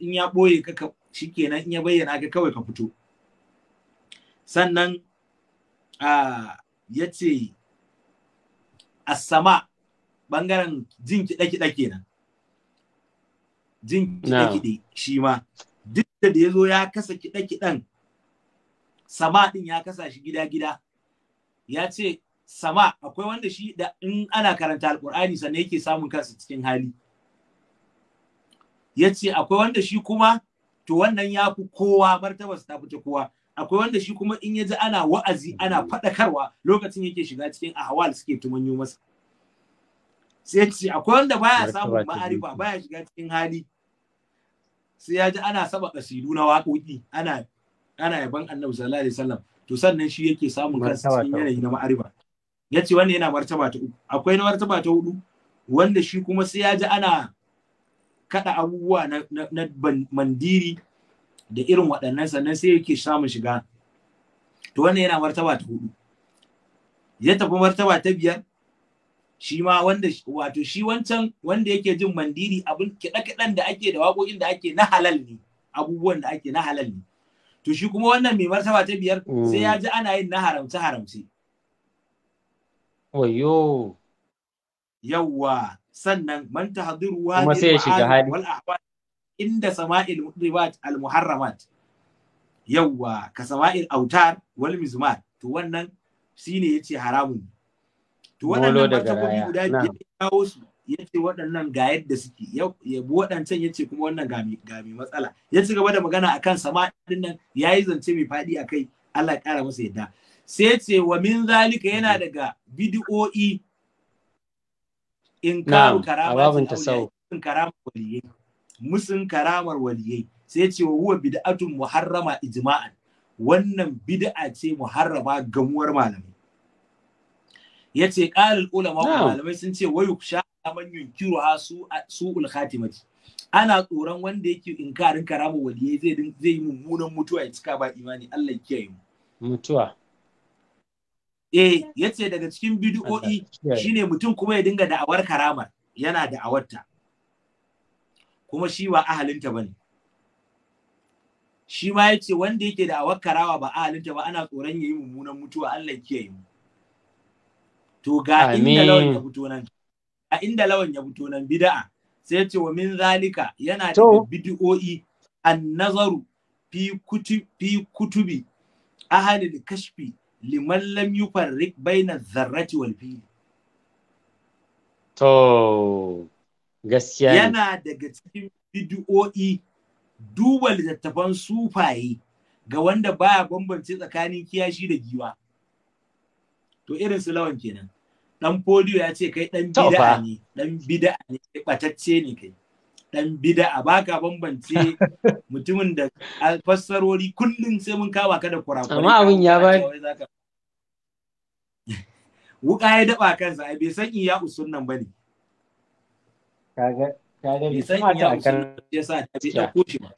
in ya ɓoye ka shikenan in ya bayyana ka kawai ka fito sannan ya ce asama bangaren jin kiɗe-kiɗe kenan jin kiɗe-kiɗe shi ma duk da ya zo ya kasa kiɗe-kiɗen sama ɗin ya kasa shi gida-gida ya ce sama akwai wanda shi da in ana karanta alkur'ani sannan yake samun kansa cikin hali ya ce akwai wanda shi kuma to wannan ya fi kowa martabarsa ta fita kowa akwai wanda shi kuma in ya ji ana wa'azi ana faɗakarwa lokacin yake shiga cikin ahwal suke tumanyo masa sai ce akwai wanda baya samun ma'arifa baya shiga cikin hali sai ya ji ana saba kasidu na waƙoƙi ana ana yaban annabi sallallahu alaihi wasallam to sannan shi yake samun kansa cikin yanayi na ma'arifa ya ce wannan yana martaba ta uku akwai na martaba ta hudu wanda shi kuma sai ya ji ana kada abubuwa na, na, na mandiri da irin waɗannan sannan sai yake samun shiga to wannan yana martaba ta hudu ya tafi martaba ta biyar shi ma wanda wato shi wancan wanda yake jin mandiri abin kiɗa-kiɗan da ake da waƙoƙin da ake na halal ne abubuwan da ake na halal ne to shi kuma wannan mai martaba ta biyar mm. sai ya ji ana yin na haramce haramce Wayo. Yawwa sannan man ta wa kuma sai ya wal ahwal inda sama'il mudribat al muharramat. Yawwa ka sama'il autar wal mizmat to wannan shine yace haramun. To wannan martabobi guda biyar ya kawo su yace waɗannan ga yadda suke ya bi waɗancan yace kuma wannan ga mai matsala ya ci gaba da magana akan Sama'il din nan yayi zance mai faɗi akai Allah ya ƙara masa yadda sai ce wa min zalika yana mhm. daga bid'o'i in karu karamar waliyai musun karamar waliyai sai ce wa huwa bid'atun muharrama ijma'an wannan bid'a ce muharrama gamuwar malamai yace qalul ulama malamai sun ce wayu sha man yunkiru ha su su'ul khatimati ana tsoron wanda yake inkarin karamar waliyai zai yi mummunan mutuwa ya cika ba imani Allah ya kiyaye mu mutuwa eh yace daga cikin bid'o'i shine mutum kuma ya dinga da'awar karamar yana da'awarta kuma shi ba ahalinta bane shi ma yace wanda yake da'awar karawa ba ahalinta ba ana tsoron yayi mummunan mutuwa Allah ya kiyaye mu to ga inda lawan ya fito nan a inda lawan ya fito nan bid'a sai yace wa min zalika yana da bid'o'i an nazaru fi kutubi ahalil kashfi liman lam yufarrik baina zarrati wal fili to gaskiya yana daga cikin bidiyo'i duba littattafan sufaye ga wanda baya bambance tsakanin kiyashi da giwa to irin su lawan kenan dan polio ya ce kai dan bid'a ne dan bid'a ne batacce ne kai dan bida'a baka bambance mutumin da alfassarori kullum sai mun kawa ka da kurakuri amma abin ya ba wuka ya daba kansa ai bai san iya usunnan bane kaga kaga bai san iya usunnan sa ta bi da koshi ba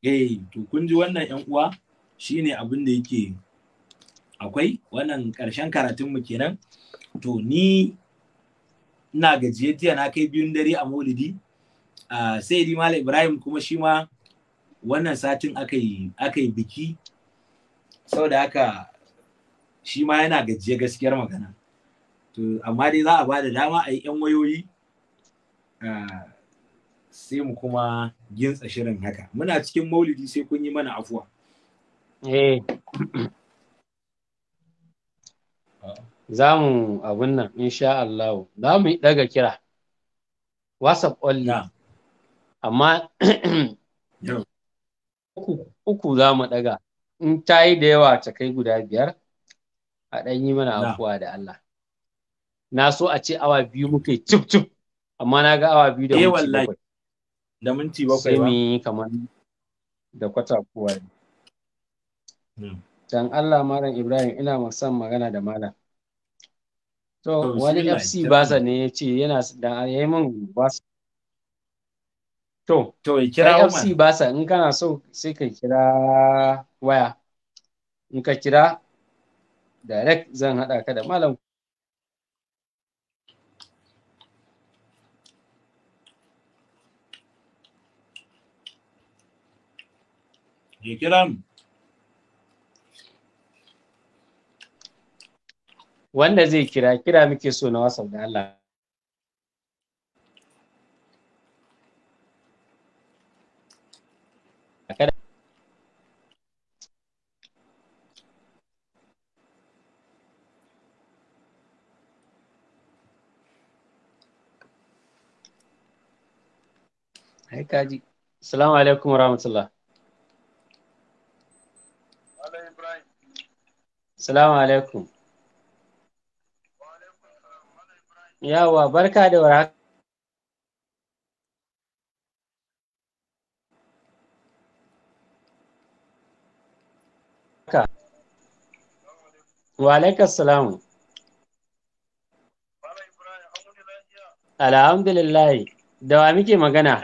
eh to kun ji wannan yan uwa shine abin da yake akwai wannan karshen karatun mu kenan to ni ina gajiye jiya na kai biyun dare a maulidi Ah, sai di Malam Ibrahim kuma shi ma wannan satin aka yi biki saboda haka shi ma yana gajiye gaskiyar magana to amma dai za a ba da dama a yi 'yan wayoyi ah, sai mu kuma gintsa shirin haka muna cikin maulidi sai kun yi mana afuwa eh za mu abin nan insha Allah za mu yi ɗaga kira whatsapp only amma uku za mu ɗaga in ta yi da yawa ta kai guda biyar a ɗan yi mana afuwa da Allah na so a ce awa biyu muke cip cip amma na ga awa biyu da eh, minti bakwai da minti bakwai sai mu yi kamar da kwata ne hmm. dan Allah malam Ibrahim ina musan magana da malam to wani FC basa ne ya ce yana da yayi min basa To, to ya kira Oman. ba sa in kana so sai ka kira waya. In ka kira direct zan haɗa ka da malam ya kira mu. Wanda zai kira, kira muke so na wasa da Allah. kaji salamu alaikum rahmatullah salamu alaikum yawa barka da warhaka haka. Walaika salamu. Alhamdulillah, da wa muke magana?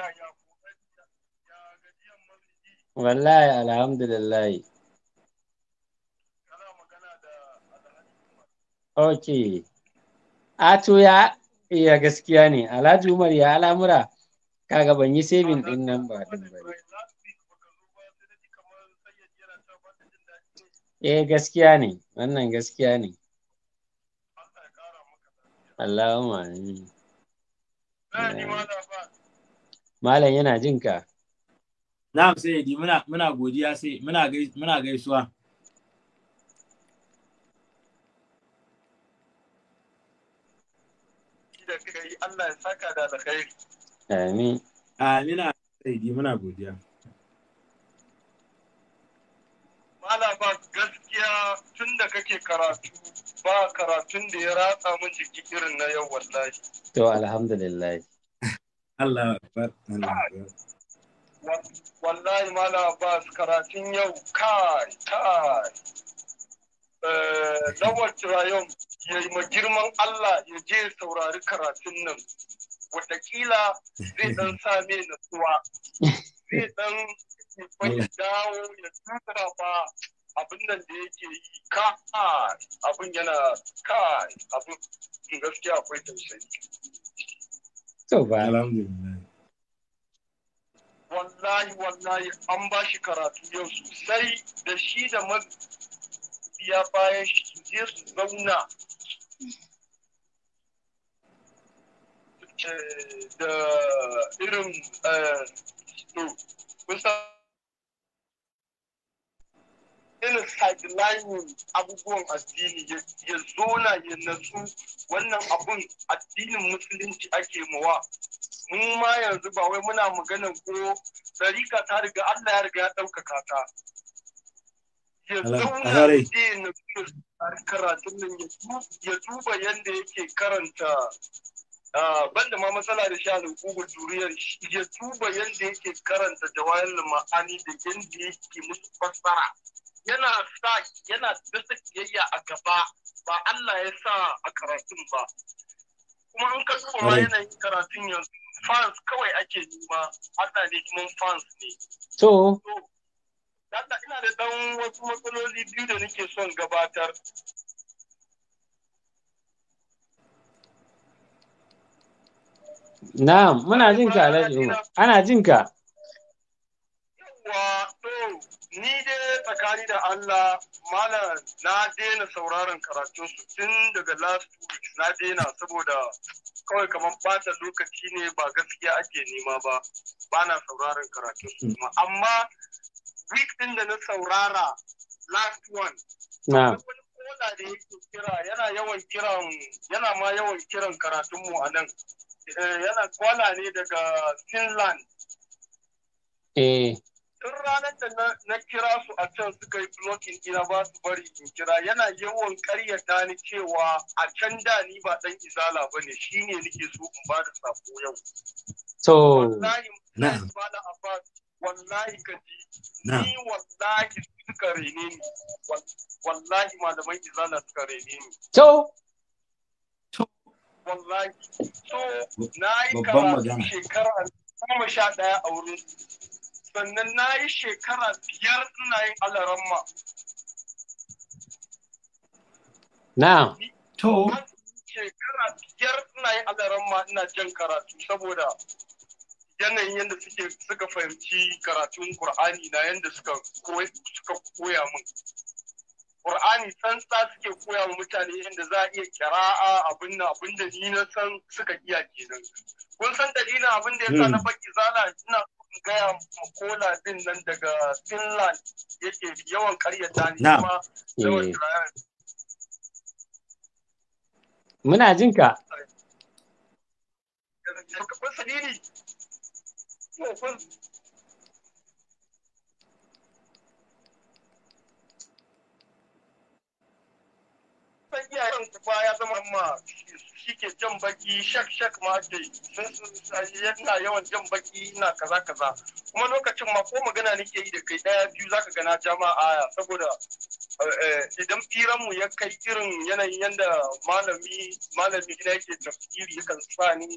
Wallahi alhamdulillah. Ok. Ato ya iya gaskiya ne, Alhaji Umar ya al'amura, kaga ban yi saving din nan ba din ba. Eh gaskiya ne, wannan gaskiya ne. Allahumma amin. Malam yana jin ka. Na'am Sayyidi muna muna godiya sai muna muna gaisuwa. Da kai Allah ya saka da alkhairi. Amin. Amin Sayyidi muna godiya. Malama gaskiya tun da kake karatu ba karatun da ya ratsa min jiki irin na yau wallahi. To alhamdulillah. Allah ya Allah wallahi mala abbas karatun yau kai kai lawal eh, turayon ya yi girman allah ya je saurari karatun nan watakila zai dan same suwa zai dan ya dawo ya tura ba abin nan da yake yi kai abin yana kai abin gaskiya akwai tausayi. Alhamdulillah. wallahi wallahi an ba shi karatu yau sosai da shi da mabiya bayan shi su je su zauna eh, da irin eh, to kusa irin sideline abubuwan addini ya zona ya nasu wannan abun addinin musulunci ake mawa mu ma yanzu ba wai muna magana ko tsarika ta riga Allah ya riga ya ɗaukaka ta ya na karatun nan ya duba yadda yake karanta banda ma matsala da sha al'ubu duriyar ya tuba yadda yake karanta jawayar ma'ani da yadda yake musu fassara yana sa yana dasa kiyayya a gaba ba Allah ya sa a karatun ba kuma an ka tsoma yanayin karatun yanzu fans kawai ake nema Allah ne kuma fans ne to Dada ina da dan wasu matsaloli biyu da nake son gabatar Na'am, muna jin ka Alhaji Umar. Ana jin ka. Yawwa, to ni dai tsakani da Allah malam na daina sauraron karatun su tun daga last week na daina saboda kawai kamar bata lokaci ne ba gaskiya ake nema ba bana sauraron karatun su hmm. amma week din da na saurara last one na kola da yake kira yana yawan kiran yana ma yawan kiran karatun mu a nan eh, yana kwala ne daga Finland eh tun ranar da na kira su a can suka yi blocking gina ba su bari in kira yana yawan karyata ni cewa a can da ni ba dan izala ba ne shi ne nake so in ba da sako yau to wallahi wallahi ka ji ni wallahi suka rene ni wallahi malaman izala suka rene ni to wallahi so na yi karatu shekara 11 a wurin sannan na yi shekara biyar ina yin alaramma. Na. To. Shekara biyar ina yin alaramma ina jan karatu saboda yanayin yadda suke suka fahimci karatun Kur'ani na yadda suka koya min. Kur'ani sa suke koya wa mutane yadda za a iya kira'a abin da abin da ni na san suka iya kenan. Kun san dalilin abin da ya sa hmm. na baki zala ina gaya ma kola din nan daga Finland yake yawan karyata ni kuma eh. Muna jin ka. shi ke jan baki shak shak ma da yana yawan jan baki na kaza kaza kuma lokacin ma ko magana nake yi da kai daya biyu zaka gana jama'a saboda eh, idan firan mu ya kai irin yanayin yanda malami malami na yake tafsiri yakan sa ni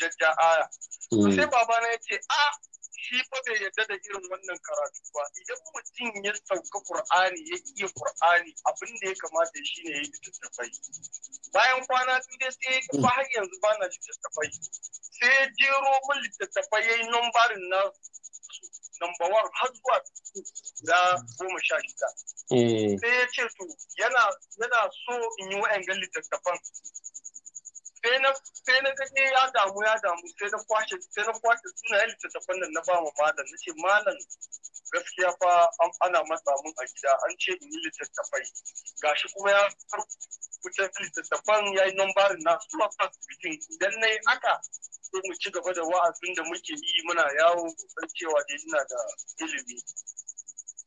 jajja aya mm. sai babana ya ce a ah, shi fa bai yarda da irin wannan karatu ba idan mutum ya sauka ƙur'ani ya iya qur'ani abin da ya kamata shi ne ya yi littattafai. bayan kwana biyu dai sai ba har yanzu ba na littattafai sai jero min littattafai ya yi nambarin na number har zuwa da goma sha shida eh. sai ya ce to yana so in yi wa'yan littattafan sai na sai na ga ya damu ya damu sai na kwashe sai na kwashe suna yin littattafan nan na ba mu malam nace malam gaskiya fa ana matsa mun a gida an ce in yi littattafai gashi kuma ya rubuta littattafan ya yi nambarin na su masu bikin idan na yi haka sai mu ci gaba da wa'azin da muke yi muna yawo san cewa dai ina da ilimi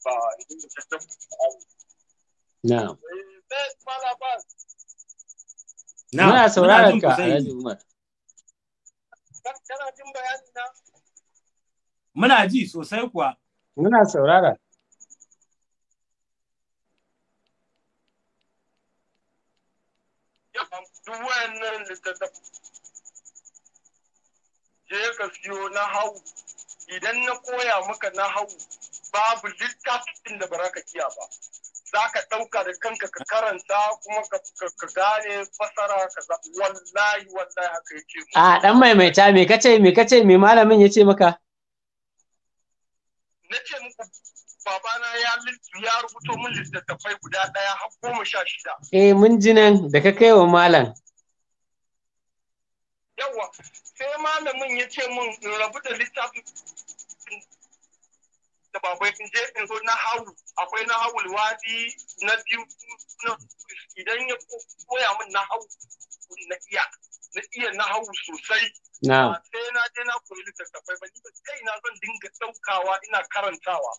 ba idan da tattafa na'am sai eh, ba na muna sauraron ka Alhaji Umar kana jin bayani na muna ji sosai kuwa muna saurara duk wayannan littattafan je ka siyo na hau idan na koya maka na hau babu littafin da baraka kiya ba za ka ɗauka da kanka ka karanta kuma ka gane fasara ka za wallahi wallahi haka yake mu. A ɗan maimaita me kace me kace me malamin ya ce maka? Na ce muku babana ya ya rubuto min littattafai guda ɗaya har goma sha shida. Eh mun ji nan da ka kai wa malam. Yawwa sai malamin ya ce min in rabu da littafin da babai sun je in so na hawu akwai na hawu wadi na biyu na idan ya koya min na hawu na iya na iya na hawu sosai na sai na je na koyi littattafai ba ni ba kai na zan dinga daukawa ina karantawa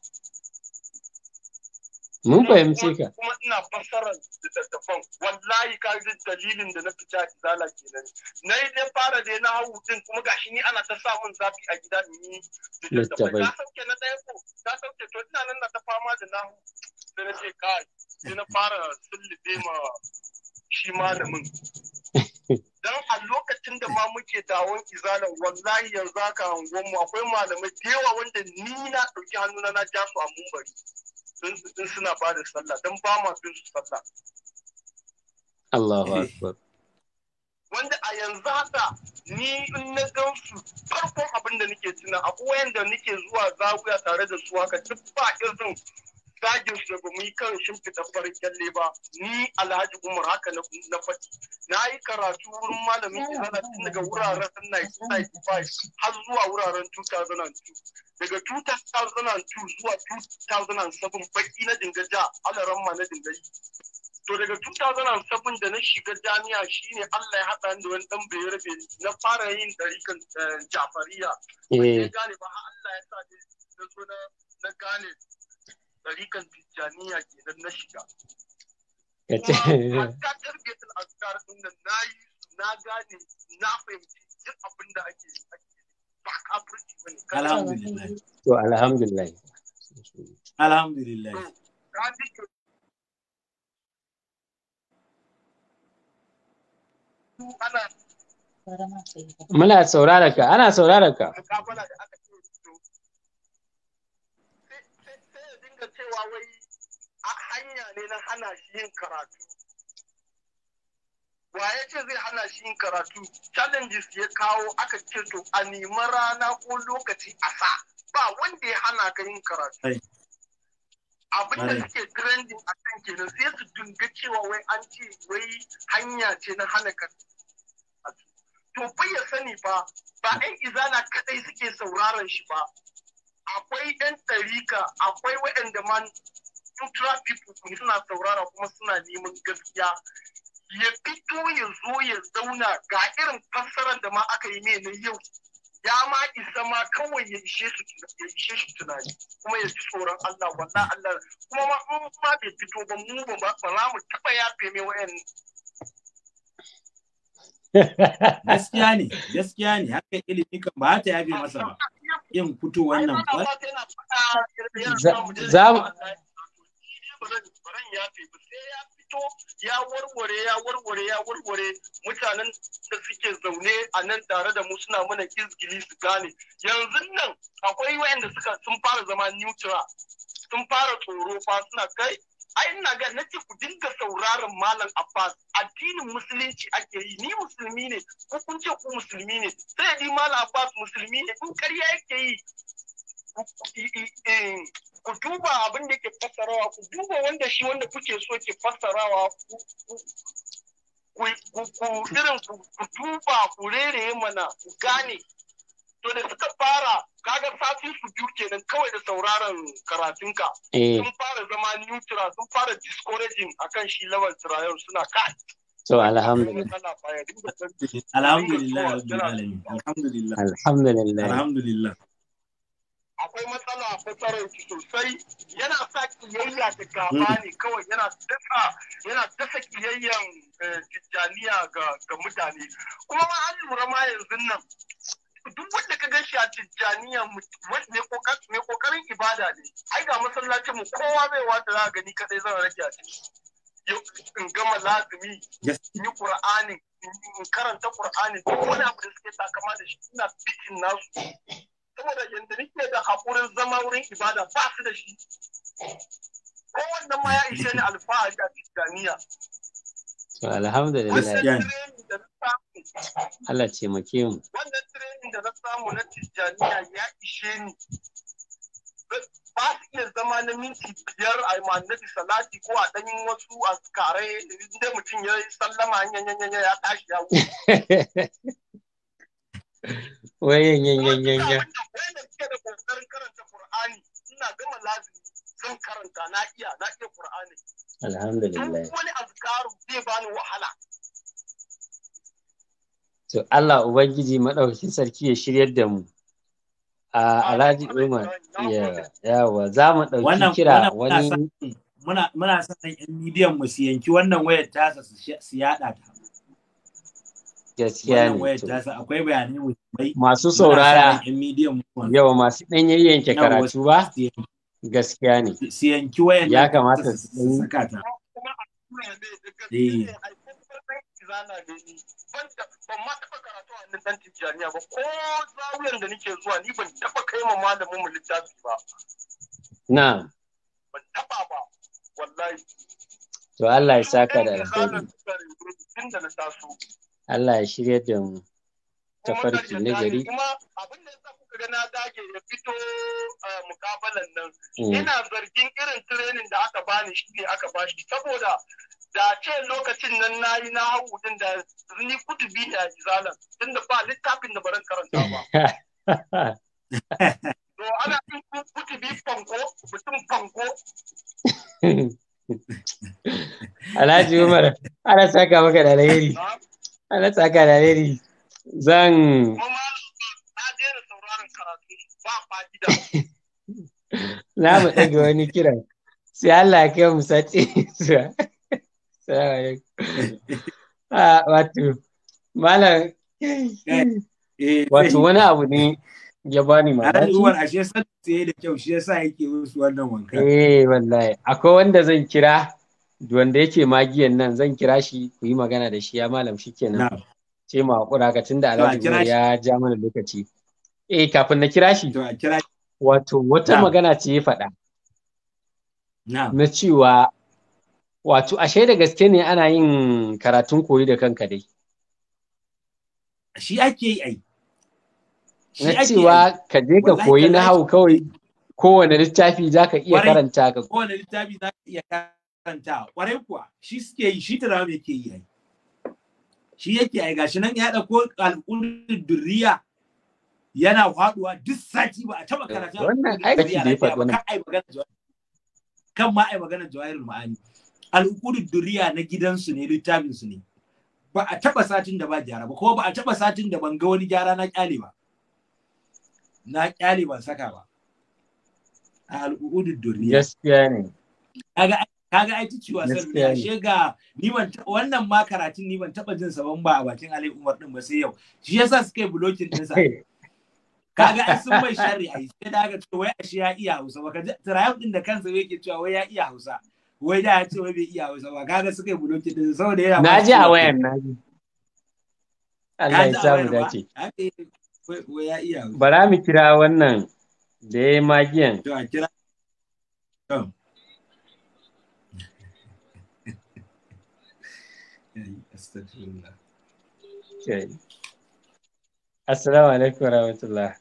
Mun fahimce ka. Kuma ina fassarar littattafan wallahi ka ji dalilin da na fita izala kenan. Na yi dai fara dai na hau din kuma gashi ni ana ta samun zafi a gida ni littattafai. Na sauke na ɗaya ko ta sauke to ina nan na ta fama da na hau da na ce kai sai na fara sullube ma shi malamin. Dan a lokacin da ma muke dawon izalan wallahi yanzu haka hangon mu akwai malamai da yawa wanda ni na ɗauki hannuna na ja su a mumbari. sun suna ba da sallah don ba ma sun sallah Allahu eh. akbar wanda a yanzu haka ni in na gan su farkon abin da nake tuna akwai wanda nake zuwa zaguya tare da su haka duk ba irin zagin su ba mu yi kan shimfiɗa farin kyalle ba ni alhaji umar haka na faɗi na yi karatu wurin malamin izana tun daga wuraren 1995 har zuwa wuraren 2002 daga 2002 zuwa 2007 baki na dingaja ma na dingaji to daga 2007 da na shiga jami'a shine Allah ya haɗa da wani ɗan rabe na fara yin ɗarikan eh, jafariya. Ba eh. gane ba Allah ya sa na gane ɗarikan tijjaniya kenan na shiga. Ka ce. Hatta tarbiyatul azkar ɗin nan na yi na gane na fahimci duk abin da ake ba kafirci ba ne. Alhamdulillah. To alhamdulillah. Alhamdulillah. Muna saurara ka, ana saurara ka. da cewa wai a hanya ne na hana shi yin karatu waye ce zai hana shi yin karatu challenges ya kawo aka ce to a nemi rana ko lokaci a sa ba wanda ya hana ka yin karatu abin da suke trending a kan kenan sai su dinga cewa wai an ce wai hanya ce na hana ka to bai ya sani ba ba ɗan izana kaɗai suke sauraron shi ba akwai yan tsarika akwai waɗanda man neutral people suna saurara kuma suna neman gaskiya ya fito ya zo ya zauna ga irin fassarar da ma aka yi mai na yau ya ma isa ma kawai ya ishe su tunani kuma ya ji tsoron Allah walla Allah kuma ma in ma bai fito ba mu ba ba za mu taɓa yafe mai wayan gaskiya ne gaskiya ne haka ilimi kan ba ta yafe masa ba yin fito wannan ba za mu ya warware ya warware ya warware mutanen da suke zaune a nan tare da mu suna mana izgili su gane yanzu nan akwai wayanda suka sun fara zama neutral sun fara tsoro fa suna kai ai ina ga na ku dinga sauraron malam Abbas addinin musulunci ake yi ni musulmi ne ko kun ce ku musulmi ne sai ni malam Abbas musulmi ne kun karya yake yi ku duba abin da ke fassarawa ku duba wanda shi wanda kuke so ke fassarawa ku irin ku duba ku rere mana ku gane to da suka fara kaga sati su biyu kenan kawai da sauraron karatunka eh. sun fara zama neutral sun fara discouraging akan shi lawan trial suna kai So alhamdulillah. Akwai matsala a fasarar ki sosai yana sa kiyayya da kama hmm. ne kawai yana dasa yana dasa kiyayyan eh, tijjaniya ga mutane. Kuma ma an lura ma yanzu nan duk wanda ka gashi a tijjaniya mai kokarin ibada ne ai ga masallacin mu kowa zai wata za a gani kadai zan rage a ciki in gama lazumi ni qur'ani in karanta qur'ani duk wani abu da suke takama da shi ina bikin nasu saboda yanda nake da haƙurin zama wurin ibada ba su da shi kowannan ma ya ishe ni alfahari a tijjaniya To alhamdulillah. Allah ce make mu. Wannan training da na samu na Tijjaniya ya ishe ni. Ba su iya zama na minti biyar a annabi salati ko a ɗan wasu a kare inda mutum ya yi sallama yanyanyanya ya tashi ya wuce. Wai yanyanyanya. Wanda suke da kokarin karanta Kur'ani ina gama lazimi zan karanta na iya na iya Kur'ani. Alhamdulillah. Duk wani azkaru zai bani wahala. To Allah Ubangiji maɗaukakin sarki ya shiryar da mu. A Alhaji Umar yawa za mu ɗauki kira wani. Muna muna son ɗan midiyan mu su yanki wannan wayar tasa su yaɗa ta. Gaskiya ne. Akwai bayanai muhimmai. Masu saurara. Yawa masu ɗanyen yanke karatu ba. gaskiya ne ya kamata su saka eh. na to Allah ya saka da alheri Allah ya shirya da mu tafarki na gari kaga na dage ya fito a mukabalan nan mm. ina zargin irin training da aka bani shi ne aka bashi saboda da ce lokacin nan na yi na hau din da ni kutubi ne a izalan da ba littafin da baran karanta ba to ana yin kutubi fanko mutum fanko Alhaji Umar, ana saka maka da alheri. Ana saka da alheri. Zan ba fa'ida za mu ɗaga wani kiran sai Allah ya kai mu sace zuwa salamu alaikum ah, wato malam wato wani abu ne ya bani mamaki. Al'ummar ashe sai da kyau shi yasa yake musu wannan wanka. Eh wallahi akwai wanda zan kira wanda yake magiyan nan zan kira shi ku yi magana da shi ya malam shi kenan. Ce ma hakura ka tunda Alhaji ya ja mana lokaci. eh kafin na kira shi wato wata magana ce ya faɗa na cewa wato ashe da gaske ne ana yin karatun koyi da kanka dai shi ake yi ai na cewa ka je ka koyi na hau kawai kowane littafi za ka iya karanta ka kowane littafi za ka iya karanta kwarai kuwa shi suke yi shi tarawa ke yi ai shi yake ai gashi nan ya ɗauko al'ummar duriya. yana faduwa duk sati ba a taba eh, karatu kan ma ai magana jawahirul ma'ani al'ukudu duriya na gidansu ne littafin su ne ba a taba satin da ba gyara ba kuma ba a taba satin da ban ga wani gyara na kyale ba na kyale ban saka ba a al'ukudu duriya gaskiya ne kaga kaga ai ta ciwa sai ashe shega ni ban wannan ma karatun ni ban taba jin saban ba a bakin Ali Umar din ba sai yau shi yasa suke blocking din sa eh. kaga ai sun mai sharri ai sai da ga cewa wai ashe ya iya Hausa ba kaje Tirayon din da kansa yake cewa wai ya iya Hausa wai da ya ce wai bai iya Hausa ba kaga suka yi bulokin din saboda yana Na ji a wayan na ji Allah ya samu dace wai ya iya Hausa bara mu kira wannan da yayi magiyan to a kira to Assalamu alaikum warahmatullahi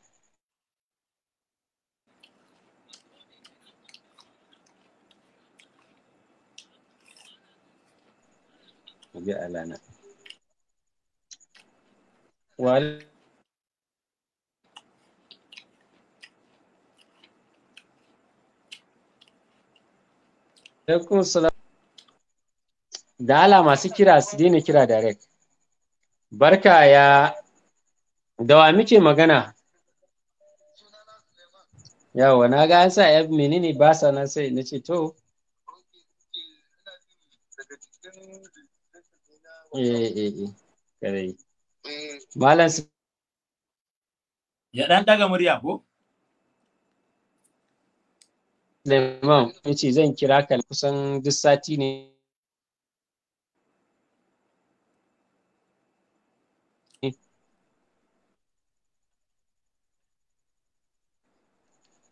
da ala masu kira su daina kira direct barka ya da wa muke magana yawa na ga an sa ya menene ba sa na sai na ce to eh, eh, eh. Mm. ya dan daga murya ko Suleiman ya zan kira ka kusan duk sati ne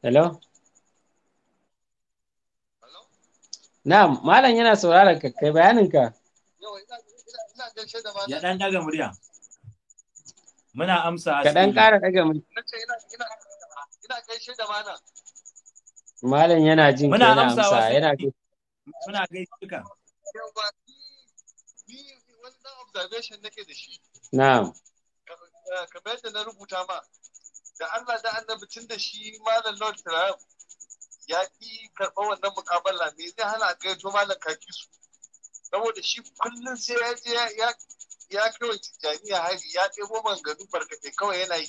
Hello? Hello? Na'am, malam yana sauraron ka kai bayaninka. Ya ɗan daga murya. Muna amsa a Kaɗan ƙara daga murya. Ina gaishe da malam. Malam yana jin yana amsa yana Muna gaishe ka. wani dan observation nake da shi. Na'am. Kamar yadda na rubuta ma, da Allah da annabi tun da shi malam Lord Trump ya ƙi karɓar wannan muƙabala me zai hana a to malam kakisu? su. saboda shi kullum sai ya je ya ya kawai ya hari ya ɗebo gani barkatai kawai yana yi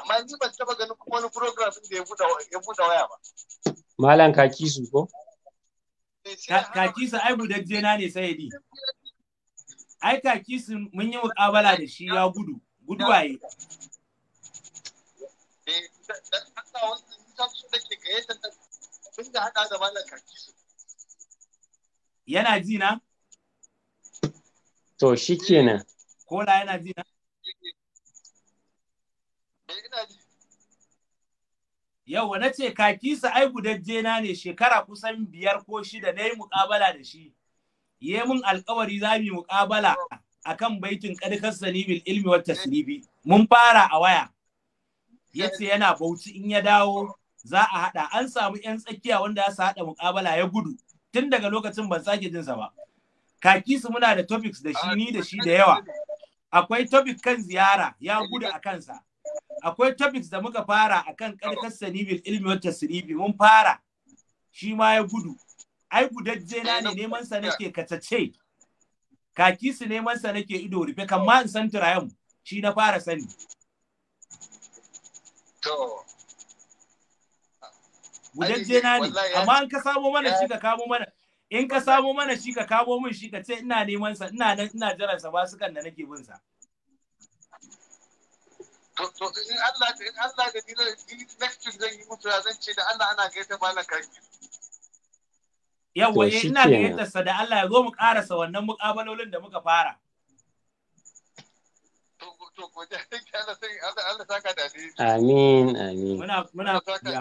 amma ni ban taɓa ganin kuma wani program da ya buɗe waya ba. Malam kaki su ko? Eh, kaki su ai budajjena ne sai ya Ai kaki su mun yi mukabala da shi ya gudu, gudu waye. Yana ji na? To shi Ko la yana ji na? Yau na ce kakisa ai gudajjena ne shekara kusan biyar ko shida na yi muƙabala da shi. Ye mun alƙawari za mu yi muƙabala a kan baitin ƙadikar sanibil ilmi wa tasnibi. Mun fara a waya. Ya ce yana bauchi in ya dawo za a haɗa. An samu 'yan tsakiya wanda ya sa haɗa muƙabala ya gudu. Tun daga lokacin ban sake jinsa ba. kakisu muna da topics da shi ah, ni da shi da yawa akwai topic kan ziyara ya gudu a kansa akwai topics da muka fara akan karkar sanibil ilmi wata tasribi mun fara shi ma ya gudu ai gudajje na ne eh, neman sa nake katace kakisu neman sa nake ido rufe ma in san turayen shi na fara sani to gudajje na ne amma an ka samo mana shi ka kamo mana in ka samo mana shi ka kawo min shi ka ce ina neman sa ina nan ina jiran sa ba su kan da nake bin sa to to in Allah ta in Allah da dina next zan yi mutu zan ce da Allah ana gaita malam kaji yawa eh, ina gaitar sa da Allah ya zo mu karasa wannan mukabalolin da muka fara Amin, amin. Muna, muna, amin,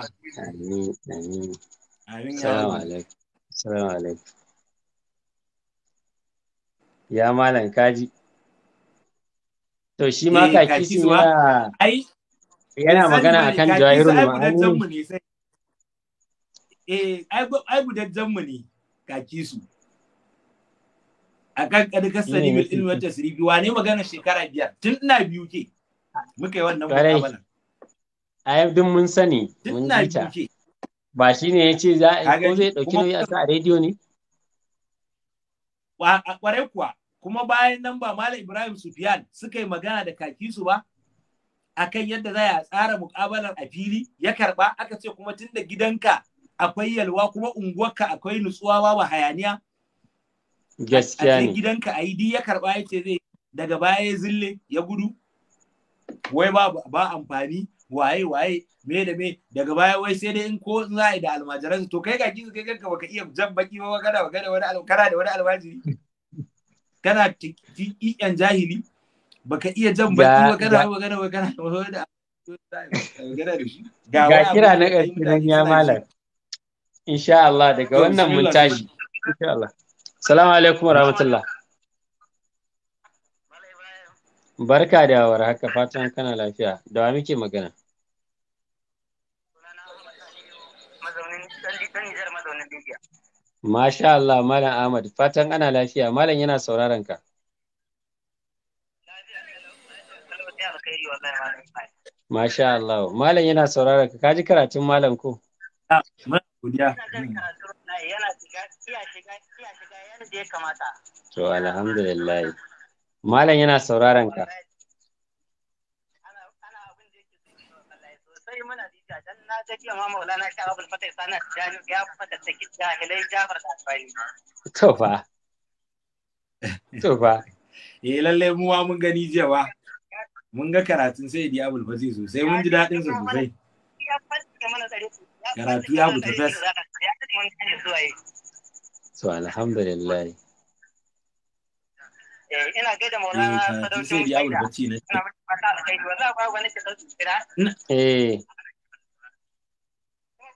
amin. Amin, amin. Salamu alaikum. Ya malam kaji. To shi ma eh, kaki yana magana akan jawahirul ma'ani. Eh, ai budajjan mu ne kaki su. ilmi wata siribi wane magana shekara biyar tun ina biyu ke. Muka yi wannan Ai duk mun sani mun ji ba shi ne ya ce za a ko zai ɗauki nauyi a sa a rediyo ne? A Ƙwarai kuwa, kuma bayan nan ba Malam Ibrahim Sufiyan suka yi magana da kaki su ba, kan yadda za a tsara muƙabalar a fili ya karɓa aka ce kuma tun da gidanka akwai yalwa kuma unguwarka akwai nutsuwa ba hayaniya. Gaskiya ne. A gidanka a yi ya karɓa ya ce zai daga baya ya zille ya gudu. Wai ba amfani waye waye me da me daga baya wai sai dai in ko in za da almajiransu to kai ga ki kai kanka baka iya jan baki ba kana kana wani kana da wani almajiri kana yan jahili baka iya jan baki ba kana kana ba kana da ga kira na ƙarshe nan ya malam insha Allah daga wannan mun tashi insha Allah assalamu alaikum wa rahmatullah barka da haka fatan kana lafiya da wa muke magana lafiya. Masha Allah Malam Ahmad fatan ana lafiya Malam yana sauraron ka. Masha Allah Malam yana sauraron ka kaji karatun Malam ko? Ah, to alhamdulillah. Malam yana sauraron ka. na ta jiya ma maulana shi abul fatai sana jani ya fata ta ki jahilai jafar da albani to fa to fa eh lalle mu ma mun gani jiya mun ga karatun sai di abul fatai sosai mun ji dadin sa sosai karatu ya mutu tas to alhamdulillah eh, ina gaida maulana eh, sadauki ina mata alkhairi wallahi ba wani da sauki kira eh.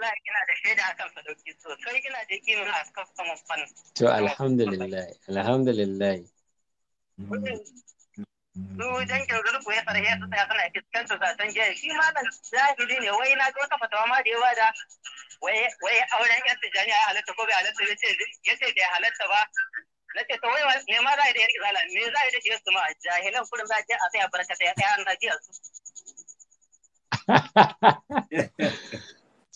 wallahi ina da shaida a customer fan to alhamdulillah alhamdulillah su dangin zurfu ya ne wai na ga da ya yan tijjani ya halatta ko to wai me ma za a yi da me za a yi da shi su ma jahilan kullum za a je a tsaya barkata ya tsaya an su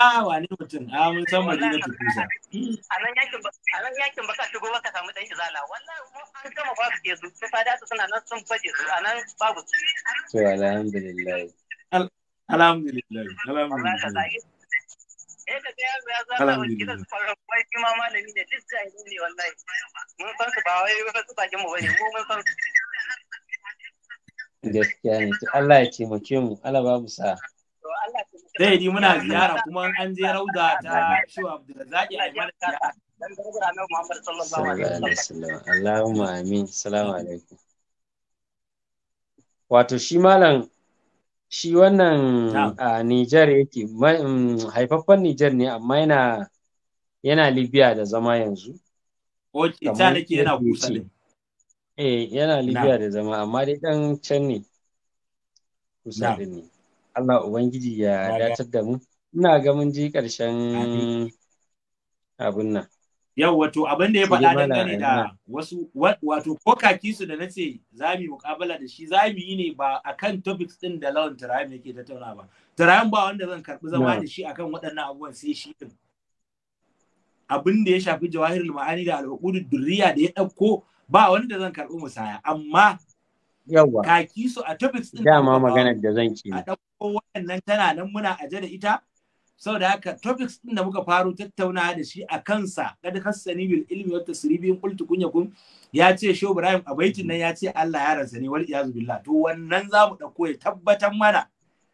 a wane mutum a ah, mun san madina ta kusa a nan yakin yakin baka shigo baka samu dan izala wallahi mun an gama ba su ke su sai fada su suna nan sun faje su a nan babu su to alhamdulillah alhamdulillah alhamdulillah eh ka ga ya zama wakilin farkon kuma malami ne duk jahili ne wallahi mun san su ba wai su bakin mu bane mu mun san su gaskiya ne Allah ya ce taimake mu Allah ba mu sa'a Zai di muna ziyara kuma an je rauda ta Shu Abdulrazaki a mana ziyara. Allahumma amin. Salamu alaikum. Wato shi malam shi wannan a Nijar yake um, haifaffen Nijar ne amma yana yana Libya da zama yanzu. Ita ke yana kusa ne. Eh yana Libya da zama amma dai dan can ne. Kusa da ne. Allah Ubangiji ya dacar da mu. Ina ga mun ji ƙarshen abin nan. Yau wato abin da ya faɗa gani da wasu wato ko kaki su da nace za mu muƙabala da shi za mu yi ne ba akan topics ɗin da lawan Tarayyam yake tattauna ba. Tarayyam ba wanda zan karɓi zama da shi akan waɗannan abubuwan sai shi ɗin. Abin da ya shafi jawahirul ma'ani da al'uqudud durriya da ya ɗauko ba wanda zan karɓi musaya amma Yawwa kaki su a topics din dama maganar da zan ki a dauko wannan tana nan muna aje da ita saboda haka topics din da muka faro tattauna da shi a kansa kad kasani bil ilmi wa tasribin qultu kunyakum ya ce shehu ibrahim a baitin nan ya ce Allah ya ransa ne wal iyazu billah to wannan za mu dauko ya tabbatar mana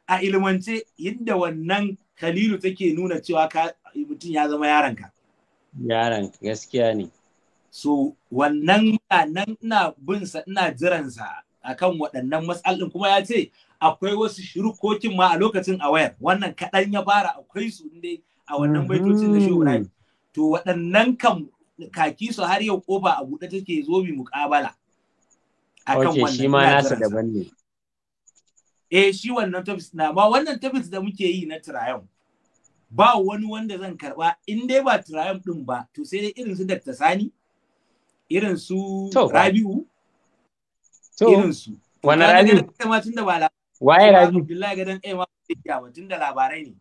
a ilmance yadda wannan khalilu take nuna cewa ka mutum ya zama yaranka yaran gaskiya ne so wannan nan ina bin sa ina jiran sa akan waɗannan matsalolin kuma ya ce akwai wasu shirkokin ma a lokacin a wayar wannan kaɗan ya fara akwai su inda a wannan mhm. baitocin da shehu to waɗannan kan kaki su har yau kofa a buɗe take zo mu muƙabala akan wannan shi ma nasa daban ne eh shi wannan tafis na ma wannan tafis da muke yi na trayon ba wani wanda zan karba in dai ba trayon din ba to sai dai irin su Dr. Sani irin su Rabiu irin su wani rabi kuma tunda ba labarai waye rabi billahi gadan kai ma ba tunda labarai ne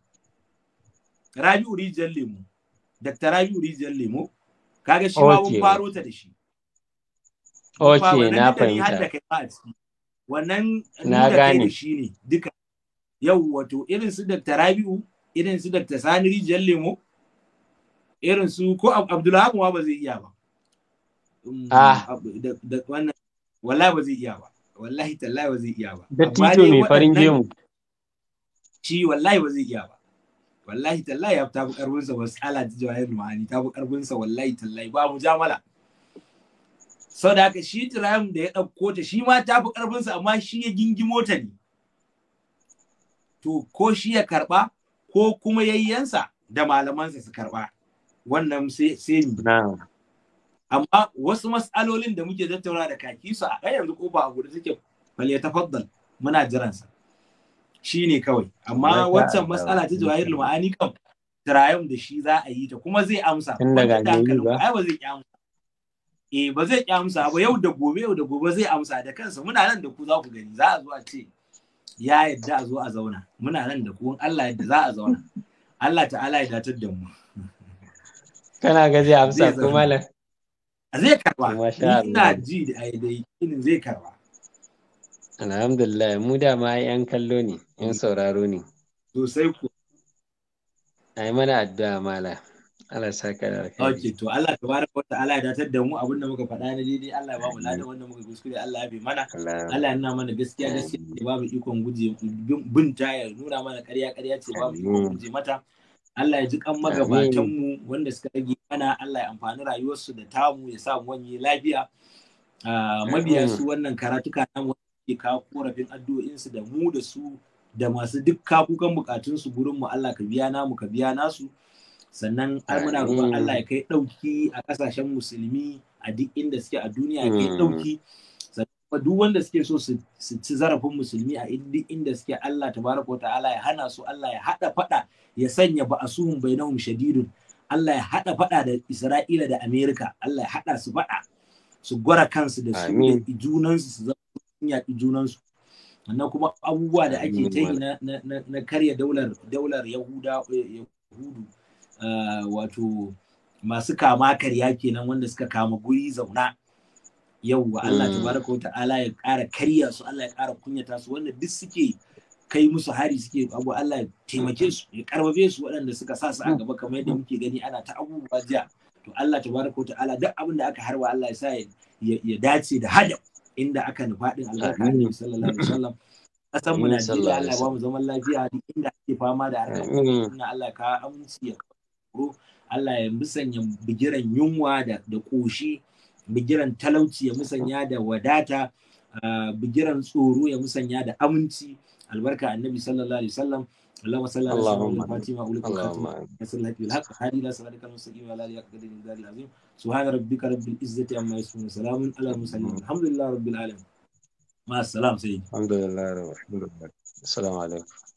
Rabi'u Rijiyar Lemo Dr. Rabi'u Rijiyar Lemo kaga shi ma mun faro ta da shi Okay, na fahimta. Wannan na gane shi ne duka. Yau wato irin su Dr. Rabi'u, irin su Dr. Sani Rijiyar Lemo, irin su ko Abdullahi ma ba zai iya ba. Um, ah. Da wannan wallahi ba zai iya ba wallahi tallahi ba zai iya ba tito mai farin gemu shi wallahi ba zai iya ba wallahi tallahi ya tafi karbin sa ala ta jawahir ruhani tafi karbin sa wallahi tallahi ba mujamala sau da haka shi tirayin da ya ɗauko ta shi ma tafi karbin sa amma shi ya gingimo ta ne to ko shi ya karba ko kuma yayyansa da malamansa su karba wannan sai sai amma wasu mas'alolin da muke tattaura da kaki su a yanzu ko ba a gudu take falle ta faddal muna jiran sa shine kawai amma waccan mas'ala ta al ma'ani kam tirayum da shi za a yi ta kuma zai amsa ai ba zai amsa eh ba zai amsa ba yau da gobe yau da gobe zai amsa da kansa muna nan da ku za ku gani za a zo a ce ya yadda a zo a zauna muna nan da ku Allah yadda za a zauna Allah ta'ala ya datar da mu kana gaji amsa ko malam zai karba ina ji da aidai inin zai karba alhamdulillah mu da ma yan kallo ne yan mm. sauraro ne sosai ku ai mana addu'a mala Allah sa ka da kai okay to Allah tabaraka wa ta'ala ya datar da mu abin da muka faɗa na daidai Allah ya ba mu ladan wanda muka kuskure Allah ya bi mana Allah ya nuna mana gaskiya gaskiya babu ikon guje bin ta ya nuna mana ƙarya ƙarya ce babu ikon guje mata Allah ya ji kan magabatanmu wanda suka rage mana Allah ya amfani rayuwarsu da tamu ya sa mu wani lafiya ah, mabiya su wannan karatuka na ke kawo korafin addu'o'insu da mu da su da masu duk kakukan bukatunsu gurin mu Allah ka biya namu ka biya nasu sannan har muna roƙon Allah ya kai ɗauki a ƙasashen musulmi a duk inda suke a duniya ya kai mm. ɗauki. duk wanda suke so su ci zarafin musulmi a inda suke Allah tabaraka wa ta'ala ya hana su Allah ya hada fada ya sanya ba'asuhum bainahum shadidun Allah ya hada fada da Isra'ila da Amerika Allah ya hada su fada su gwara kansu da su da junansu su zama junan junansu Wannan kuma abubuwa da ake ta yi na karya daular daular Yahuda eh, Yahudu eh, wato masu kama karya kenan wanda suka kama guri zauna yawwa Allah mm. baraka wa ta'ala ya kara karya su Allah ya kara kunyata su wanda duk suke kai musu hari suke abu Allah ya taimake su ya karbabe su waɗanda suka sa su a gaba kamar yadda muke gani ana ta abubuwa jiya to Allah baraka wa ta'ala duk abin da aka harba Allah ya sa ya dace da hadin inda aka fadin Allah albarka Annabi sallallahu alaihi wasallam kasan mu Najeriya Allah ba mu zaman lafiya duk inda ake fama da harkar Allah ka aminci ya Allah ya musanya bigiran yunwa da koshi bigiran talauci ya musanya da wadata bigiran tsoro ya musanya da aminci albarka annabi sallallahu alaihi wasallam اللهم صل على سيدنا فاطمه اولك الخاتمه نسال الله بالحق هذه لا صلاه كلام سقيم ولا لي اقدر من ذلك العظيم سبحان ربك رب العزه عما يصفون سلام على المرسلين الحمد لله رب العالمين مع السلامه سيدي الحمد لله رب العالمين السلام عليكم